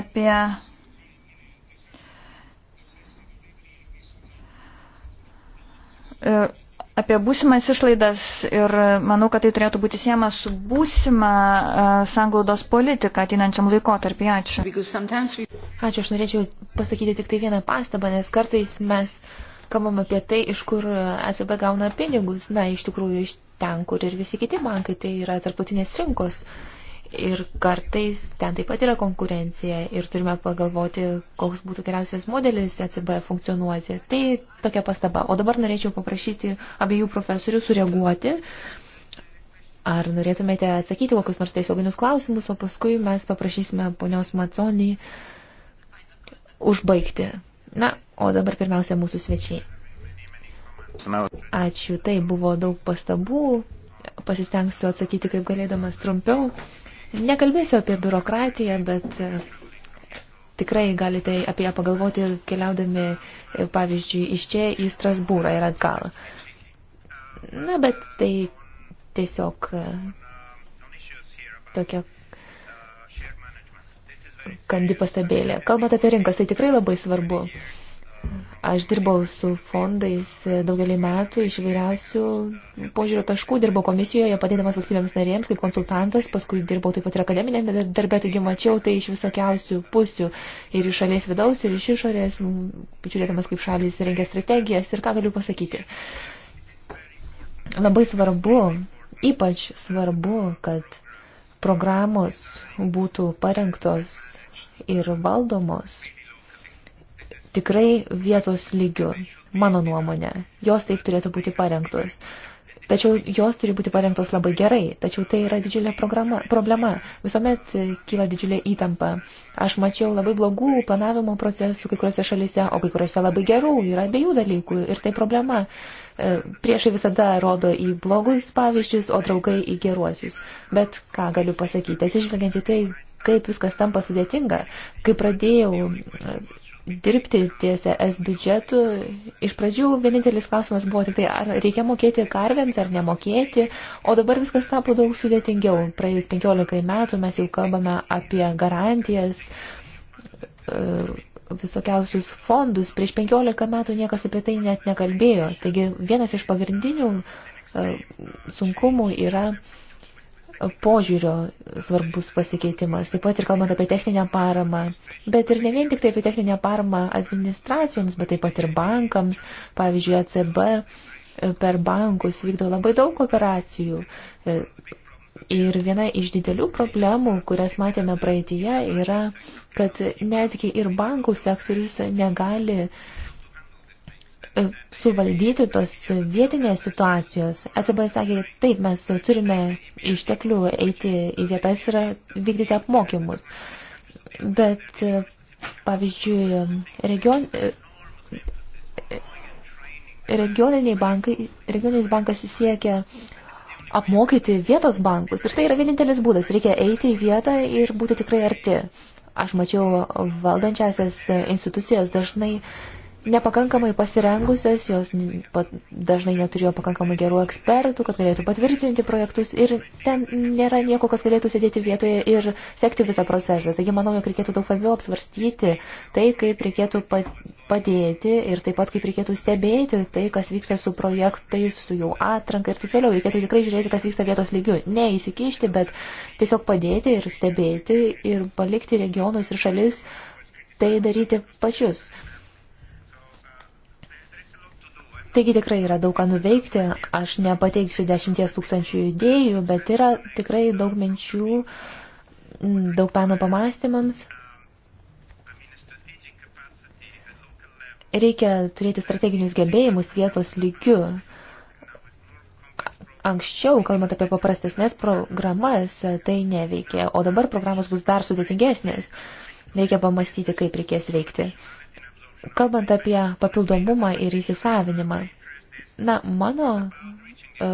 apie apie būsimas išlaidas ir manau, kad tai turėtų būti siejama su būsima e, sanglaudos politika ateinančiam laikotarpį. Ačiū. Ačiū, aš norėčiau pasakyti tik tai vieną pastabą, nes kartais mes kalbame apie tai, iš kur ECB gauna pinigus. Na, iš tikrųjų, iš ten, kur ir visi kiti bankai, tai yra tarptautinės rinkos. Ir kartais ten taip pat yra konkurencija ir turime pagalvoti, koks būtų geriausias modelis ECB funkcionuoti. Tai tokia pastaba. O dabar norėčiau paprašyti abiejų profesorių sureaguoti. Ar norėtumėte atsakyti kokius nors tiesioginius klausimus, o paskui mes paprašysime ponios Maconį užbaigti. Na, o dabar pirmiausia mūsų svečiai. Ačiū, tai buvo daug pastabų. Pasistengsiu atsakyti kaip galėdamas trumpiau. Nekalbėsiu apie biurokratiją, bet e, tikrai galite apie ją pagalvoti keliaudami, e, pavyzdžiui, iš čia į Strasbūrą ir atgal. Na, bet tai tiesiog e, tokia kandi pastabėlė. Kalbant apie rinkas, tai tikrai labai svarbu. Aš dirbau su fondais e, daugelį metų iš įvairiausių požiūrio taškų, dirbau komisijoje, padėdamas valstybėms narėms kaip konsultantas, paskui dirbau taip pat ir akademinėme darbe, taigi mačiau tai iš visokiausių pusių ir iš šalies vidaus, ir iš išorės, žiūrėdamas kaip šalis rengia strategijas ir ką galiu pasakyti. Labai svarbu, ypač svarbu, kad programos būtų parengtos ir valdomos tikrai vietos lygių, mano nuomonė. Jos taip turėtų būti parengtos. Tačiau jos turi būti parengtos labai gerai, tačiau tai yra didžiulė programa, problema. Visuomet kyla didžiulė įtampa. Aš mačiau labai blogų planavimo procesų kai kuriuose šalyse, o kai kuriuose labai gerų, yra abiejų dalykų ir tai problema. E, priešai visada rodo į blogus pavyzdžius, o draugai į geruosius. Bet ką galiu pasakyti, atsižvelgiant į tai, kaip viskas tampa sudėtinga, kai pradėjau dirbti ties ES biudžetu. Iš pradžių vienintelis klausimas buvo tik tai, ar reikia mokėti karvėms ar nemokėti, o dabar viskas tapo daug sudėtingiau. Praėjus 15 metų mes jau kalbame apie garantijas, e, visokiausius fondus. Prieš 15 metų niekas apie tai net nekalbėjo. Taigi vienas iš pagrindinių e, sunkumų yra požiūrio svarbus pasikeitimas, taip pat ir kalbant apie techninę paramą, bet ir ne vien tik tai apie techninę paramą administracijoms, bet taip pat ir bankams, pavyzdžiui, ACB e, per bankus vykdo labai daug operacijų. E, ir viena iš didelių problemų, kurias matėme praeitie, yra, kad netgi ir bankų sektorius negali uh, suvaldyti tos vietinės situacijos. ECB sakė, taip, mes turime išteklių eiti į vietas ir vykdyti apmokymus. Bet, pavyzdžiui, region, regioniniai bankai, regioninis bankas siekia apmokyti vietos bankus. Ir tai yra vienintelis būdas. Reikia eiti į vietą ir būti tikrai arti. Aš mačiau valdančiasias institucijas dažnai uh, nepakankamai pasirengusios, jos dažnai neturėjo pakankamai gerų ekspertų, kad galėtų patvirtinti projektus ir ten nėra nieko, kas galėtų sėdėti vietoje ir sekti visą procesą. Taigi, manau, jog reikėtų daug labiau apsvarstyti tai, kaip reikėtų padėti ir taip pat, kaip reikėtų stebėti tai, kas vyksta su projektais, su jų atranka ir taip vėliau. Reikėtų tikrai žiūrėti, kas vyksta vietos lygių. Ne įsikišti, bet tiesiog padėti ir stebėti ir palikti regionus ir šalis tai daryti pačius. Taigi tikrai yra daug ką nuveikti, aš nepateiksiu dešimties tūkstančių idėjų, bet yra tikrai daug minčių, daug peno pamastymams. Reikia turėti strateginius gebėjimus vietos lygių. Anksčiau, kalbant apie paprastesnės programas, tai neveikė, o dabar programos bus dar sudėtingesnės. Reikia pamastyti, kaip reikės veikti. Kalbant apie papildomumą ir įsisavinimą, na, mano e,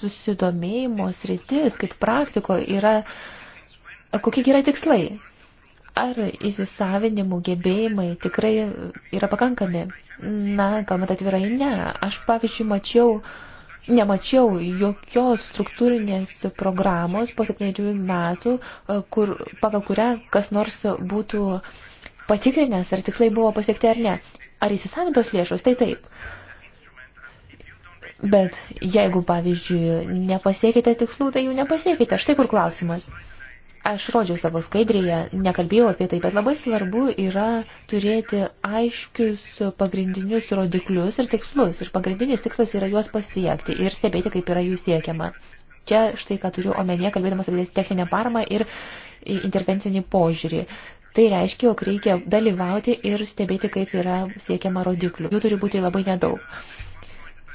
susidomėjimo sritis kaip praktiko yra, kokie yra tikslai. Ar įsisavinimų gebėjimai tikrai yra pakankami? Na, kalbant atvirai, ne. Aš, pavyzdžiui, mačiau, nemačiau jokios struktūrinės programos po septynerių metų, e, kur, pagal kurią kas nors būtų uh, patikrinęs, ar tikslai buvo pasiekti ar ne. Ar įsisavintos lėšos, tai taip. Bet jeigu, pavyzdžiui, nepasiekite tikslų, tai jų nepasiekite. Štai kur klausimas. Aš rodžiau savo skaidrėje, nekalbėjau apie tai, bet labai svarbu yra turėti aiškius pagrindinius rodiklius ir tikslus. Ir pagrindinis tikslas yra juos pasiekti ir stebėti, kaip yra jų siekiama. Čia štai, ką turiu omenyje, kalbėdamas apie techninę paramą ir intervencinį požiūrį. Tai reiškia, jog reikia dalyvauti ir stebėti, kaip yra siekiama rodiklių. Jų turi būti labai nedaug.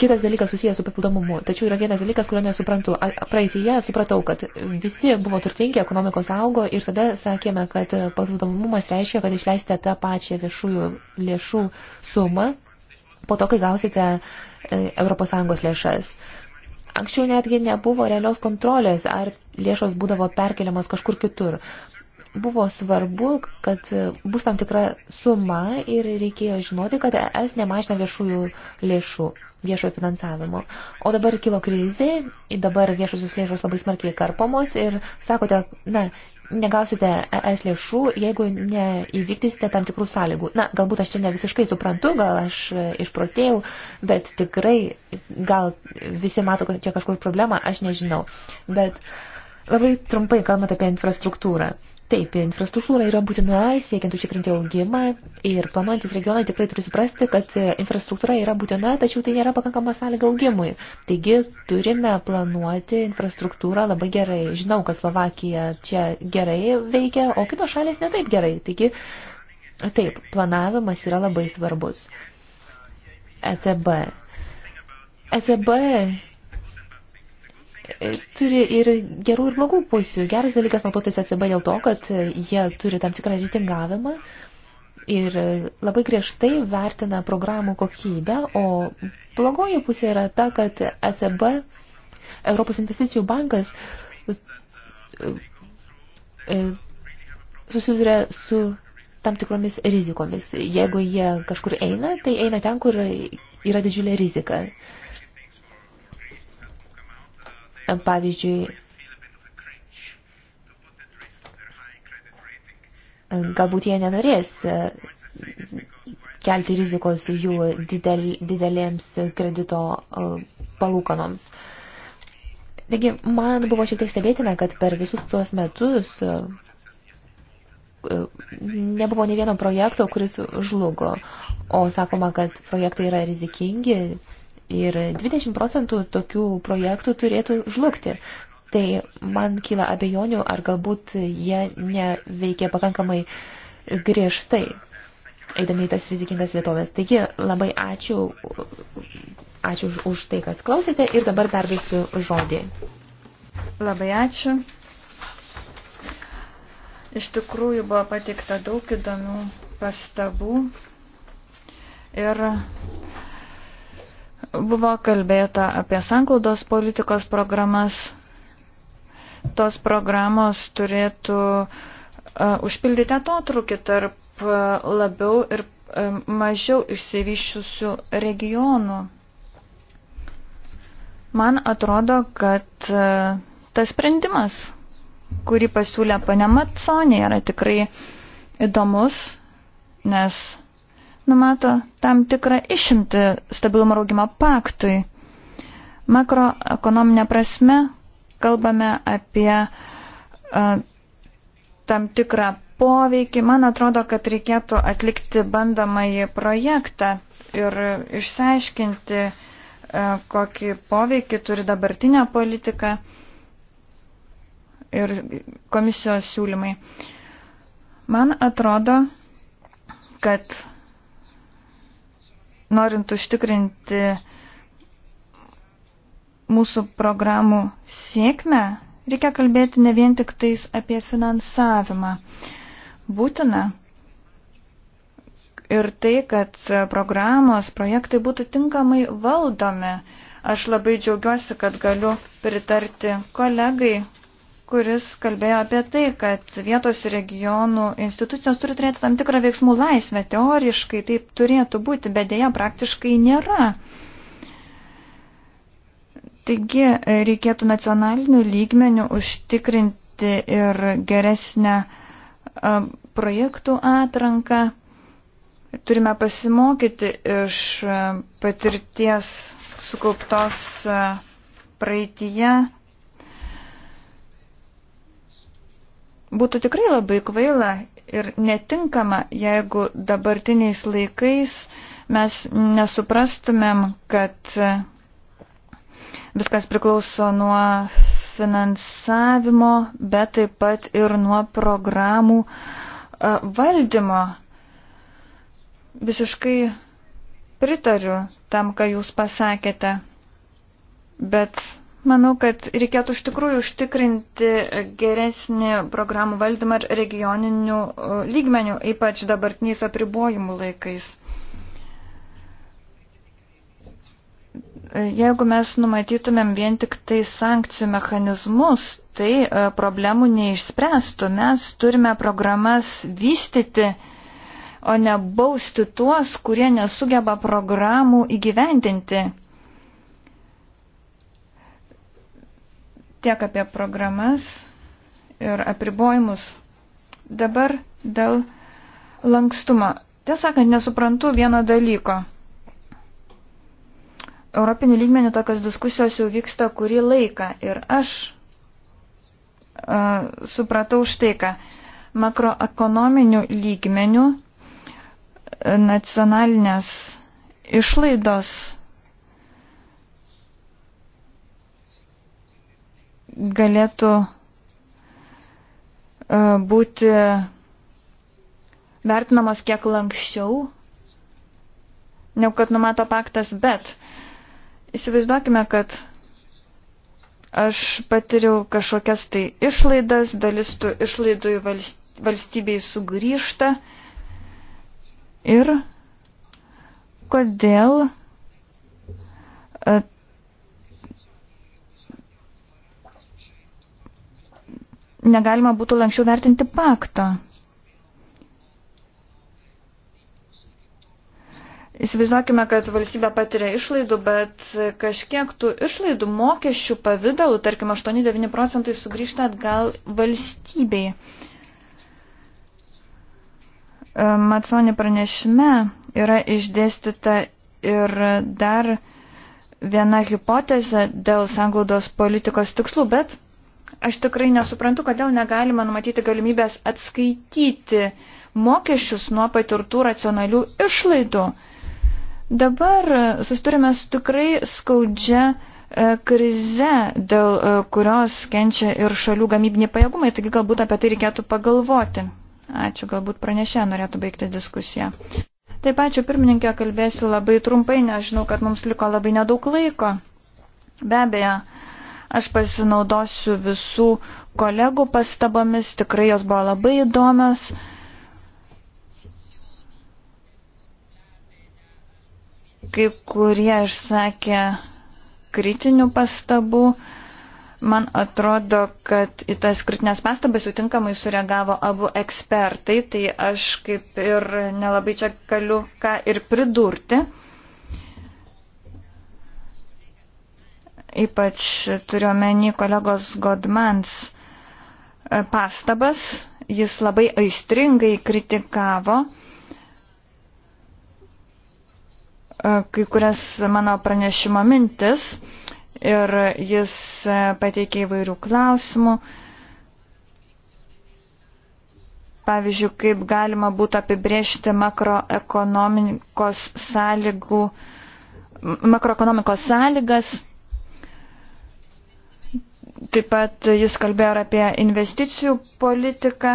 Kitas dalykas susijęs su papildomumu. Tačiau yra vienas dalykas, kurio nesuprantu. Praeitįje supratau, kad visi buvo turtingi, ekonomikos augo ir tada sakėme, kad papildomumas reiškia, kad išleisite tą pačią viešųjų lėšų sumą po to, kai gausite ES lėšas. Anksčiau netgi nebuvo realios kontrolės, ar lėšos būdavo perkeliamas kažkur kitur buvo svarbu, kad bus tam tikra suma ir reikėjo žinoti, kad ES nemažina viešųjų lėšų, viešojo finansavimo. O dabar kilo krizė, dabar viešosios lėšos labai smarkiai karpomos ir sakote, na, negausite ES lėšų, jeigu neįvykdysite tam tikrų sąlygų. Na, galbūt aš čia ne visiškai suprantu, gal aš išprotėjau, bet tikrai gal visi mato, kad čia kažkur problema, aš nežinau. Bet labai trumpai kalbant apie infrastruktūrą. Taip, infrastruktūra yra būtina siekiant užtikrinti augimą ir planuojantis regionai tikrai turi suprasti, kad infrastruktūra yra būtina, tačiau tai nėra pakankama sąlyga augimui. Taigi turime planuoti infrastruktūrą labai gerai. Žinau, kad Slovakija čia gerai veikia, o kitos šalės netaip gerai. Taigi taip, planavimas yra labai svarbus. ECB. ECB turi ir gerų ir blogų pusių. Geras dalykas naudotis ECB dėl to, kad jie turi tam tikrą reitingavimą ir labai griežtai vertina programų kokybę, o blogoji pusė yra ta, kad ECB, Europos investicijų bankas, e, e, susiduria su tam tikromis rizikomis. Jeigu jie kažkur eina, tai eina ten, kur yra didžiulė rizika. Uh, Pavyzdžiui, galbūt jie nenorės e, kelti rizikos jų didel, didelėms kredito e, palūkanoms. Taigi, man buvo šiek tiek stebėtina, kad per visus tuos metus e, nebuvo ne vieno projekto, kuris žlugo, o sakoma, kad projektai yra rizikingi, Ir 20 procentų tokių projektų turėtų žlugti. Tai man kyla abejonių, ar galbūt jie neveikia pakankamai griežtai, eidami į tas rizikingas vietovės. Taigi labai ačiū, ačiū už, už tai, kad klausėte ir dabar perduosiu žodį. Labai ačiū. Iš tikrųjų buvo pateikta daug įdomių pastabų ir Buvo kalbėta apie sanklaudos politikos programas. Tos programos turėtų uh, užpildyti atotrukį tarp uh, labiau ir um, mažiau išsivyščiusių regionų. Man atrodo, kad uh, tas sprendimas, kurį pasiūlė pane Matsonė, yra tikrai įdomus, nes numato tam tikrą išimti stabilumo raugimo paktui. Makroekonominė prasme kalbame apie uh, tam tikrą poveikį. Man atrodo, kad reikėtų atlikti bandomąjį projektą ir išsiaiškinti, uh, kokį poveikį turi dabartinė politika ir komisijos siūlymai. Man atrodo, kad norint užtikrinti mūsų programų sėkmę, reikia kalbėti ne vien tik tais apie finansavimą. Būtina ir tai, kad programos, projektai būtų tinkamai valdomi. Aš labai džiaugiuosi, kad galiu pritarti kolegai, kuris kalbėjo apie tai, kad vietos regionų institucijos turi turėti tam tikrą veiksmų laisvę. Teoriškai taip turėtų būti, bet dėja praktiškai nėra. Taigi reikėtų nacionalinių lygmenių užtikrinti ir geresnę projektų atranką. Turime pasimokyti iš patirties sukauptos praeitie Būtų tikrai labai kvaila ir netinkama, jeigu dabartiniais laikais mes nesuprastumėm, kad viskas priklauso nuo finansavimo, bet taip pat ir nuo programų e, valdymo. Visiškai pritariu tam, ką jūs pasakėte, bet Manau, kad reikėtų iš tikrųjų užtikrinti geresnį programų valdymą regioninių e, lygmenių, ypač dabartiniais apribojimų laikais. Jeigu mes numatytumėm vien tik tai sankcijų mechanizmus, tai e, problemų neišspręstų. Mes turime programas vystyti, o ne bausti tuos, kurie nesugeba programų įgyvendinti. tiek apie programas ir apribojimus. Dabar dėl lankstumo. Tiesą sakant, nesuprantu vieno dalyko. Europinių lygmenių tokios diskusijos jau vyksta kurį laiką ir aš uh, supratau štai ką. Makroekonominių lygmenių nacionalinės išlaidos galėtų e, būti vertinamos kiek lankščiau, negu kad numato paktas, bet įsivaizduokime, kad aš patiriu kažkokias tai išlaidas, dalis tų išlaidų į valstybei sugrįžta ir kodėl e, negalima būtų lankščiau vertinti pakto. Įsivaizduokime, kad valstybė patiria išlaidų, bet kažkiek tų išlaidų mokesčių pavydalų, tarkim, 8-9 procentai sugrįžta atgal valstybei. E, Matsoni pranešime yra išdėstyta ir dar viena hipotezė dėl sanglaudos politikos tikslų, bet Aš tikrai nesuprantu, kodėl negalima numatyti galimybės atskaityti mokesčius nuo patirtų racionalių išlaidų. Dabar e, susiturime su tikrai skaudžia e, krize, dėl e, kurios kenčia ir šalių gamybiniai pajėgumai, taigi galbūt apie tai reikėtų pagalvoti. Ačiū, galbūt pranešė norėtų baigti diskusiją. Taip, ačiū pirmininkė, kalbėsiu labai trumpai, nes žinau, kad mums liko labai nedaug laiko. Be abejo, Aš pasinaudosiu visų kolegų pastabomis, tikrai jos buvo labai įdomios. Kai kurie išsakė kritinių pastabų. Man atrodo, kad į tas kritinės pastabas jau tinkamai sureagavo abu ekspertai, tai aš kaip ir nelabai čia galiu ką ir pridurti. Ypač turiuomenį kolegos Godmans pastabas. Jis labai aistringai kritikavo e, kai kurias mano pranešimo mintis ir jis e, pateikė įvairių klausimų. Pavyzdžiui, kaip galima būtų apibriežti makroekonomikos sąlygų, makroekonomikos sąlygas Taip pat jis kalbėjo ir apie investicijų politiką.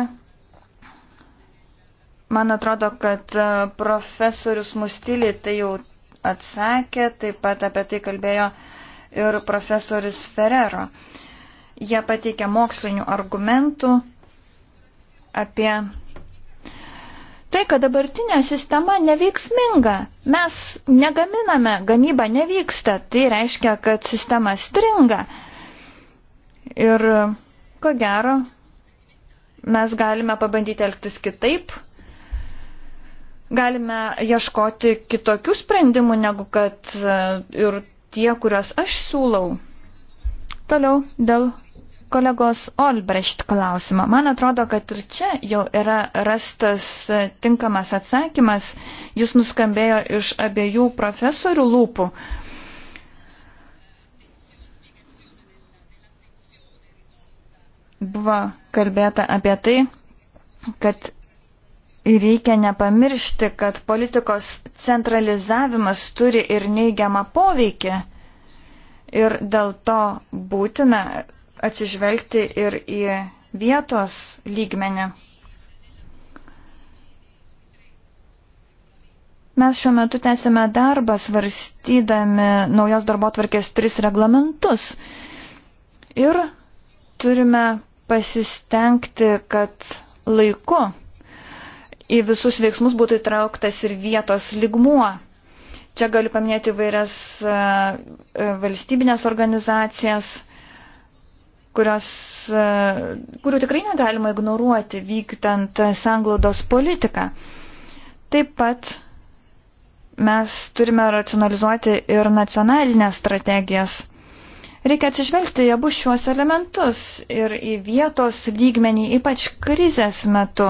Man atrodo, kad e, profesorius Mustylį tai jau atsakė, taip pat apie tai kalbėjo ir profesorius Ferrero. Jie pateikė mokslinių argumentų apie tai, kad dabartinė sistema neveiksminga. Mes negaminame, gamyba nevyksta, tai reiškia, kad sistema stringa. Ir ko gero, mes galime pabandyti elgtis kitaip, galime ieškoti kitokių sprendimų negu kad e, ir tie, kuriuos aš siūlau. Toliau dėl kolegos Olbrecht klausimą. Man atrodo, kad ir čia jau yra rastas tinkamas atsakymas. Jis nuskambėjo iš abiejų profesorių lūpų. Uh, Buvo kalbėta apie tai, kad reikia nepamiršti, kad politikos centralizavimas turi ir neigiamą poveikį. Ir dėl to būtina atsižvelgti ir į vietos lygmenį. Mes šiuo metu tęsime darbą svarstydami naujos darbo tvarkės tris reglamentus ir turime pasistengti, kad laiku į visus veiksmus būtų įtrauktas ir vietos ligmuo. Čia galiu paminėti vairias e, valstybinės organizacijas, kurios, e, kurių tikrai negalima ignoruoti vykdant sanglaudos politiką. Taip pat mes turime racionalizuoti ir nacionalinės strategijas. Reikia atsižvelgti abu šiuos elementus ir į vietos lygmenį, ypač krizės metu.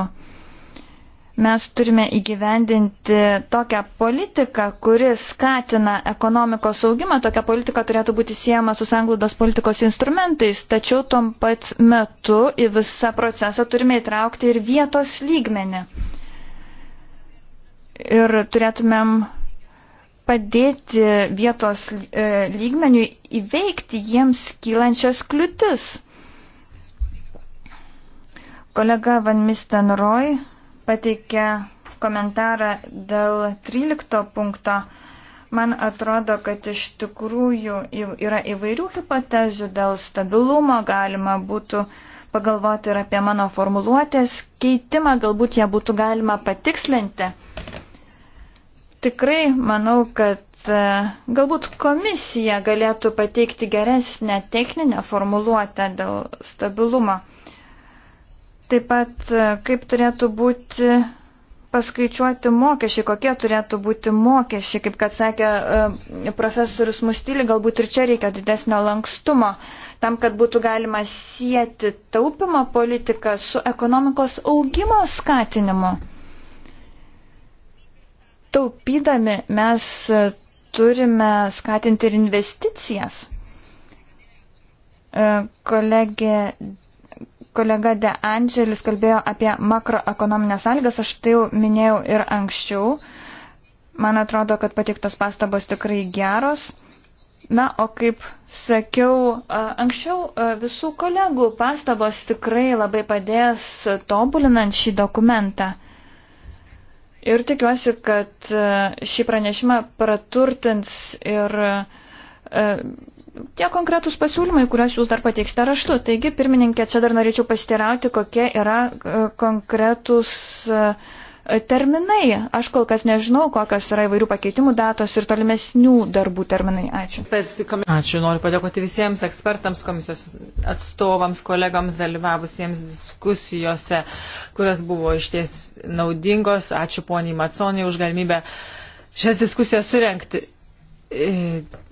Mes turime įgyvendinti tokią politiką, kuri skatina ekonomikos augimą. Tokia politika turėtų būti siejama su sanglaudos politikos instrumentais, tačiau tom pat metu į visą procesą turime įtraukti ir vietos lygmenį. Ir turėtumėm padėti vietos e, lygmenių įveikti jiems kylančias kliūtis. Kolega Van Misten Roy pateikė komentarą dėl 13 punkto. Man atrodo, kad iš tikrųjų yra įvairių hipotezių dėl stabilumo, galima būtų pagalvoti ir apie mano formuluotės keitimą, galbūt ją būtų galima patikslinti. Tikrai manau, kad e, galbūt komisija galėtų pateikti geresnę techninę formuluotę dėl stabilumo. Taip pat, e, kaip turėtų būti paskaičiuoti mokesčiai, kokie turėtų būti mokesčiai, kaip kad sakė e, profesorius Mustylį, galbūt ir čia reikia didesnio lankstumo, tam, kad būtų galima sieti taupimo politiką su ekonomikos augimo skatinimu. Taupydami mes e, turime skatinti ir investicijas. E, kolegė, kolega De Angelis kalbėjo apie makroekonominės sąlygas, aš tai jau minėjau ir anksčiau. Man atrodo, kad patiktos pastabos tikrai geros. Na, o kaip sakiau, e, anksčiau visų kolegų pastabos tikrai labai padės tobulinant šį dokumentą. Ir tikiuosi, kad e, šį pranešimą praturtins ir e, tie konkretūs pasiūlymai, kuriuos jūs dar pateiksite raštu. Taigi, pirmininkė, čia dar norėčiau pasiteirauti, kokie yra e, konkretūs uh, terminai. Aš kol kas nežinau, kokios yra įvairių pakeitimų datos ir tolimesnių darbų terminai. Ačiū. Ačiū. Noriu padėkoti visiems ekspertams, komisijos atstovams, kolegams dalyvavusiems diskusijose, kurios buvo išties naudingos. Ačiū poniai Maconiai už galimybę šias diskusijas surenkti. E,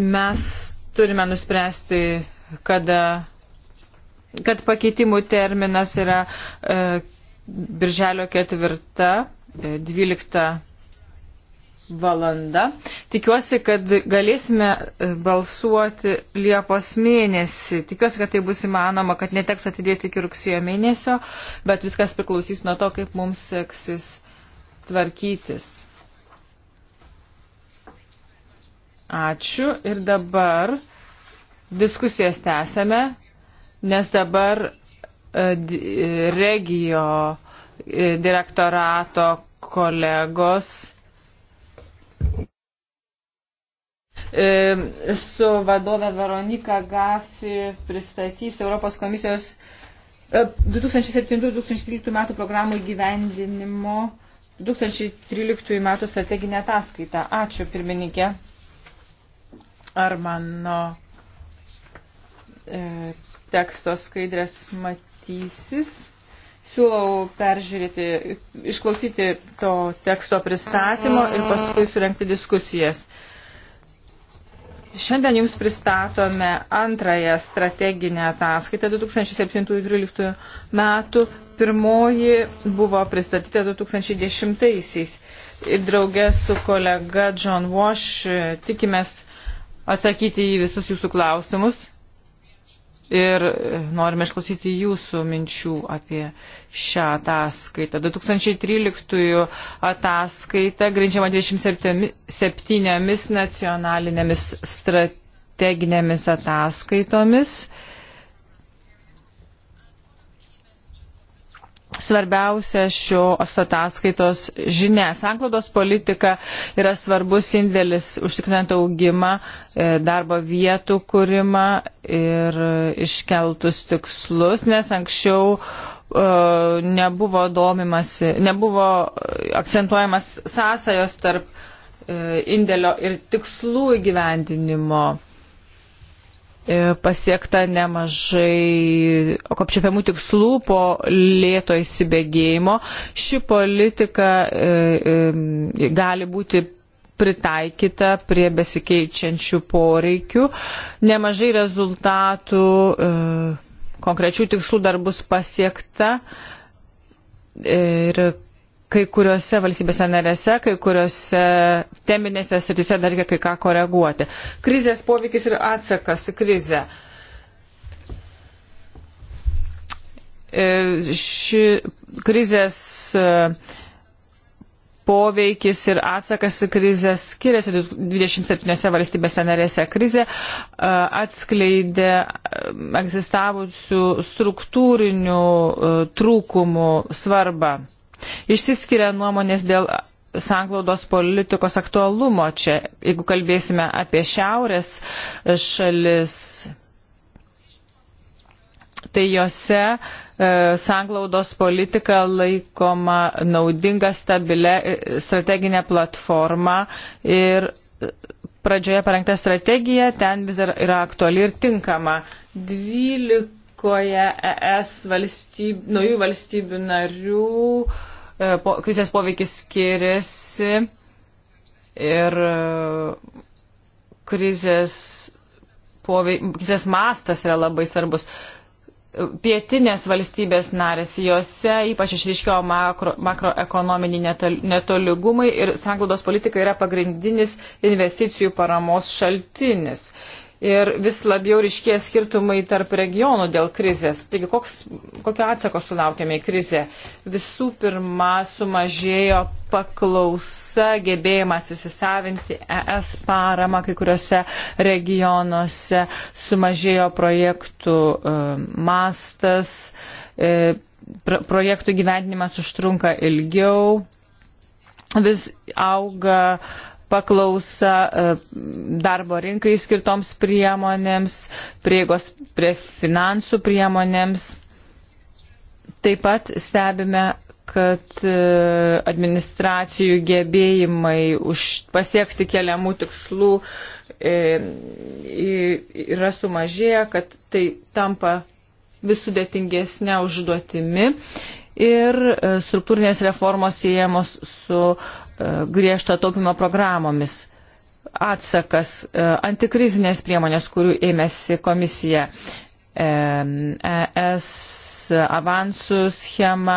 mes turime nuspręsti, kada kad pakeitimų terminas yra e, birželio ketvirta 12 valanda. Tikiuosi, kad galėsime e, balsuoti Liepos mėnesį. Tikiuosi, kad tai bus įmanoma, kad neteks atidėti iki rugsėjo mėnesio, bet viskas priklausys nuo to, kaip mums seksis tvarkytis. Ačiū ir dabar diskusijas tęsėme, nes dabar e, e, regio direktorato kolegos e, su vadove Veronika Gafi pristatys Europos komisijos 2007-2013 e, metų programų įgyvendinimo 2013 metų strateginę ataskaitą. Ačiū pirmininkė. Ar mano e, teksto skaidrės matysis? siūlau peržiūrėti, išklausyti to teksto pristatymo ir paskui surenkti diskusijas. Šiandien jums pristatome antrąją strateginę ataskaitą 2007-2013 metų. Pirmoji buvo pristatyta 2010-aisiais. Ir draugė su kolega John Wash tikimės atsakyti į visus jūsų klausimus ir norime išklausyti jūsų minčių apie šią ataskaitą. 2013 ataskaita grindžiama 27 nacionalinėmis strateginėmis ataskaitomis. svarbiausia šios ataskaitos žinia. Sanklodos politika yra svarbus indėlis užtikrinant augimą, e, darbo vietų kūrimą ir iškeltus tikslus, nes anksčiau e, nebuvo domimasi, nebuvo e, akcentuojamas sąsajos tarp indėlio ir tikslų įgyvendinimo. E, pasiekta nemažai apčiapiamų tikslų po lėto įsibėgėjimo. Ši politika e, e, gali būti pritaikyta prie besikeičiančių poreikių. Nemažai rezultatų, konkrečių tikslų dar bus pasiekta. Ir kai kuriuose valstybėse narėse, kai kuriuose teminėse srityse dar reikia kai ką koreguoti. Krizės poveikis ir atsakas į krizę. E, ši krizės e, poveikis ir atsakas į krizę skiriasi 27 valstybėse narėse. Krizė e, atskleidė egzistavusių struktūrinių trūkumų svarbą. Išsiskiria nuomonės dėl sanglaudos politikos aktualumo čia, jeigu kalbėsime apie šiaurės šalis, tai jose e, sanglaudos politika laikoma naudinga, stabilė e, strateginė platforma ir e, pradžioje parengta strategija ten vis dar yra aktuali ir tinkama. 12 ES valstyb, naujų valstybių narių uh, E, po, krizės poveikis skiriasi ir e, krizės, poveik, krizės mastas yra labai svarbus. Pietinės valstybės narės, jose ypač išryškėjo makro, makroekonominiai netol, netolygumai ir sanglaudos politika yra pagrindinis investicijų paramos šaltinis ir vis labiau ryškėja skirtumai tarp regionų dėl krizės. Taigi, koks, kokio atsako sulaukėme į krizę? Visų pirma, sumažėjo paklausa, gebėjimas įsisavinti ES paramą kai kuriuose regionuose, sumažėjo projektų e, mastas, e, projektų gyvenimas užtrunka ilgiau, vis auga uh, paklausa e, darbo rinkai skirtoms priemonėms, prieigos prie finansų priemonėms. Taip pat stebime, kad e, administracijų gebėjimai už pasiekti keliamų tikslų e, yra sumažėję, kad tai tampa vis sudėtingesnė užduotimi ir struktūrinės reformos siejamos su E, griežto taupimo programomis, atsakas, e, antikrizinės priemonės, kurių ėmėsi komisija, ES e avansų schema,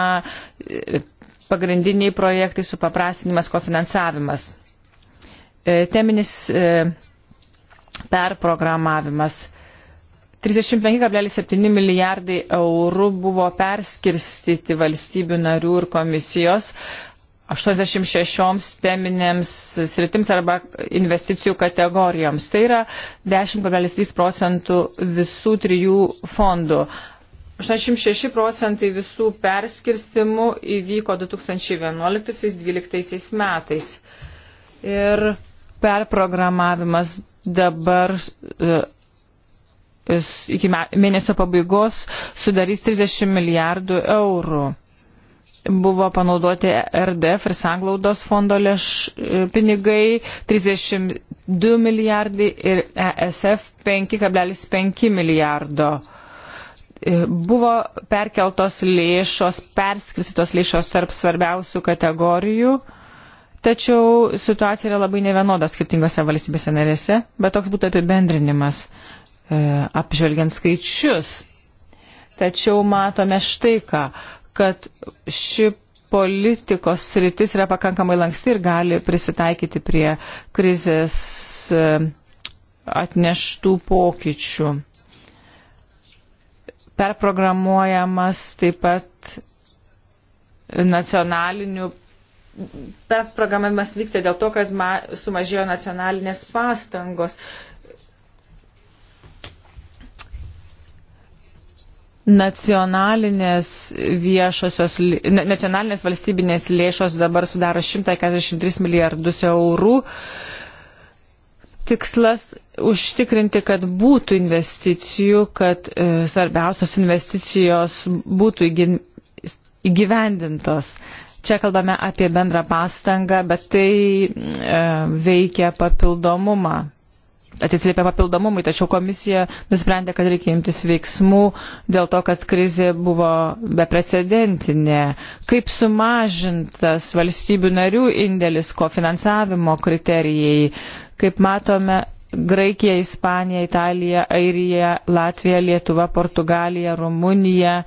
pagrindiniai projektai su paprastinimas, kofinansavimas. Teminis perprogramavimas. 35,7 milijardai eurų buvo perskirstyti valstybių narių ir komisijos 86 teminėms sritims arba investicijų kategorijoms. Tai yra 10,3 procentų visų trijų fondų. 66 procentai visų perskirstimų įvyko 2011-2012 metais. Ir perprogramavimas dabar e, e, iki mėnesio pabaigos sudarys 30 milijardų eurų buvo panaudoti RDF ir sanglaudos fondo lėš e, pinigai 32 milijardai ir ESF 5,5 milijardo. E, buvo perkeltos lėšos, perskristytos lėšos tarp svarbiausių kategorijų, tačiau situacija yra labai nevienoda skirtingose valstybėse narėse, bet toks būtų apibendrinimas e, apžvelgiant skaičius. Tačiau matome štai ką kad ši politikos sritis yra pakankamai lanksti ir gali prisitaikyti prie krizės e, atneštų pokyčių. Perprogramuojamas taip pat nacionalinių perprogramavimas vyksta dėl to, kad ma, sumažėjo nacionalinės pastangos. nacionalinės viešosios, nacionalinės valstybinės lėšos dabar sudaro 143 milijardus eurų. Tikslas užtikrinti, kad būtų investicijų, kad e, svarbiausios investicijos būtų įgyvendintos. Čia kalbame apie bendrą pastangą, bet tai e, veikia papildomumą atsiliepia papildomumui, tačiau komisija nusprendė, kad reikia imtis veiksmų dėl to, kad krizė buvo beprecedentinė. Kaip sumažintas valstybių narių indėlis kofinansavimo kriterijai, kaip matome, Graikija, Ispanija, Italija, Airija, Latvija, Lietuva, Portugalija, Rumunija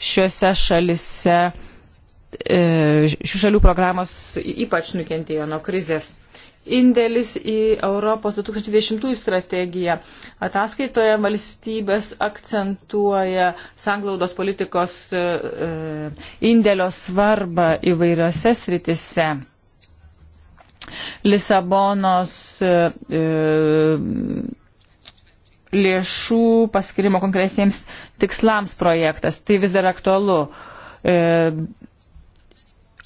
šiuose šalise e, šių šalių programos ypač nukentėjo nuo krizės indėlis į Europos 2020 strategiją. Ataskaitoje valstybės akcentuoja sanglaudos politikos e, e, indėlio svarbą įvairiose sritise. Lisabonos e, lėšų paskirimo konkresiems tikslams projektas. Tai vis dar aktualu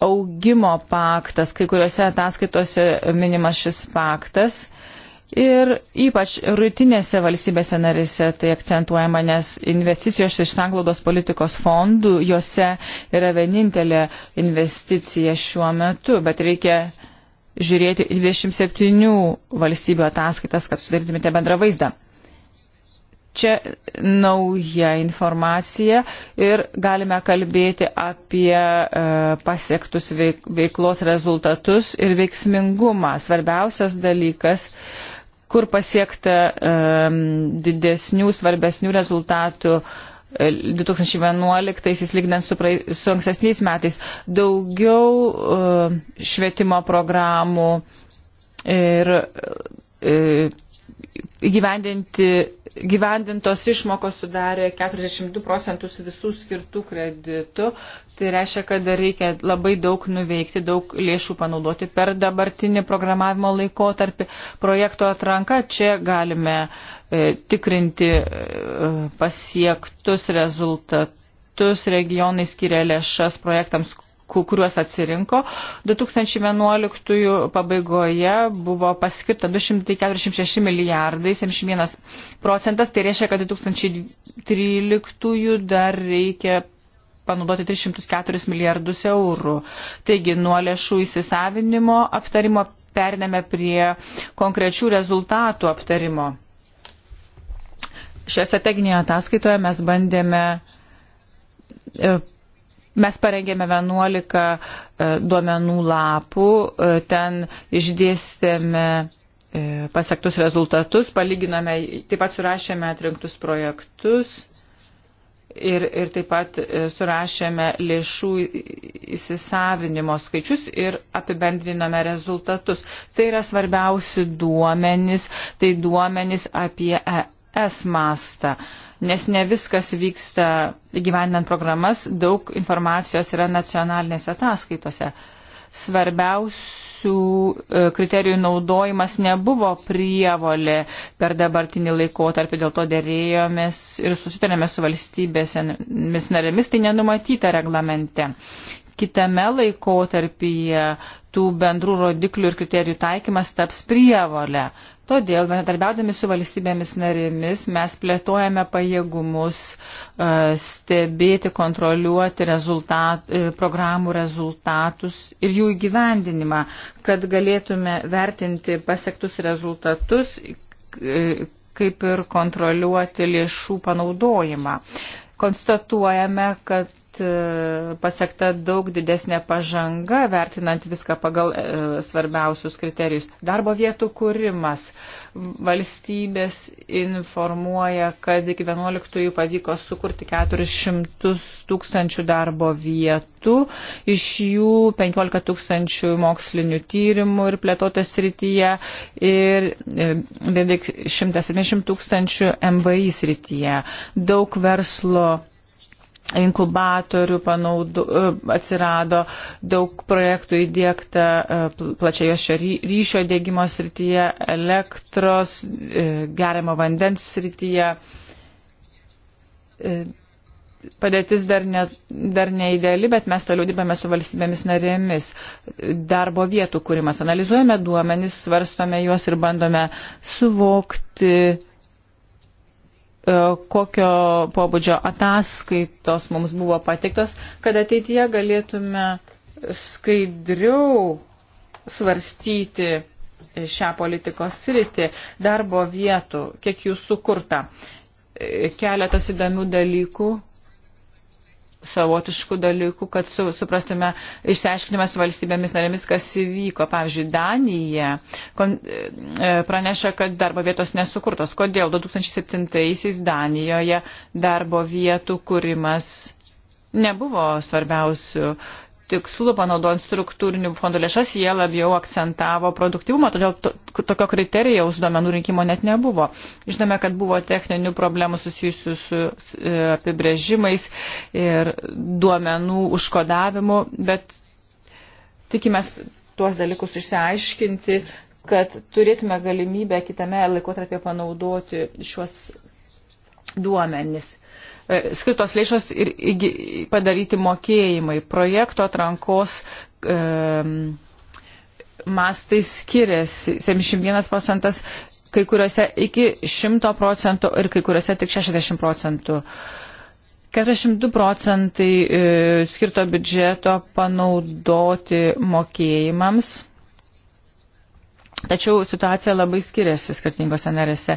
augimo paktas, kai kuriuose ataskaitose minimas šis paktas. Ir ypač rytinėse valstybėse narise tai akcentuojama, nes investicijos iš sanglaudos politikos fondų, juose yra vienintelė investicija šiuo metu, bet reikia žiūrėti 27 valstybių ataskaitas, kad sudarytumėte bendrą vaizdą čia nauja informacija ir galime kalbėti apie e, pasiektus veiklos rezultatus ir veiksmingumą. Svarbiausias dalykas, kur pasiekta e, didesnių, svarbesnių rezultatų 2011-aisiais, e, lygdant su, pra, su ankstesniais metais, daugiau švietimo programų ir gyvendintos išmokos sudarė 42 procentus visų skirtų kreditų. Tai reiškia, kad dar reikia labai daug nuveikti, daug lėšų panaudoti per dabartinį programavimo laikotarpį. Projekto atranka čia galime e, tikrinti e, pasiektus rezultatus. Regionai skiria lėšas projektams, kuriuos atsirinko. 2011 pabaigoje buvo paskirta 246 milijardai, 71 procentas, tai reiškia, kad 2013 dar reikia panaudoti 304 milijardus eurų. Taigi nuo lėšų įsisavinimo aptarimo perneme prie konkrečių rezultatų aptarimo. Šioje strateginėje ataskaitoje mes bandėme e, Mes parengėme 11 e, duomenų lapų, e, ten išdėstėme e, pasiektus rezultatus, palyginome, taip pat surašėme atrinktus projektus ir, ir taip pat surašėme lėšų įsisavinimo skaičius ir apibendrinome rezultatus. Tai yra svarbiausi duomenys, tai duomenys apie ES mastą. Uh, nes ne viskas vyksta gyvenant programas, daug informacijos yra nacionalinėse ataskaitose. Svarbiausių e, kriterijų naudojimas nebuvo prievolė per dabartinį laikotarpį, dėl to dėrėjomės ir susitarėme su valstybėmis narėmis, tai nenumatyta reglamente. Kitame laikotarpyje tų bendrų rodiklių ir kriterijų taikymas taps prievolė. Todėl, bendradarbiaudami su valstybėmis narėmis, mes plėtojame pajėgumus e, stebėti, kontroliuoti rezultat, e, programų rezultatus ir jų įgyvendinimą, kad galėtume vertinti pasiektus rezultatus, e, kaip ir kontroliuoti lėšų panaudojimą. Konstatuojame, kad E, pasiekta daug didesnė pažanga, vertinant viską pagal e, svarbiausius kriterijus. Darbo vietų kūrimas. Valstybės informuoja, kad iki 11-ųjų pavyko sukurti 400 tūkstančių darbo vietų, iš jų 15 tūkstančių mokslinių tyrimų ir plėtotės srityje ir e, beveik 170 tūkstančių MVI srityje. Daug verslo inkubatorių panaudu, e, atsirado, daug projektų įdėkta e, plačiai jos ryšio dėgymo srityje, elektros, e, geriamo vandens srityje. Padėtis dar, ne, dar neideali, bet mes toliau dirbame su valstybėmis narėmis. Darbo vietų kūrimas. Analizuojame duomenis, svarstome juos ir bandome suvokti E, kokio pobūdžio ataskaitos mums buvo patiktos, kad ateityje galėtume skaidriau svarstyti šią politikos sritį, darbo vietų, kiek jų sukurta. E, keletas įdomių dalykų, savotiškų dalykų, kad su, suprastume, išsiaiškinime su valstybėmis narėmis, kas įvyko. Pavyzdžiui, Danija kon, e, praneša, kad darbo vietos nesukurtos. Kodėl 2007-aisiais Danijoje darbo vietų kūrimas nebuvo svarbiausių tikslu panaudojant struktūrinių fondų lėšas, jie labiau akcentavo produktivumą, todėl to, tokio kriterijaus duomenų rinkimo net nebuvo. Žinome, kad buvo techninių problemų susijusių su e, apibrėžimais ir duomenų užkodavimu, bet tikimės tuos dalykus išsiaiškinti, kad turėtume galimybę kitame laikotarpėje panaudoti šiuos duomenis. E, skirtos lėšos ir padaryti mokėjimai. Projekto atrankos e, mastai skiriasi. 71 procentas kai kuriuose iki 100 procentų ir kai kuriuose tik 60 procentų. 42 procentai e, skirto biudžeto panaudoti mokėjimams. Tačiau situacija labai skiriasi skirtingose narėse.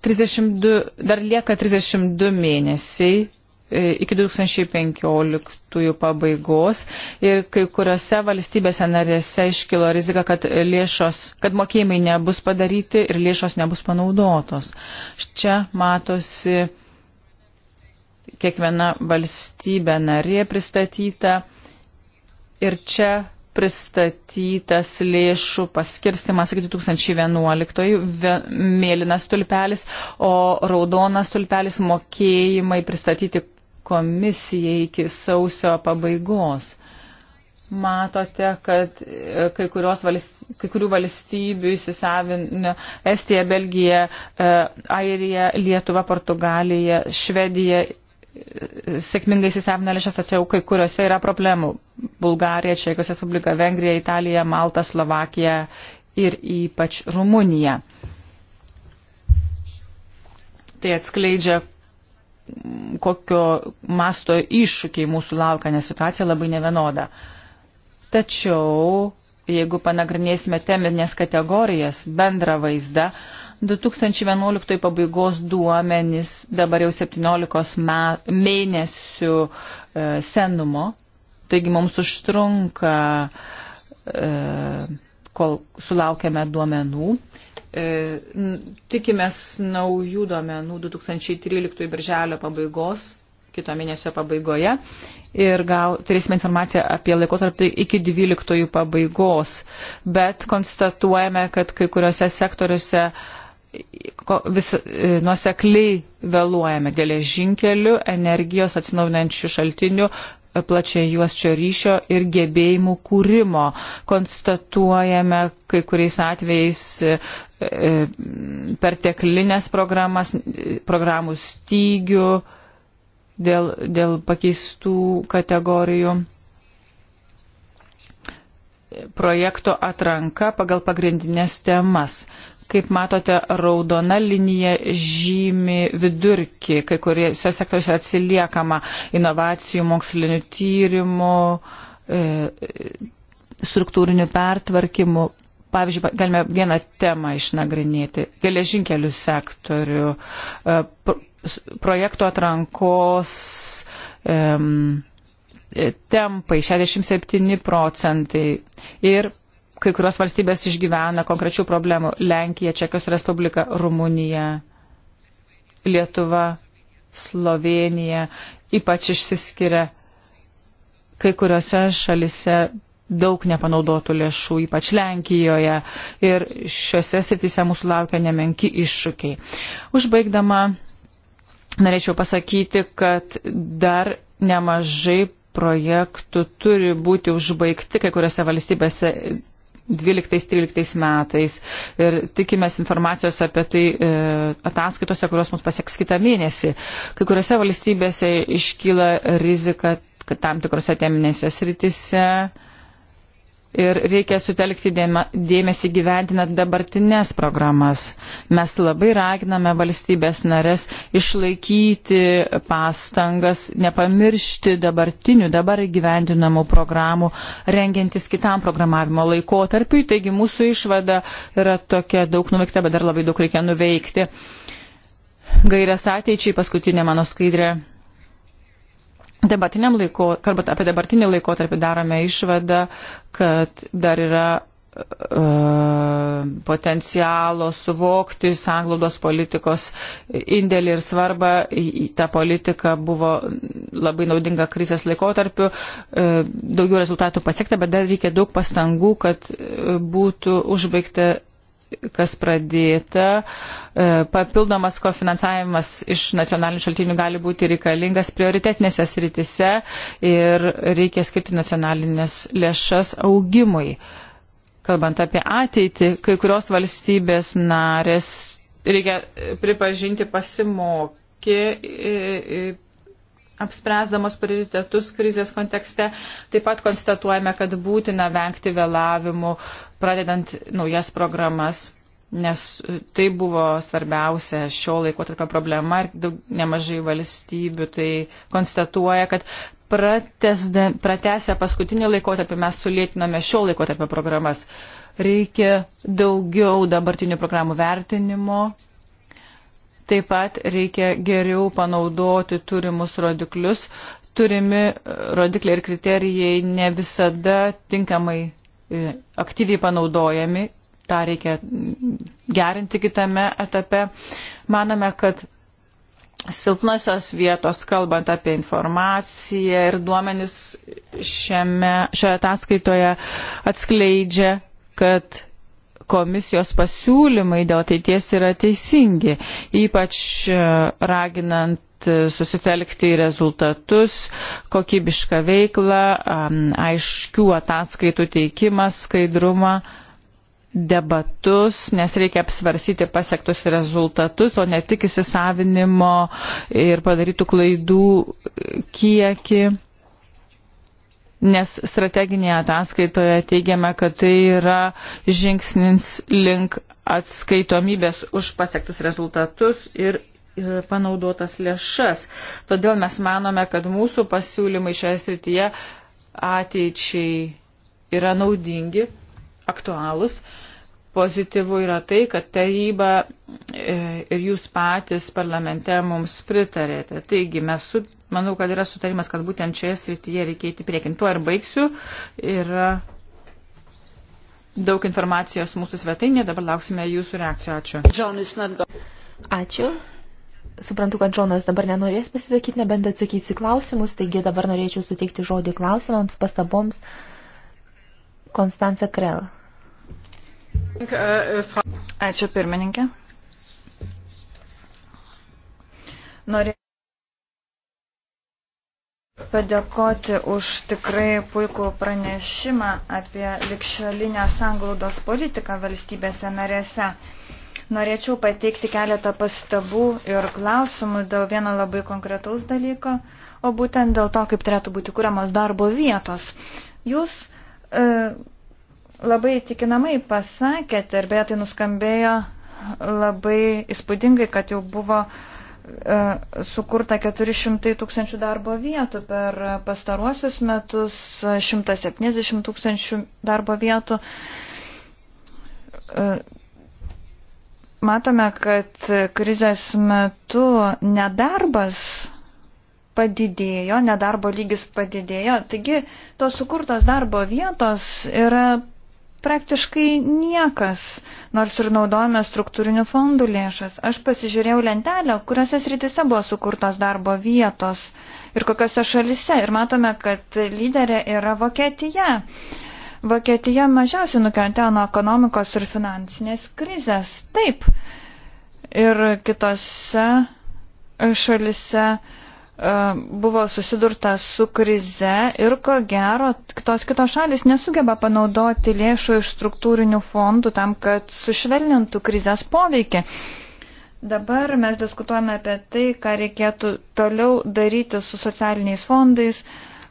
32, dar lieka 32 mėnesiai e, iki 2015 pabaigos ir kai kuriuose valstybėse narėse iškilo rizika, kad, lėšos, kad mokėjimai nebus padaryti ir lėšos nebus panaudotos. Čia matosi kiekviena valstybė narė pristatyta ir čia pristatytas lėšų paskirstimas iki 2011, mėlynas tulpelis, o raudonas tulpelis mokėjimai pristatyti komisijai iki sausio pabaigos. Matote, kad e, kai, valst, kai kurių valstybių įsisavinę Estija, Belgija, e, Airija, Lietuva, Portugalija, Švedija sėkmingai įsisavina lėšas, tačiau kai kuriuose yra problemų. Bulgarija, Čekijos Respublika, Vengrija, Italija, Malta, Slovakija ir ypač Rumunija. Tai atskleidžia, kokio masto iššūkiai mūsų laukia, nes situacija labai nevienoda. Tačiau, jeigu panagrinėsime teminės kategorijas, bendrą vaizdą, 2011 pabaigos duomenys dabar jau 17 mėnesių e, senumo, taigi mums užtrunka, e, kol sulaukiame duomenų. E, tikimės naujų duomenų 2013 birželio pabaigos, kito mėnesio pabaigoje ir gau, turėsime informaciją apie laikotarpį iki 12 pabaigos, bet konstatuojame, kad kai kuriuose sektoriuose uh, vis e, nuosekliai vėluojame geležinkeliu, energijos atsinaujinančių šaltinių, e, plačiai juosčio ryšio ir gebėjimų kūrimo. Konstatuojame kai kuriais atvejais e, perteklinės programas, programų stygių dėl, dėl pakeistų kategorijų. Projekto atranka pagal pagrindinės temas. Kaip matote, raudona linija žymi vidurkį, kai kuriuose sektoriuose atsiliekama inovacijų, mokslinių tyrimų, e, struktūrinių pertvarkymų. Pavyzdžiui, galime vieną temą išnagrinėti - geležinkelių sektorių, e, projektų atrankos e, tempai 67 procentai ir kai kurios valstybės išgyvena konkrečių problemų - Lenkija, Čekijos Respublika, Rumunija, Lietuva, Slovenija, ypač išsiskiria kai kuriuose šalise daug nepanaudotų lėšų, ypač Lenkijoje. Ir šiuose srityse mūsų laukia nemenki iššūkiai. Užbaigdama, norėčiau pasakyti, kad dar nemažai projektų turi būti užbaigti kai kuriuose valstybėse 12-13 metais ir tikimės informacijos apie tai e, ataskaitose, kurios mums pasieks kitą mėnesį. Kai kuriuose valstybėse iškyla rizika, kad tam tikrose teminėse sritise ir reikia sutelkti dėmesį gyventinant dabartinės programas. Mes labai raginame valstybės narės išlaikyti pastangas, nepamiršti dabartinių, dabar įgyvendinamų programų, rengiantis kitam programavimo laikotarpiui. Taigi mūsų išvada yra tokia daug nuveikta, bet dar labai daug reikia nuveikti. Gairias ateičiai, paskutinė mano skaidrė Dabartiniam laiko, kalbant apie dabartinį laikotarpį, darome išvadą, kad dar yra e, potencialo suvokti sanglaudos politikos indėlį ir svarbą. Ta politika buvo labai naudinga krizės laikotarpiu. E, daugiau rezultatų pasiekta, bet dar reikia daug pastangų, kad e, būtų užbaigta kas pradėta. E, papildomas kofinansavimas iš nacionalinių šaltinių gali būti reikalingas prioritetinėse sritise ir reikia skirti nacionalinės lėšas augimui. Kalbant apie ateitį, kai kurios valstybės narės reikia pripažinti pasimokė e, e, apspręsdamos prioritetus krizės kontekste. Taip pat konstatuojame, kad būtina vengti vėlavimų pradedant naujas programas, nes tai buvo svarbiausia šio laikotarpio problema ir daug, nemažai valstybių tai konstatuoja, kad pratęsę paskutinį laikotarpį mes sulėtiname šio laikotarpio programas. Reikia daugiau dabartinių programų vertinimo, taip pat reikia geriau panaudoti turimus rodiklius. Turimi rodikliai ir kriterijai ne visada tinkamai E, aktyviai panaudojami, tą reikia gerinti kitame etape. Manome, kad silpnosios vietos, kalbant apie informaciją ir duomenis šiame, šioje ataskaitoje atskleidžia, kad komisijos pasiūlymai dėl ateities yra teisingi, ypač e, raginant E, susitelkti į rezultatus, kokybišką veiklą, aiškių ataskaitų teikimą, skaidrumą debatus, nes reikia apsvarsyti pasiektus rezultatus, o ne tik įsisavinimo ir padarytų klaidų kiekį. Nes strateginėje ataskaitoje teigiame, kad tai yra žingsnis link atskaitomybės už pasiektus rezultatus ir E, panaudotas lėšas. Todėl mes manome, kad mūsų pasiūlymai šioje srityje ateičiai yra naudingi, aktualūs. Pozityvu yra tai, kad taryba e, ir jūs patys parlamente mums pritarėte. Taigi mes, su, manau, kad yra sutarimas, kad būtent šioje srityje reikia įti priekin. Tuo ir baigsiu. Yra daug informacijos mūsų svetainė, dabar lauksime jūsų reakcijų. Ačiū. Ačiū. Suprantu, kad Džonas dabar nenorės pasisakyti, nebent atsakys į klausimus, taigi dabar norėčiau suteikti žodį klausimams, pastaboms. Konstanca Krell. Ačiū pirmininkė. Norėjau padėkoti už tikrai puikų pranešimą apie likšalinę sanglaudos politiką valstybėse narėse. Norėčiau pateikti keletą pastabų ir klausimų dėl vieno labai konkretaus dalyko, o būtent dėl to, kaip turėtų būti kūriamos darbo vietos. Jūs e, labai tikinamai pasakėte, ir beje tai nuskambėjo labai įspūdingai, kad jau buvo e, sukurta 400 tūkstančių darbo vietų per pastaruosius metus, 170 tūkstančių darbo vietų. E, matome, kad krizės metu nedarbas padidėjo, nedarbo lygis padidėjo, taigi tos sukurtos darbo vietos yra praktiškai niekas, nors ir naudojame struktūrinių fondų lėšas. Aš pasižiūrėjau lentelę, kuriuose sritise buvo sukurtos darbo vietos ir kokiuose šalise. Ir matome, kad lyderė yra Vokietija. Uh, Vokietija mažiausiai nukentėjo nuo ekonomikos ir finansinės krizės. Taip. Ir kitose e, šalise e, buvo susidurta su krize ir ko gero kitos kitos šalis nesugeba panaudoti lėšų iš struktūrinių fondų tam, kad sušvelnintų krizės poveikį. Dabar mes diskutuojame apie tai, ką reikėtų toliau daryti su socialiniais fondais,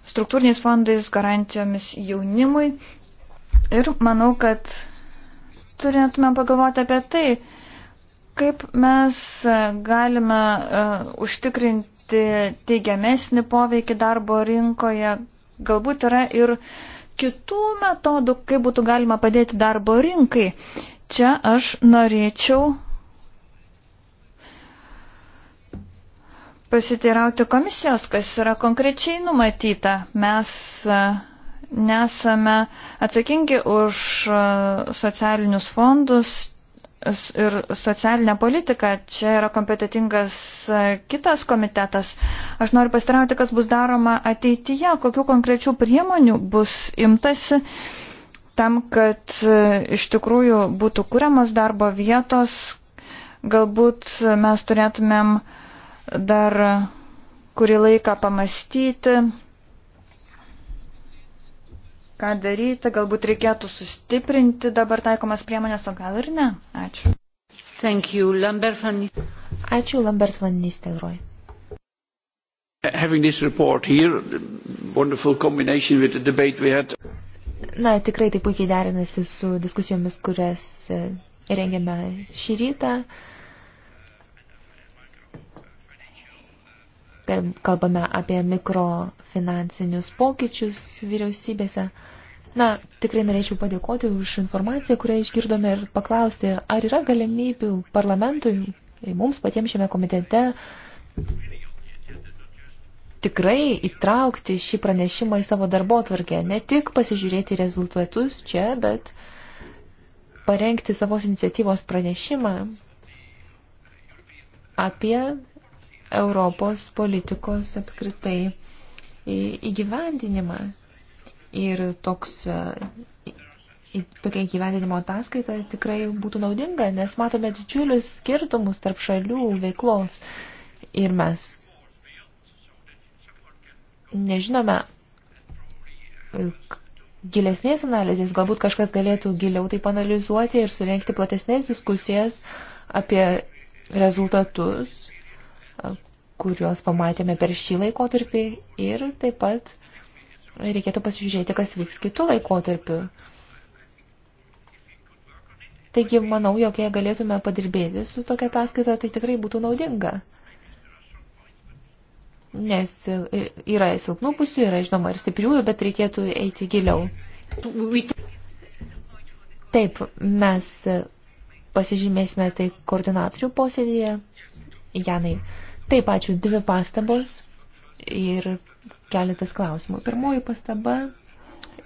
struktūriniais fondais, garantijomis jaunimui. Ir manau, kad turėtume pagalvoti apie tai, kaip mes e, galime uh, užtikrinti teigiamesnį poveikį darbo rinkoje. Galbūt yra ir kitų metodų, kaip būtų galima padėti darbo rinkai. Čia aš norėčiau pasiteirauti komisijos, kas yra konkrečiai numatyta. Mes uh, nesame atsakingi už e, socialinius fondus ir socialinę politiką. Čia yra kompetitingas e, kitas komitetas. Aš noriu pasirauti, kas bus daroma ateityje, kokiu konkrečių priemonių bus imtasi tam, kad e, iš tikrųjų būtų kuriamas darbo vietos. Galbūt mes turėtumėm dar kurį laiką pamastyti, ką daryti, galbūt reikėtų sustiprinti dabar taikomas priemonės, o gal ir ne. Ačiū. Thank you, Lambert van Ačiū, Lambert van Nistelrooy. Having this report here, wonderful combination with the debate we had. Na, tikrai tai puikiai derinasi su diskusijomis, kurias e, rengėme šį rytą. Uh, kalbame apie mikrofinansinius pokyčius vyriausybėse. Na, tikrai norėčiau padėkoti už informaciją, kurią išgirdome ir paklausti, ar yra galimybių parlamentui, mums patiems šiame komitete, tikrai įtraukti šį pranešimą į savo darbo tvarkę, ne tik pasižiūrėti rezultatus čia, bet parengti savos iniciatyvos pranešimą apie Europos politikos apskritai įgyvendinimą. Ir toks, e, tokia įgyvendinimo ataskaita tikrai būtų naudinga, nes matome didžiulius skirtumus tarp šalių veiklos. Ir mes nežinome e, gilesnės analizės, galbūt kažkas galėtų giliau tai analizuoti ir surenkti platesnės diskusijas apie rezultatus kuriuos pamatėme per šį laikotarpį ir taip pat reikėtų pasižiūrėti, kas vyks kitų laikotarpių. Taigi, manau, jog jei galėtume padirbėti su tokia ataskaita, tai tikrai būtų naudinga. Nes yra silpnų pusių, yra žinoma ir stipriųjų, bet reikėtų eiti giliau. Taip, mes pasižymėsime tai koordinatorių posėdėje. Janai. Taip, ačiū. Dvi pastabos ir keletas klausimų. Pirmoji pastaba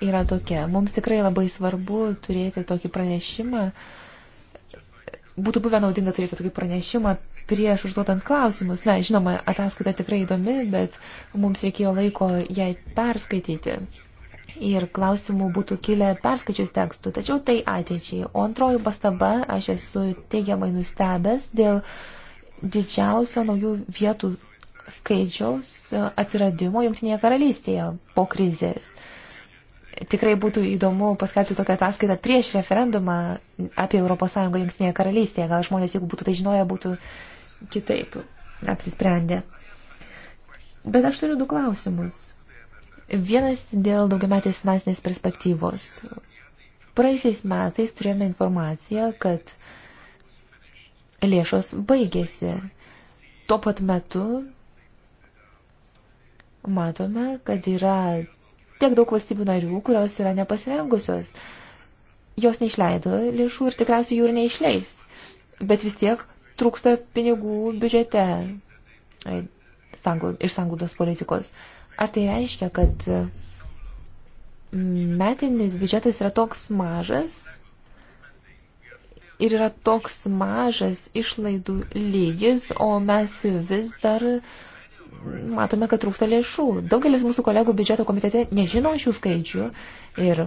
yra tokia. Mums tikrai labai svarbu turėti tokį pranešimą. Būtų buvę naudinga turėti tokį pranešimą prieš užduodant klausimus. Na, žinoma, ataskaita tikrai įdomi, bet mums reikėjo laiko jai perskaityti. Ir klausimų būtų kilę perskaičius tekstų, tačiau tai ateičiai. O antroji pastaba, aš esu teigiamai nustebęs dėl uh, didžiausio naujų vietų skaičiaus e, atsiradimo Jungtinėje karalystėje po krizės. Tikrai būtų įdomu paskelbti tokią ataskaitą prieš referendumą apie ES Jungtinėje karalystėje. Gal žmonės, jeigu būtų tai žinoję, būtų kitaip apsisprendę. Bet aš turiu du klausimus. Vienas dėl daugiametės finansinės perspektyvos. Praeisiais metais turėjome informaciją, kad lėšos baigėsi. Tuo pat metu matome, kad yra tiek daug valstybių narių, kurios yra nepasirengusios. Jos neišleido lėšų ir tikriausiai jų ir neišleis. Bet vis tiek trūksta pinigų biudžete e, iš sanglaudos politikos. Ar tai reiškia, kad mm, metinis biudžetas yra toks mažas, ir yra toks mažas išlaidų lygis, o mes vis dar matome, kad trūksta lėšų. Daugelis mūsų kolegų biudžeto komitete nežino šių skaičių ir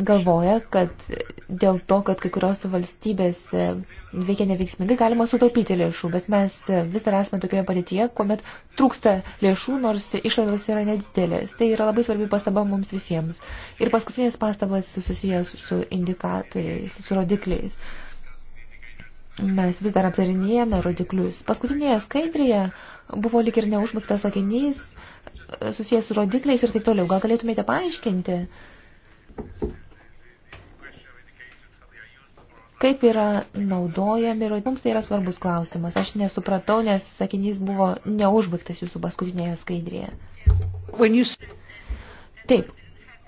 galvoja, kad dėl to, kad kai kurios valstybės e, veikia neveiksmingai, galima sutaupyti lėšų, bet mes e, vis dar esame tokioje padėtyje, kuomet trūksta lėšų, nors išlaidos yra nedidelės. Tai yra labai svarbi pastaba mums visiems. Ir paskutinės pastabas susijęs su indikatoriais, su rodikliais. Mes vis dar aptarinėjame rodiklius. Paskutinėje skaidrėje buvo lik ir neužmigtas sakinys e, susijęs su rodikliais ir taip toliau. Gal galėtumėte paaiškinti? Thank you kaip yra naudojami ir mums tai yra svarbus klausimas. Aš nesupratau, nes sakinys buvo neužbaigtas jūsų paskutinėje skaidrėje. You... Taip,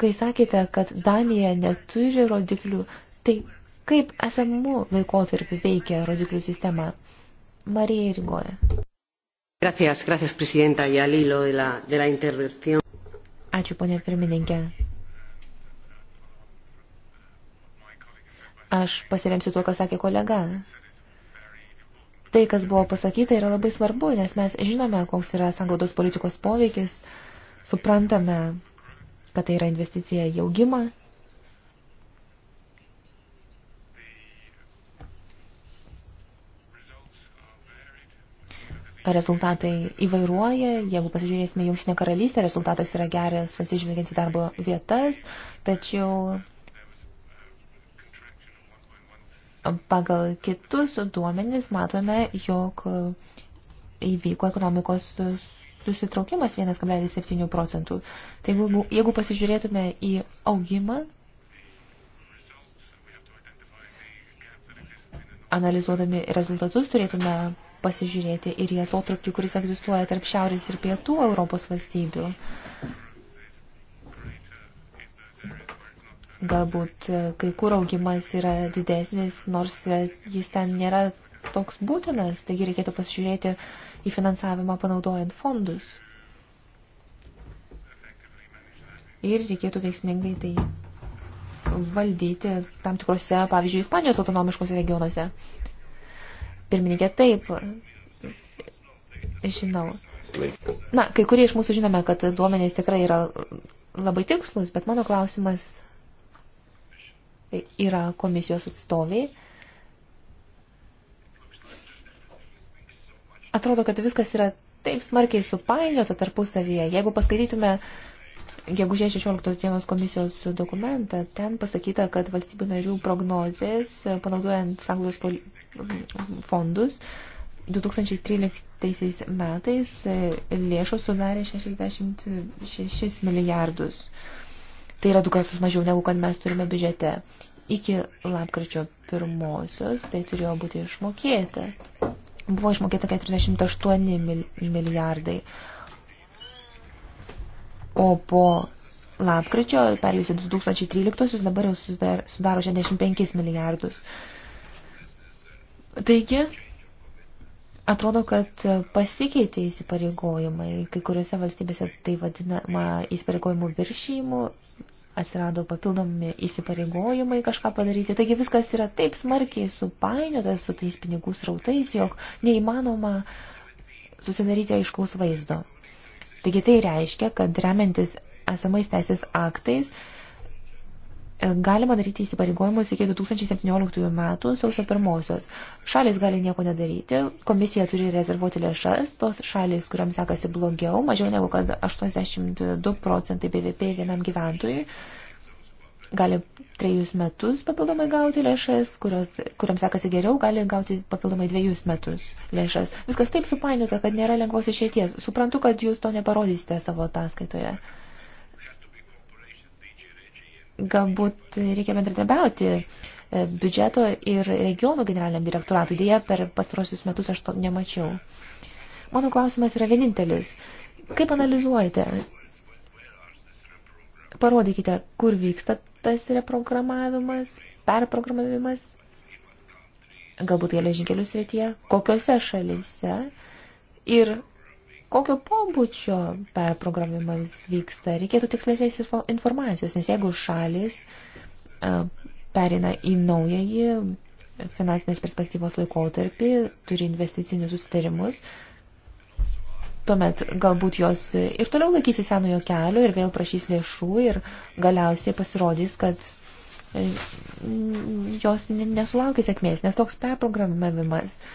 kai sakėte, kad Danija neturi rodiklių, tai kaip esamų laikotarpį veikia rodiklių sistema? Marija Irigoje. Gracias, gracias, presidenta, y al hilo de la, de la intervención. Ačiū, ponė pirmininkė. Aš pasiremsiu tuo, ką sakė kolega. Tai, kas buvo pasakyta, yra labai svarbu, nes mes žinome, koks yra sanglaudos politikos poveikis, suprantame, kad tai yra investicija į augimą, rezultatai įvairuoja. Jeigu pasižiūrėsime Jungtinę karalystę, rezultatas yra geras atsižvelgiant į darbo vietas, tačiau Pagal kitus duomenys matome, jog įvyko ekonomikos susitraukimas 1,7 procentų. Tai jeigu, jeigu pasižiūrėtume į augimą, analizuodami rezultatus, turėtume pasižiūrėti ir į atotrukį, kuris egzistuoja tarp šiaurės ir pietų Europos valstybių. Galbūt e, kai kur augimas yra didesnis, nors e, jis ten nėra toks būtinas, taigi reikėtų pasižiūrėti į finansavimą panaudojant fondus. Ir reikėtų veiksmingai tai valdyti tam tikrose, pavyzdžiui, Ispanijos autonomiškose regionuose. Pirmininkė, taip, žinau. Na, kai kurie iš mūsų žinome, kad duomenys tikrai yra labai tikslus, bet mano klausimas yra komisijos atstoviai. Atrodo, kad viskas yra taip smarkiai supainiota tarpusavyje. Jeigu paskaitytume gegužės 16 dienos komisijos dokumentą, ten pasakyta, kad valstybių narių prognozės, panaudojant sanglos fondus, 2013 metais lėšos sudarė 66 milijardus. Tai yra du kartus mažiau negu kad mes turime biudžete. Iki lapkričio pirmosios tai turėjo būti išmokėta. Buvo išmokėta 48 milijardai. O po lapkričio, perėjusio 2013, dabar jau sudaro 65 milijardus. Taigi, Atrodo, kad pasikeitė įsipareigojimai. Kai kuriuose valstybėse tai vadinama įsipareigojimų viršyjimu, atsirado papildomi įsipareigojimai kažką padaryti. Taigi viskas yra taip smarkiai supainiota su tais pinigų srautais, jog neįmanoma susidaryti aiškaus vaizdo. Taigi tai reiškia, kad remiantis esamais teisės aktais E, galima daryti įsipareigojimus iki 2017 metų sausio pirmosios. Šalis gali nieko nedaryti, komisija turi rezervuoti lėšas, tos šalis, kuriam sekasi blogiau, mažiau negu kad 82 procentai BVP vienam gyventojui, gali trejus metus papildomai gauti lėšas, kurios, kuriam sekasi geriau, gali gauti papildomai dviejus metus lėšas. Viskas taip supainiota, kad nėra lengvos išeities. Suprantu, kad jūs to neparodysite savo ataskaitoje galbūt reikia bendradarbiauti e, biudžeto ir regionų generaliniam direktoratui. Dėja, per pastarosius metus aš to nemačiau. Mano klausimas yra vienintelis. Kaip analizuojate? Parodykite, kur vyksta tas reprogramavimas, perprogramavimas, galbūt geležinkelių srityje, kokiose šalise ir kokio pobūdžio perprogramimas vyksta. Reikėtų tikslesnės informacijos, nes jeigu šalis perina į naująjį finansinės perspektyvos laikotarpį, turi investicinius susitarimus, tuomet galbūt jos ir toliau laikysi senojo kelio ir vėl prašys lėšų ir galiausiai pasirodys, kad e, jos nesulaukia sėkmės, nes toks perprogramavimas uh,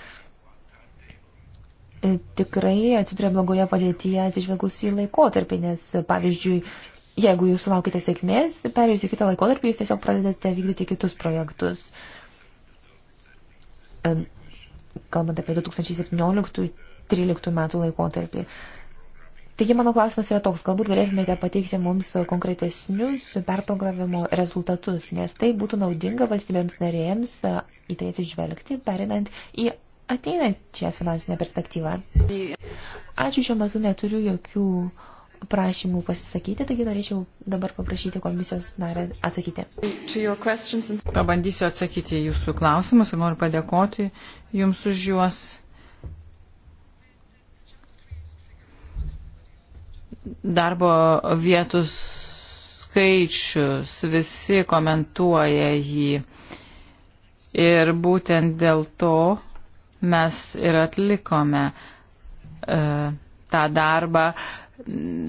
E, tikrai atsiduria blogoje padėtyje atsižvelgus į laikotarpį, nes, pavyzdžiui, jeigu jūs sulaukite sėkmės, perėjus į kitą laikotarpį, jūs tiesiog pradedate vykdyti kitus projektus. E, kalbant apie 2017-2013 metų laikotarpį. Taigi mano klausimas yra toks, galbūt galėtumėte pateikti mums konkretesnius perprogramimo rezultatus, nes tai būtų naudinga valstybėms narėms e, į tai atsižvelgti, perinant į ateinančią finansinę perspektyvą. Ačiū, šiuo metu neturiu jokių prašymų pasisakyti, taigi norėčiau dabar paprašyti komisijos narę atsakyti. Pabandysiu atsakyti jūsų klausimus ir noriu padėkoti jums už juos. Darbo vietos skaičius, visi komentuoja jį. Ir būtent dėl to mes ir atlikome e, tą darbą.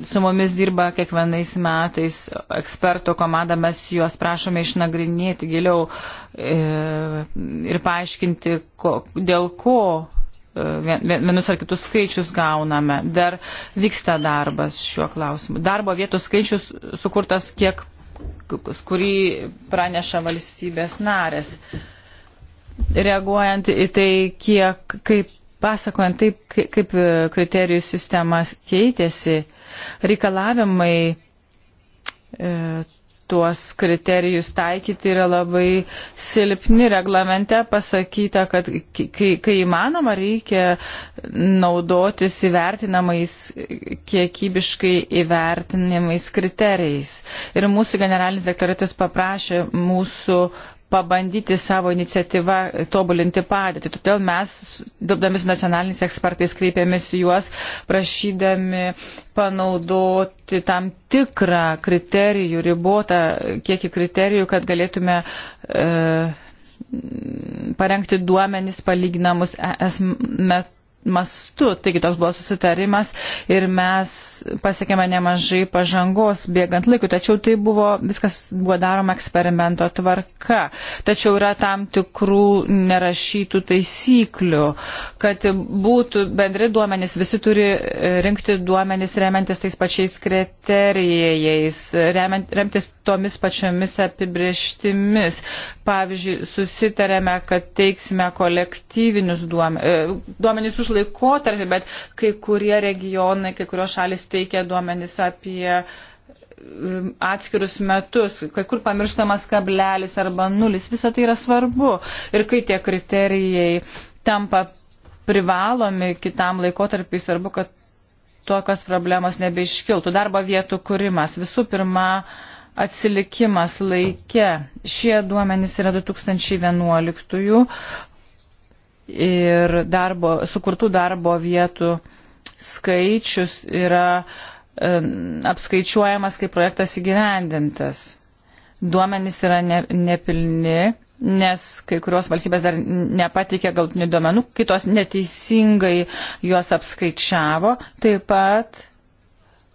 Su mumis dirba kiekvienais metais eksperto komanda, mes juos prašome išnagrinėti giliau e, ir paaiškinti, ko, dėl ko e, vienus ar kitus skaičius gauname. Dar vyksta darbas šiuo klausimu. Darbo vietų skaičius sukurtas kiek, kurį praneša valstybės narės. E, reaguojant į tai, kiek, kaip pasakojant, taip, kaip e, kriterijų sistemas keitėsi, reikalavimai e, tuos kriterijus taikyti yra labai silpni. Reglamente pasakyta, kad kai, kai įmanoma reikia naudotis įvertinamais, kiekybiškai įvertinamais kriterijais. Ir mūsų generalinis dektoratas paprašė mūsų pabandyti savo iniciatyvą tobulinti padėtį. Todėl mes, dirbdami su nacionaliniais ekspertais, kreipėmės juos, prašydami panaudoti tam tikrą kriterijų, ribotą kiekį kriterijų, kad galėtume e, parengti duomenis palyginamus ES metu mastu. Taigi toks buvo susitarimas ir mes pasiekėme nemažai pažangos bėgant laikui, tačiau tai buvo, viskas buvo daroma eksperimento tvarka. Tačiau yra tam tikrų nerašytų taisyklių, kad būtų bendri duomenys, visi turi e, rinkti duomenys remiantis tais pačiais kriterijais, remtis tomis pačiomis apibrieštimis. Pavyzdžiui, susitarėme, kad teiksime kolektyvinius duomenys, duomenys už už laikotarpį, bet kai kurie regionai, kai kurios šalis teikia duomenis apie um, atskirus metus, kai kur pamirštamas kablelis arba nulis, visa tai yra svarbu. Ir kai tie kriterijai tampa privalomi kitam laikotarpiai, svarbu, kad tokios problemos nebeiškiltų. Darbo vietų kūrimas. Visų pirma, atsilikimas laike. Šie duomenys yra 2011, ir darbo, sukurtų darbo vietų skaičius yra e, apskaičiuojamas, kai projektas įgyvendintas. Duomenys yra ne, nepilni, nes kai kurios valstybės dar nepatikė galtinių duomenų, kitos neteisingai juos apskaičiavo. Taip pat,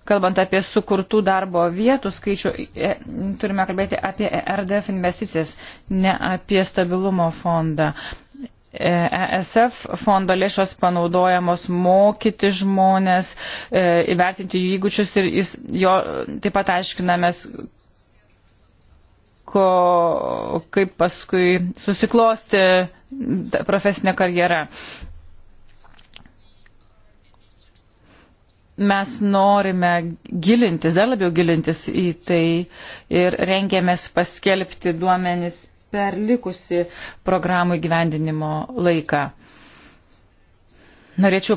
kalbant apie sukurtų darbo vietų skaičių, e, turime kalbėti apie e RDF investicijas, ne apie stabilumo fondą. ESF e fondo lėšos panaudojamos mokyti žmonės, e, įvertinti jų įgūdžius ir jis, jo taip pat aiškinamės, ko, kaip paskui susiklosti profesinė karjera. Mes norime gilintis, dar labiau gilintis į tai ir rengiamės paskelbti duomenis per likusi programų įgyvendinimo laiką. Norėčiau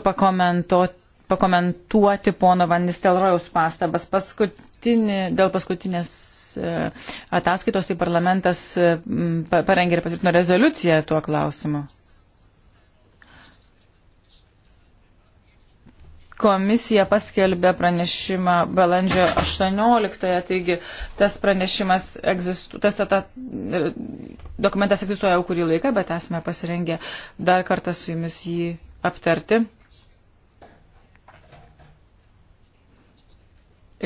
pakomentuoti pono Vanistelrojaus pastabas. Paskutinį, dėl paskutinės e, ataskaitos tai parlamentas e, parengė ir patvirtino rezoliuciją tuo klausimu. Komisija paskelbė pranešimą balandžio 18, taigi tas pranešimas egzistuoja, tas ta, dokumentas egzistuoja jau kurį laiką, bet esame pasirengę dar kartą su jumis jį aptarti.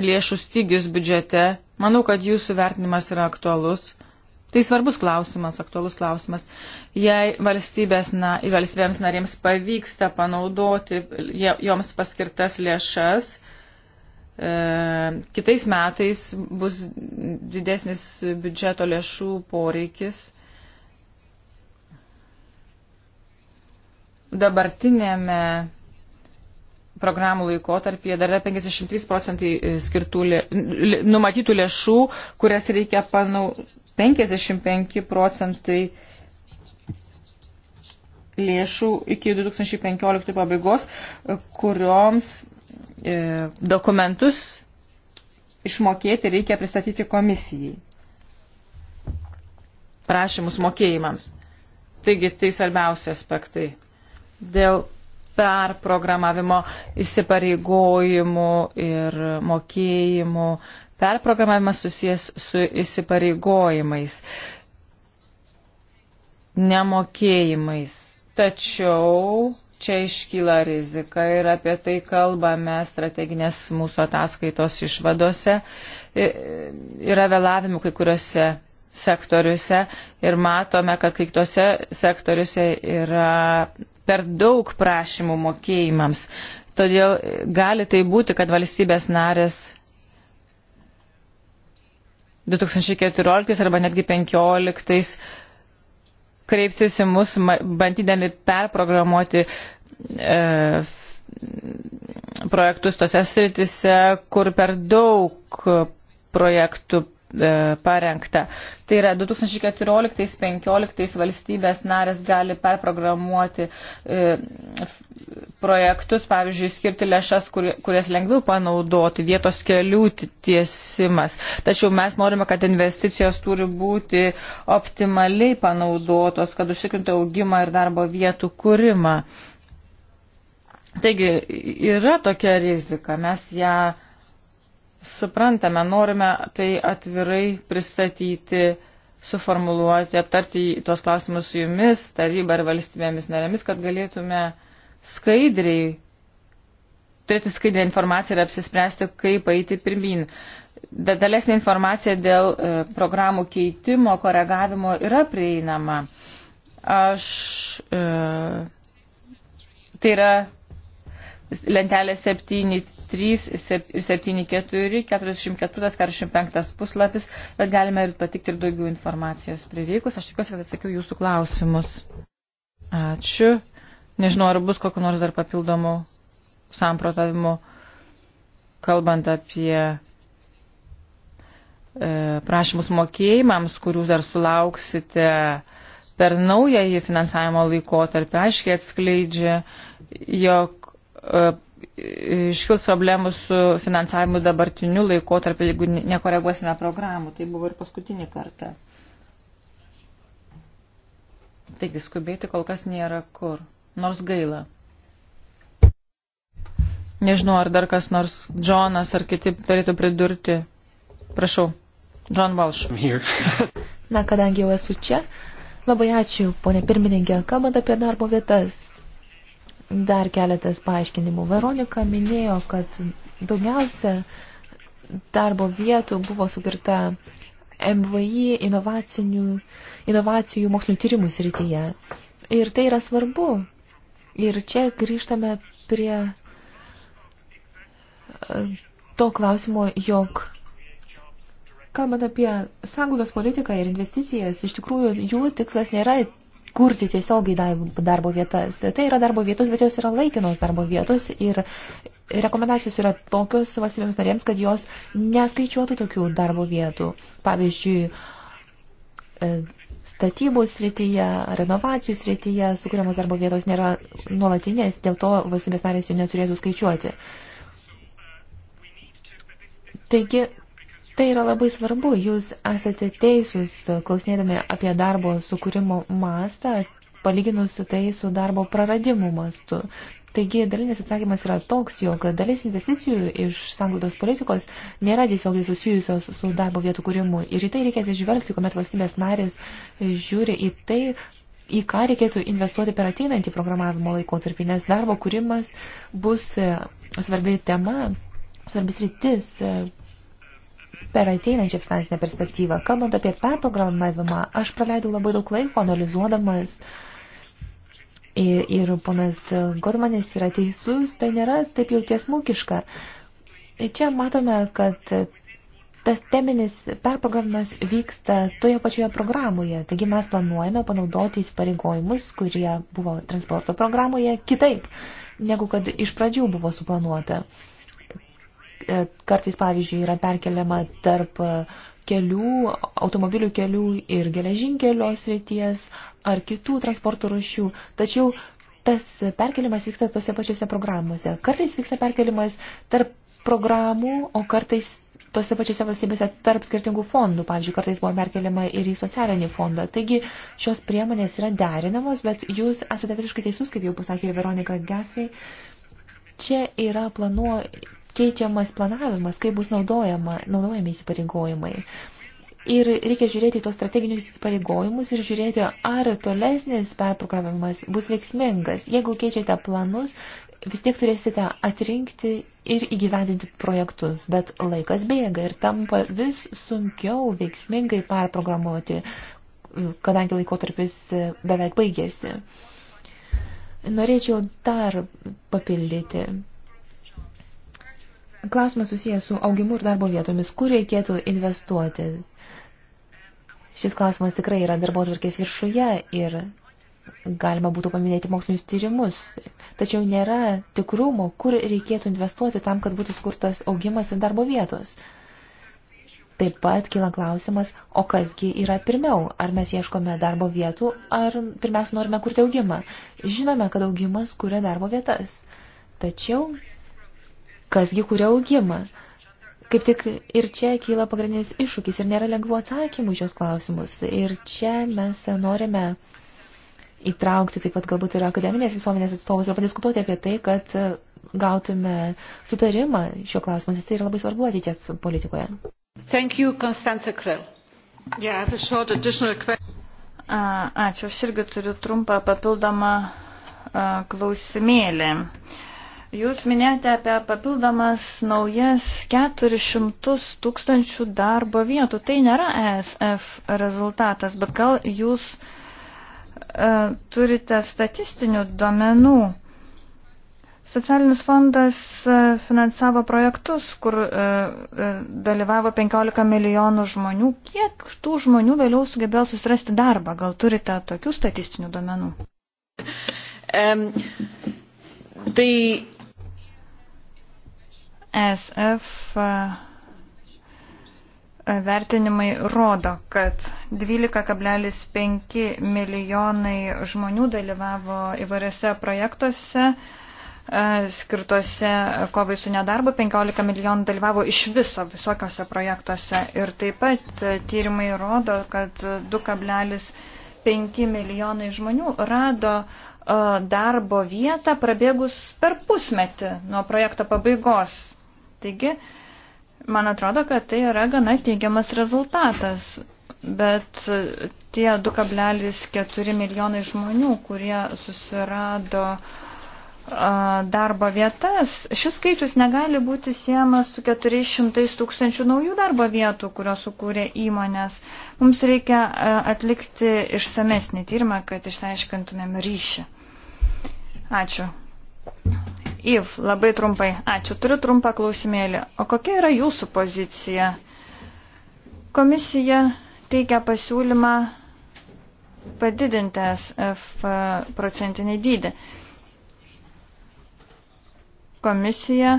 Lėšų stygis biudžete. Manau, kad jūsų vertinimas yra aktualus Tai svarbus klausimas, aktualus klausimas. Jei valstybės, na, valstybėms narėms pavyksta panaudoti joms paskirtas lėšas, e, kitais metais bus didesnis biudžeto lėšų poreikis. Dabartinėme programų laikotarpyje dar yra 53 procentai skirtų, lė, numatytų lėšų, kurias reikia panau, 55 procentai lėšų iki 2015 pabaigos, kurioms e, dokumentus išmokėti reikia pristatyti komisijai. Prašymus mokėjimams. Taigi, tai svarbiausi aspektai. Dėl perprogramavimo įsipareigojimų ir mokėjimų Perprogramavimas susijęs su įsipareigojimais, nemokėjimais. Tačiau čia iškyla rizika ir apie tai kalbame strateginės mūsų ataskaitos išvadose. E, yra vėlavimų kai kuriuose sektoriuose ir matome, kad kai kitose sektoriuose yra per daug prašymų mokėjimams. Todėl gali tai būti, kad valstybės narės 2014 arba netgi 2015 kreipsis į mus, bandydami perprogramuoti e, projektus tose sritise, kur per daug projektų E, parengta. Tai yra 2014-2015 valstybės narės gali perprogramuoti e, projektus, pavyzdžiui, skirti lėšas, kurias lengviau panaudoti, vietos kelių tiesimas. Tačiau mes norime, kad investicijos turi būti optimaliai panaudotos, kad užtikrintų augimą ir darbo vietų kūrimą. Taigi yra tokia rizika, mes ją suprantame, norime tai atvirai pristatyti, suformuluoti, aptarti tuos klausimus su jumis, taryba ir valstybėmis narėmis, kad galėtume skaidriai turėti skaidrę informaciją ir apsispręsti, kaip eiti pirmin. Detalesnė informacija dėl e, programų keitimo, koregavimo yra prieinama. Aš, e, tai yra lentelė 7 3 ir 7, 4, 44, 45 puslapis, bet galime ir patikti ir daugiau informacijos prireikus. Aš tikiuosi, kad atsakiau jūsų klausimus. Ačiū. Nežinau, ar bus kokiu nors dar papildomų samprotavimų, kalbant apie e, prašymus mokėjimams, kurių dar sulauksite per naująjį finansavimo laikotarpį, aiškiai atskleidžia, jog e, iškils problemų su finansavimu dabartiniu laikotarpiu, jeigu nekoreguosime programų. Tai buvo ir paskutinį kartą. Taigi skubėti kol kas nėra kur. Nors gaila. Nežinau, ar dar kas nors, Džonas ar kiti turėtų pridurti. Prašau, John Walsh. Na, kadangi jau esu čia, labai ačiū, ponė pirmininkė, kalbant apie darbo vietas. Dar keletas paaiškinimų. Veronika minėjo, kad daugiausia darbo vietų buvo sukurta MVI inovacinių, inovacijų mokslinių tyrimų srityje. Ir tai yra svarbu. Ir čia grįžtame prie e, to klausimo, jog kalbant apie sanglaudos politiką ir investicijas, iš tikrųjų jų tikslas nėra kurti tiesiogiai darbo vietas. Tai yra darbo vietos, bet jos yra laikinos darbo vietos ir rekomendacijos yra tokios valstybėms narėms, kad jos neskaičiuotų tokių darbo vietų. Pavyzdžiui, e, statybų srityje, renovacijų srityje sukūriamos darbo vietos nėra nuolatinės, dėl to valstybės narės jų neturėtų skaičiuoti. Taigi Tai yra labai svarbu. Jūs esate teisūs, klausinėdami apie darbo sukūrimo mastą, palyginus tai su darbo praradimu mastu. Taigi, dalinis atsakymas yra toks, jog dalis investicijų iš sanglaudos politikos nėra tiesiogiai susijusios su darbo vietų kūrimu. Ir į tai reikia atsižvelgti, kuomet valstybės narės žiūri į tai, į ką reikėtų investuoti per ateinantį programavimo laikotarpį, nes darbo kūrimas bus svarbi tema, svarbis rytis per ateinančią finansinę perspektyvą. Kalbant apie perprogramavimą, aš praleidau labai daug laiko analizuodamas ir, ir ponas Gormanis yra teisus, tai nėra taip jau tiesmukiška. Čia matome, kad tas teminis perprogramimas vyksta toje pačioje programoje. Taigi mes planuojame panaudoti įsipareigojimus, kurie buvo transporto programoje kitaip, negu kad iš pradžių buvo suplanuota. Uh, E, kartais, pavyzdžiui, yra perkeliama tarp e, kelių, automobilių kelių ir geležinkelio srities ar kitų transporto rušių. Tačiau tas perkelimas vyksta tose pačiose programuose. Kartais vyksta perkelimas tarp programų, o kartais tose pačiose valstybėse tarp skirtingų fondų. Pavyzdžiui, kartais buvo perkeliama ir į socialinį fondą. Taigi šios priemonės yra derinamos, bet jūs esate visiškai teisus, kaip jau pasakė Veronika Gaffey. Čia yra planuo, keičiamas planavimas, kaip bus naudojama, naudojami įsipareigojimai. Ir reikia žiūrėti į tos strateginius įsipareigojimus ir žiūrėti, ar tolesnis perprogramimas bus veiksmingas. Jeigu keičiate planus, vis tiek turėsite atrinkti ir įgyvendinti projektus, bet laikas bėga ir tampa vis sunkiau veiksmingai perprogramuoti, kadangi laikotarpis beveik baigėsi. Norėčiau dar papildyti Klausimas susijęs su augimu ir darbo vietomis. Kur reikėtų investuoti? Šis klausimas tikrai yra darbo tvarkės viršuje ir galima būtų paminėti mokslinius tyrimus. Tačiau nėra tikrumo, kur reikėtų investuoti tam, kad būtų skurtas augimas ir darbo vietos. Taip pat kyla klausimas, o kasgi yra pirmiau, ar mes ieškome darbo vietų, ar pirmiausia norime kurti augimą. Žinome, kad augimas kuria darbo vietas. Tačiau kasgi kuria augimą. Kaip tik ir čia kyla pagrindinis iššūkis ir nėra lengvų atsakymų šios klausimus. Ir čia mes norime įtraukti taip pat galbūt ir akademinės visuomenės atstovus ir padiskutuoti apie tai, kad gautume sutarimą šio klausimu, nes tai yra labai svarbu ateities politikoje. Thank you, Constanze Krell. Yeah, I have a short additional question. Ačiū, aš irgi turiu trumpą papildomą klausimėlį. Uh, Jūs minėjote apie papildomas naujas 400 tūkstančių darbo vietų. Tai nėra ESF rezultatas, bet gal jūs uh, turite statistinių duomenų. Socialinis fondas e, finansavo projektus, kur e, dalyvavo 15 milijonų žmonių. Kiek tų žmonių vėliau sugebėjo susirasti darbą? Gal turite tokių statistinių duomenų? Um, tai ESF e, vertinimai rodo, kad 12,5 milijonai žmonių dalyvavo įvairiose projektuose e, skirtose kovai su nedarbu, 15 milijonų dalyvavo iš viso visokiose projektuose. Ir taip pat e, tyrimai rodo, kad 2,5 milijonai žmonių rado darbo vietą prabėgus per pusmetį nuo projekto pabaigos Taigi, man atrodo, kad tai yra gana teigiamas rezultatas, bet tie 2,4 milijonai žmonių, kurie susirado darbo vietas. Šis skaičius negali būti siejamas su 400 tūkstančių naujų darbo vietų, kurios sukūrė įmonės. Mums reikia atlikti išsamesnį tyrimą, kad išsiaiškintumėm ryšį. Ačiū. Yv, labai trumpai. Ačiū, turiu trumpą klausimėlį. O kokia yra jūsų pozicija? Komisija teikia pasiūlymą padidinti SF procentinį dydį. Komisija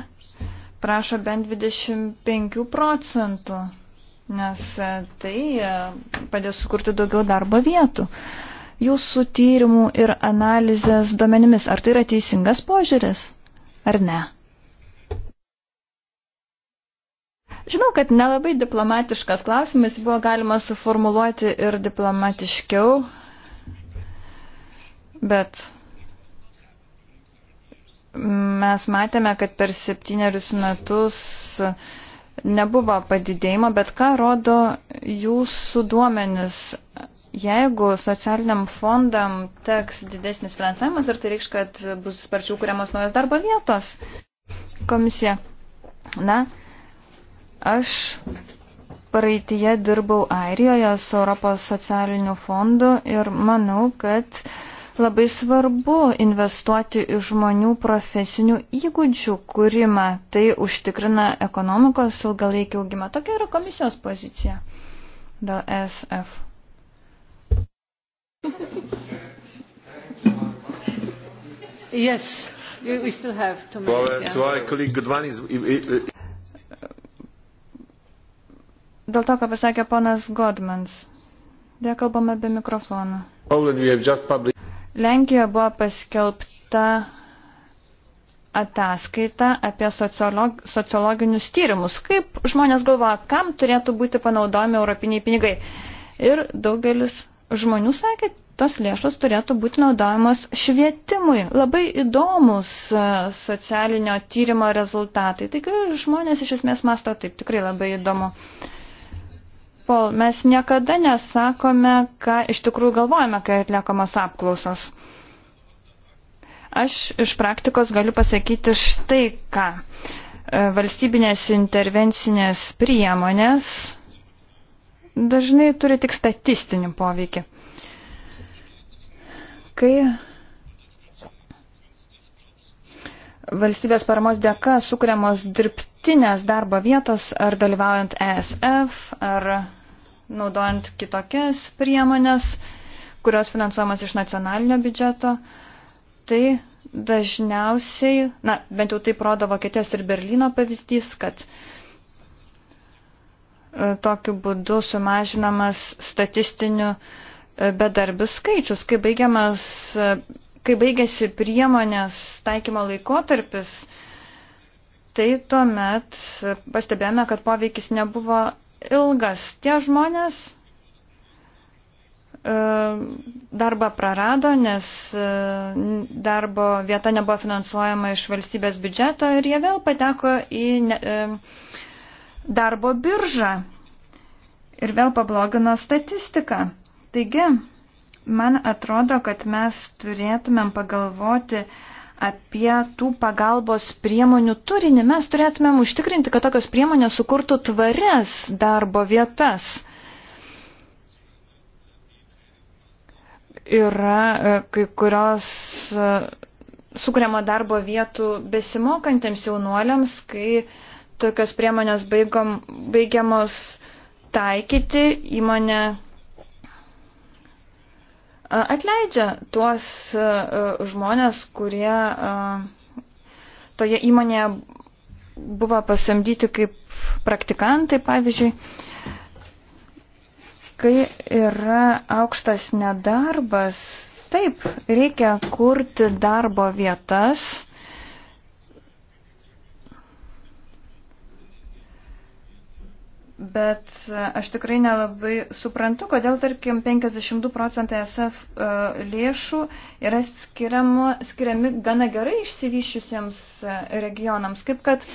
prašo bent 25 procentų, nes tai padės sukurti daugiau darbo vietų. Jūsų tyrimų ir analizės duomenimis, ar tai yra teisingas požiūris? ar ne? Žinau, kad nelabai diplomatiškas klausimas buvo galima suformuluoti ir diplomatiškiau, bet mes matėme, kad per septynerius metus nebuvo padidėjimo, bet ką rodo jūsų duomenis Jeigu socialiniam fondam teks didesnis finansavimas, ar tai reikš, kad bus sparčiau kuriamos naujos darbo vietos? Komisija. Na, aš praeitie dirbau Airijoje su Europos socialiniu fondu ir manau, kad labai svarbu investuoti į žmonių profesinių įgūdžių kūrimą. Tai užtikrina ekonomikos ilgalaikį augimą. Tokia yra komisijos pozicija dėl SF. Yes, we still have two minutes. Uh, yeah. To our colleague Goodman is... Dėl to, ką pasakė ponas Godmans. Dėl kalbame be mikrofono. Lenkijoje buvo paskelbta ataskaita apie sociolog, sociologinius tyrimus, kaip žmonės galvoja, kam turėtų būti panaudojami europiniai pinigai. Ir daugelis žmonių sakė, tos lėšos turėtų būti naudojamos švietimui. Labai įdomus e, socialinio tyrimo rezultatai. Taigi žmonės iš esmės masto taip, tikrai labai įdomu. Pol, mes niekada nesakome, ką iš tikrųjų galvojame, kai atliekamos apklausos. Aš iš praktikos galiu pasakyti štai ką. E, valstybinės intervencinės priemonės dažnai turi tik statistinį poveikį. Kai valstybės paramos dėka sukūriamos dirbtinės darbo vietos ar dalyvaujant ESF ar naudojant kitokias priemonės, kurios finansuojamas iš nacionalinio biudžeto, tai dažniausiai, na, bent jau taip rodo Vokietijos ir Berlyno pavyzdys, kad uh, E, tokiu būdu sumažinamas statistinių e, bedarbių skaičius. Kai, baigiamas, e, kai baigėsi priemonės taikymo laikotarpis, tai tuomet pastebėjome, kad poveikis nebuvo ilgas. Tie žmonės darbą prarado, nes darbo vieta nebuvo finansuojama iš valstybės biudžeto ir jie vėl pateko į ne, darbo biržą ir vėl pablogino statistiką. Taigi, man atrodo, kad mes turėtumėm pagalvoti apie tų pagalbos priemonių turinį. Mes turėtumėm užtikrinti, kad tokios priemonės sukurtų tvarias darbo vietas. Yra e, kai kurios e, sukuriama darbo vietų besimokantiems jaunuoliams, kai uh, tokios priemonės baigom, baigiamos taikyti, įmonė atleidžia tuos žmonės, kurie toje įmonėje buvo pasamdyti kaip praktikantai, pavyzdžiui, kai yra aukštas nedarbas, taip, reikia kurti darbo vietas, Bet e, aš tikrai nelabai suprantu, kodėl, tarkim, 52 procentai SF e, lėšų yra skiriamo, skiriami gana gerai išsivyščiusiems e, regionams. Kaip kad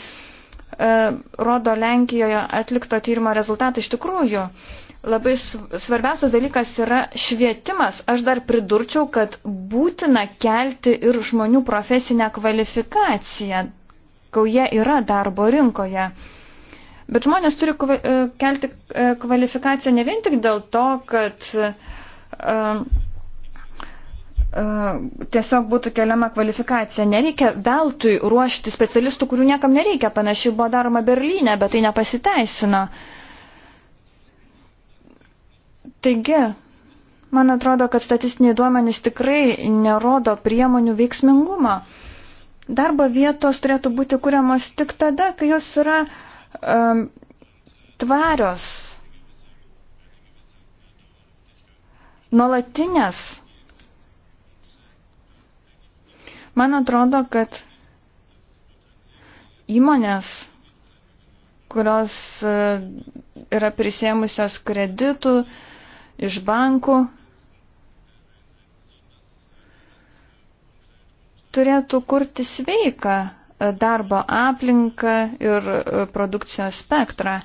rodo Lenkijoje atlikto tyrimo rezultatai iš tikrųjų. Labai svarbiausias dalykas yra švietimas. Aš dar pridurčiau, kad būtina kelti ir žmonių profesinę kvalifikaciją, kau jie yra darbo rinkoje. Bet žmonės turi e, kelti e, kvalifikaciją ne vien tik dėl to, kad e, tiesiog būtų keliama kvalifikacija. Nereikia veltui ruošti specialistų, kurių niekam nereikia. Panašiai buvo daroma Berlyne, bet tai nepasiteisino. Taigi, man atrodo, kad statistiniai duomenys tikrai nerodo priemonių veiksmingumą. Darbo vietos turėtų būti kuriamos tik tada, kai jos yra uh, um, tvarios, nuolatinės. Man atrodo, kad įmonės, kurios e, yra prisėmusios kreditų iš bankų, turėtų kurti sveiką darbo aplinką ir e, produkcijos spektrą.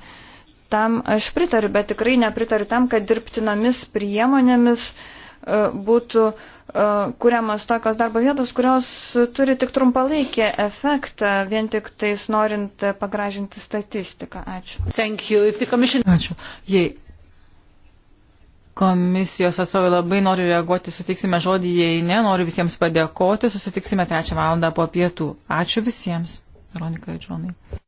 Tam aš pritariu, bet tikrai nepritariu tam, kad dirbtinomis priemonėmis e, būtų e, kuriamas tokios darbo vietos, kurios turi tik trumpalaikį efektą, vien tik tais norint pagražinti statistiką. Ačiū. Commission... Ačiū. Jei Komisijos atstovai labai noriu reaguoti, sutiksime žodį, jei ne, noriu visiems padėkoti, susitiksime trečią valandą po pietų. Ačiū visiems, Veronika ir Džonai.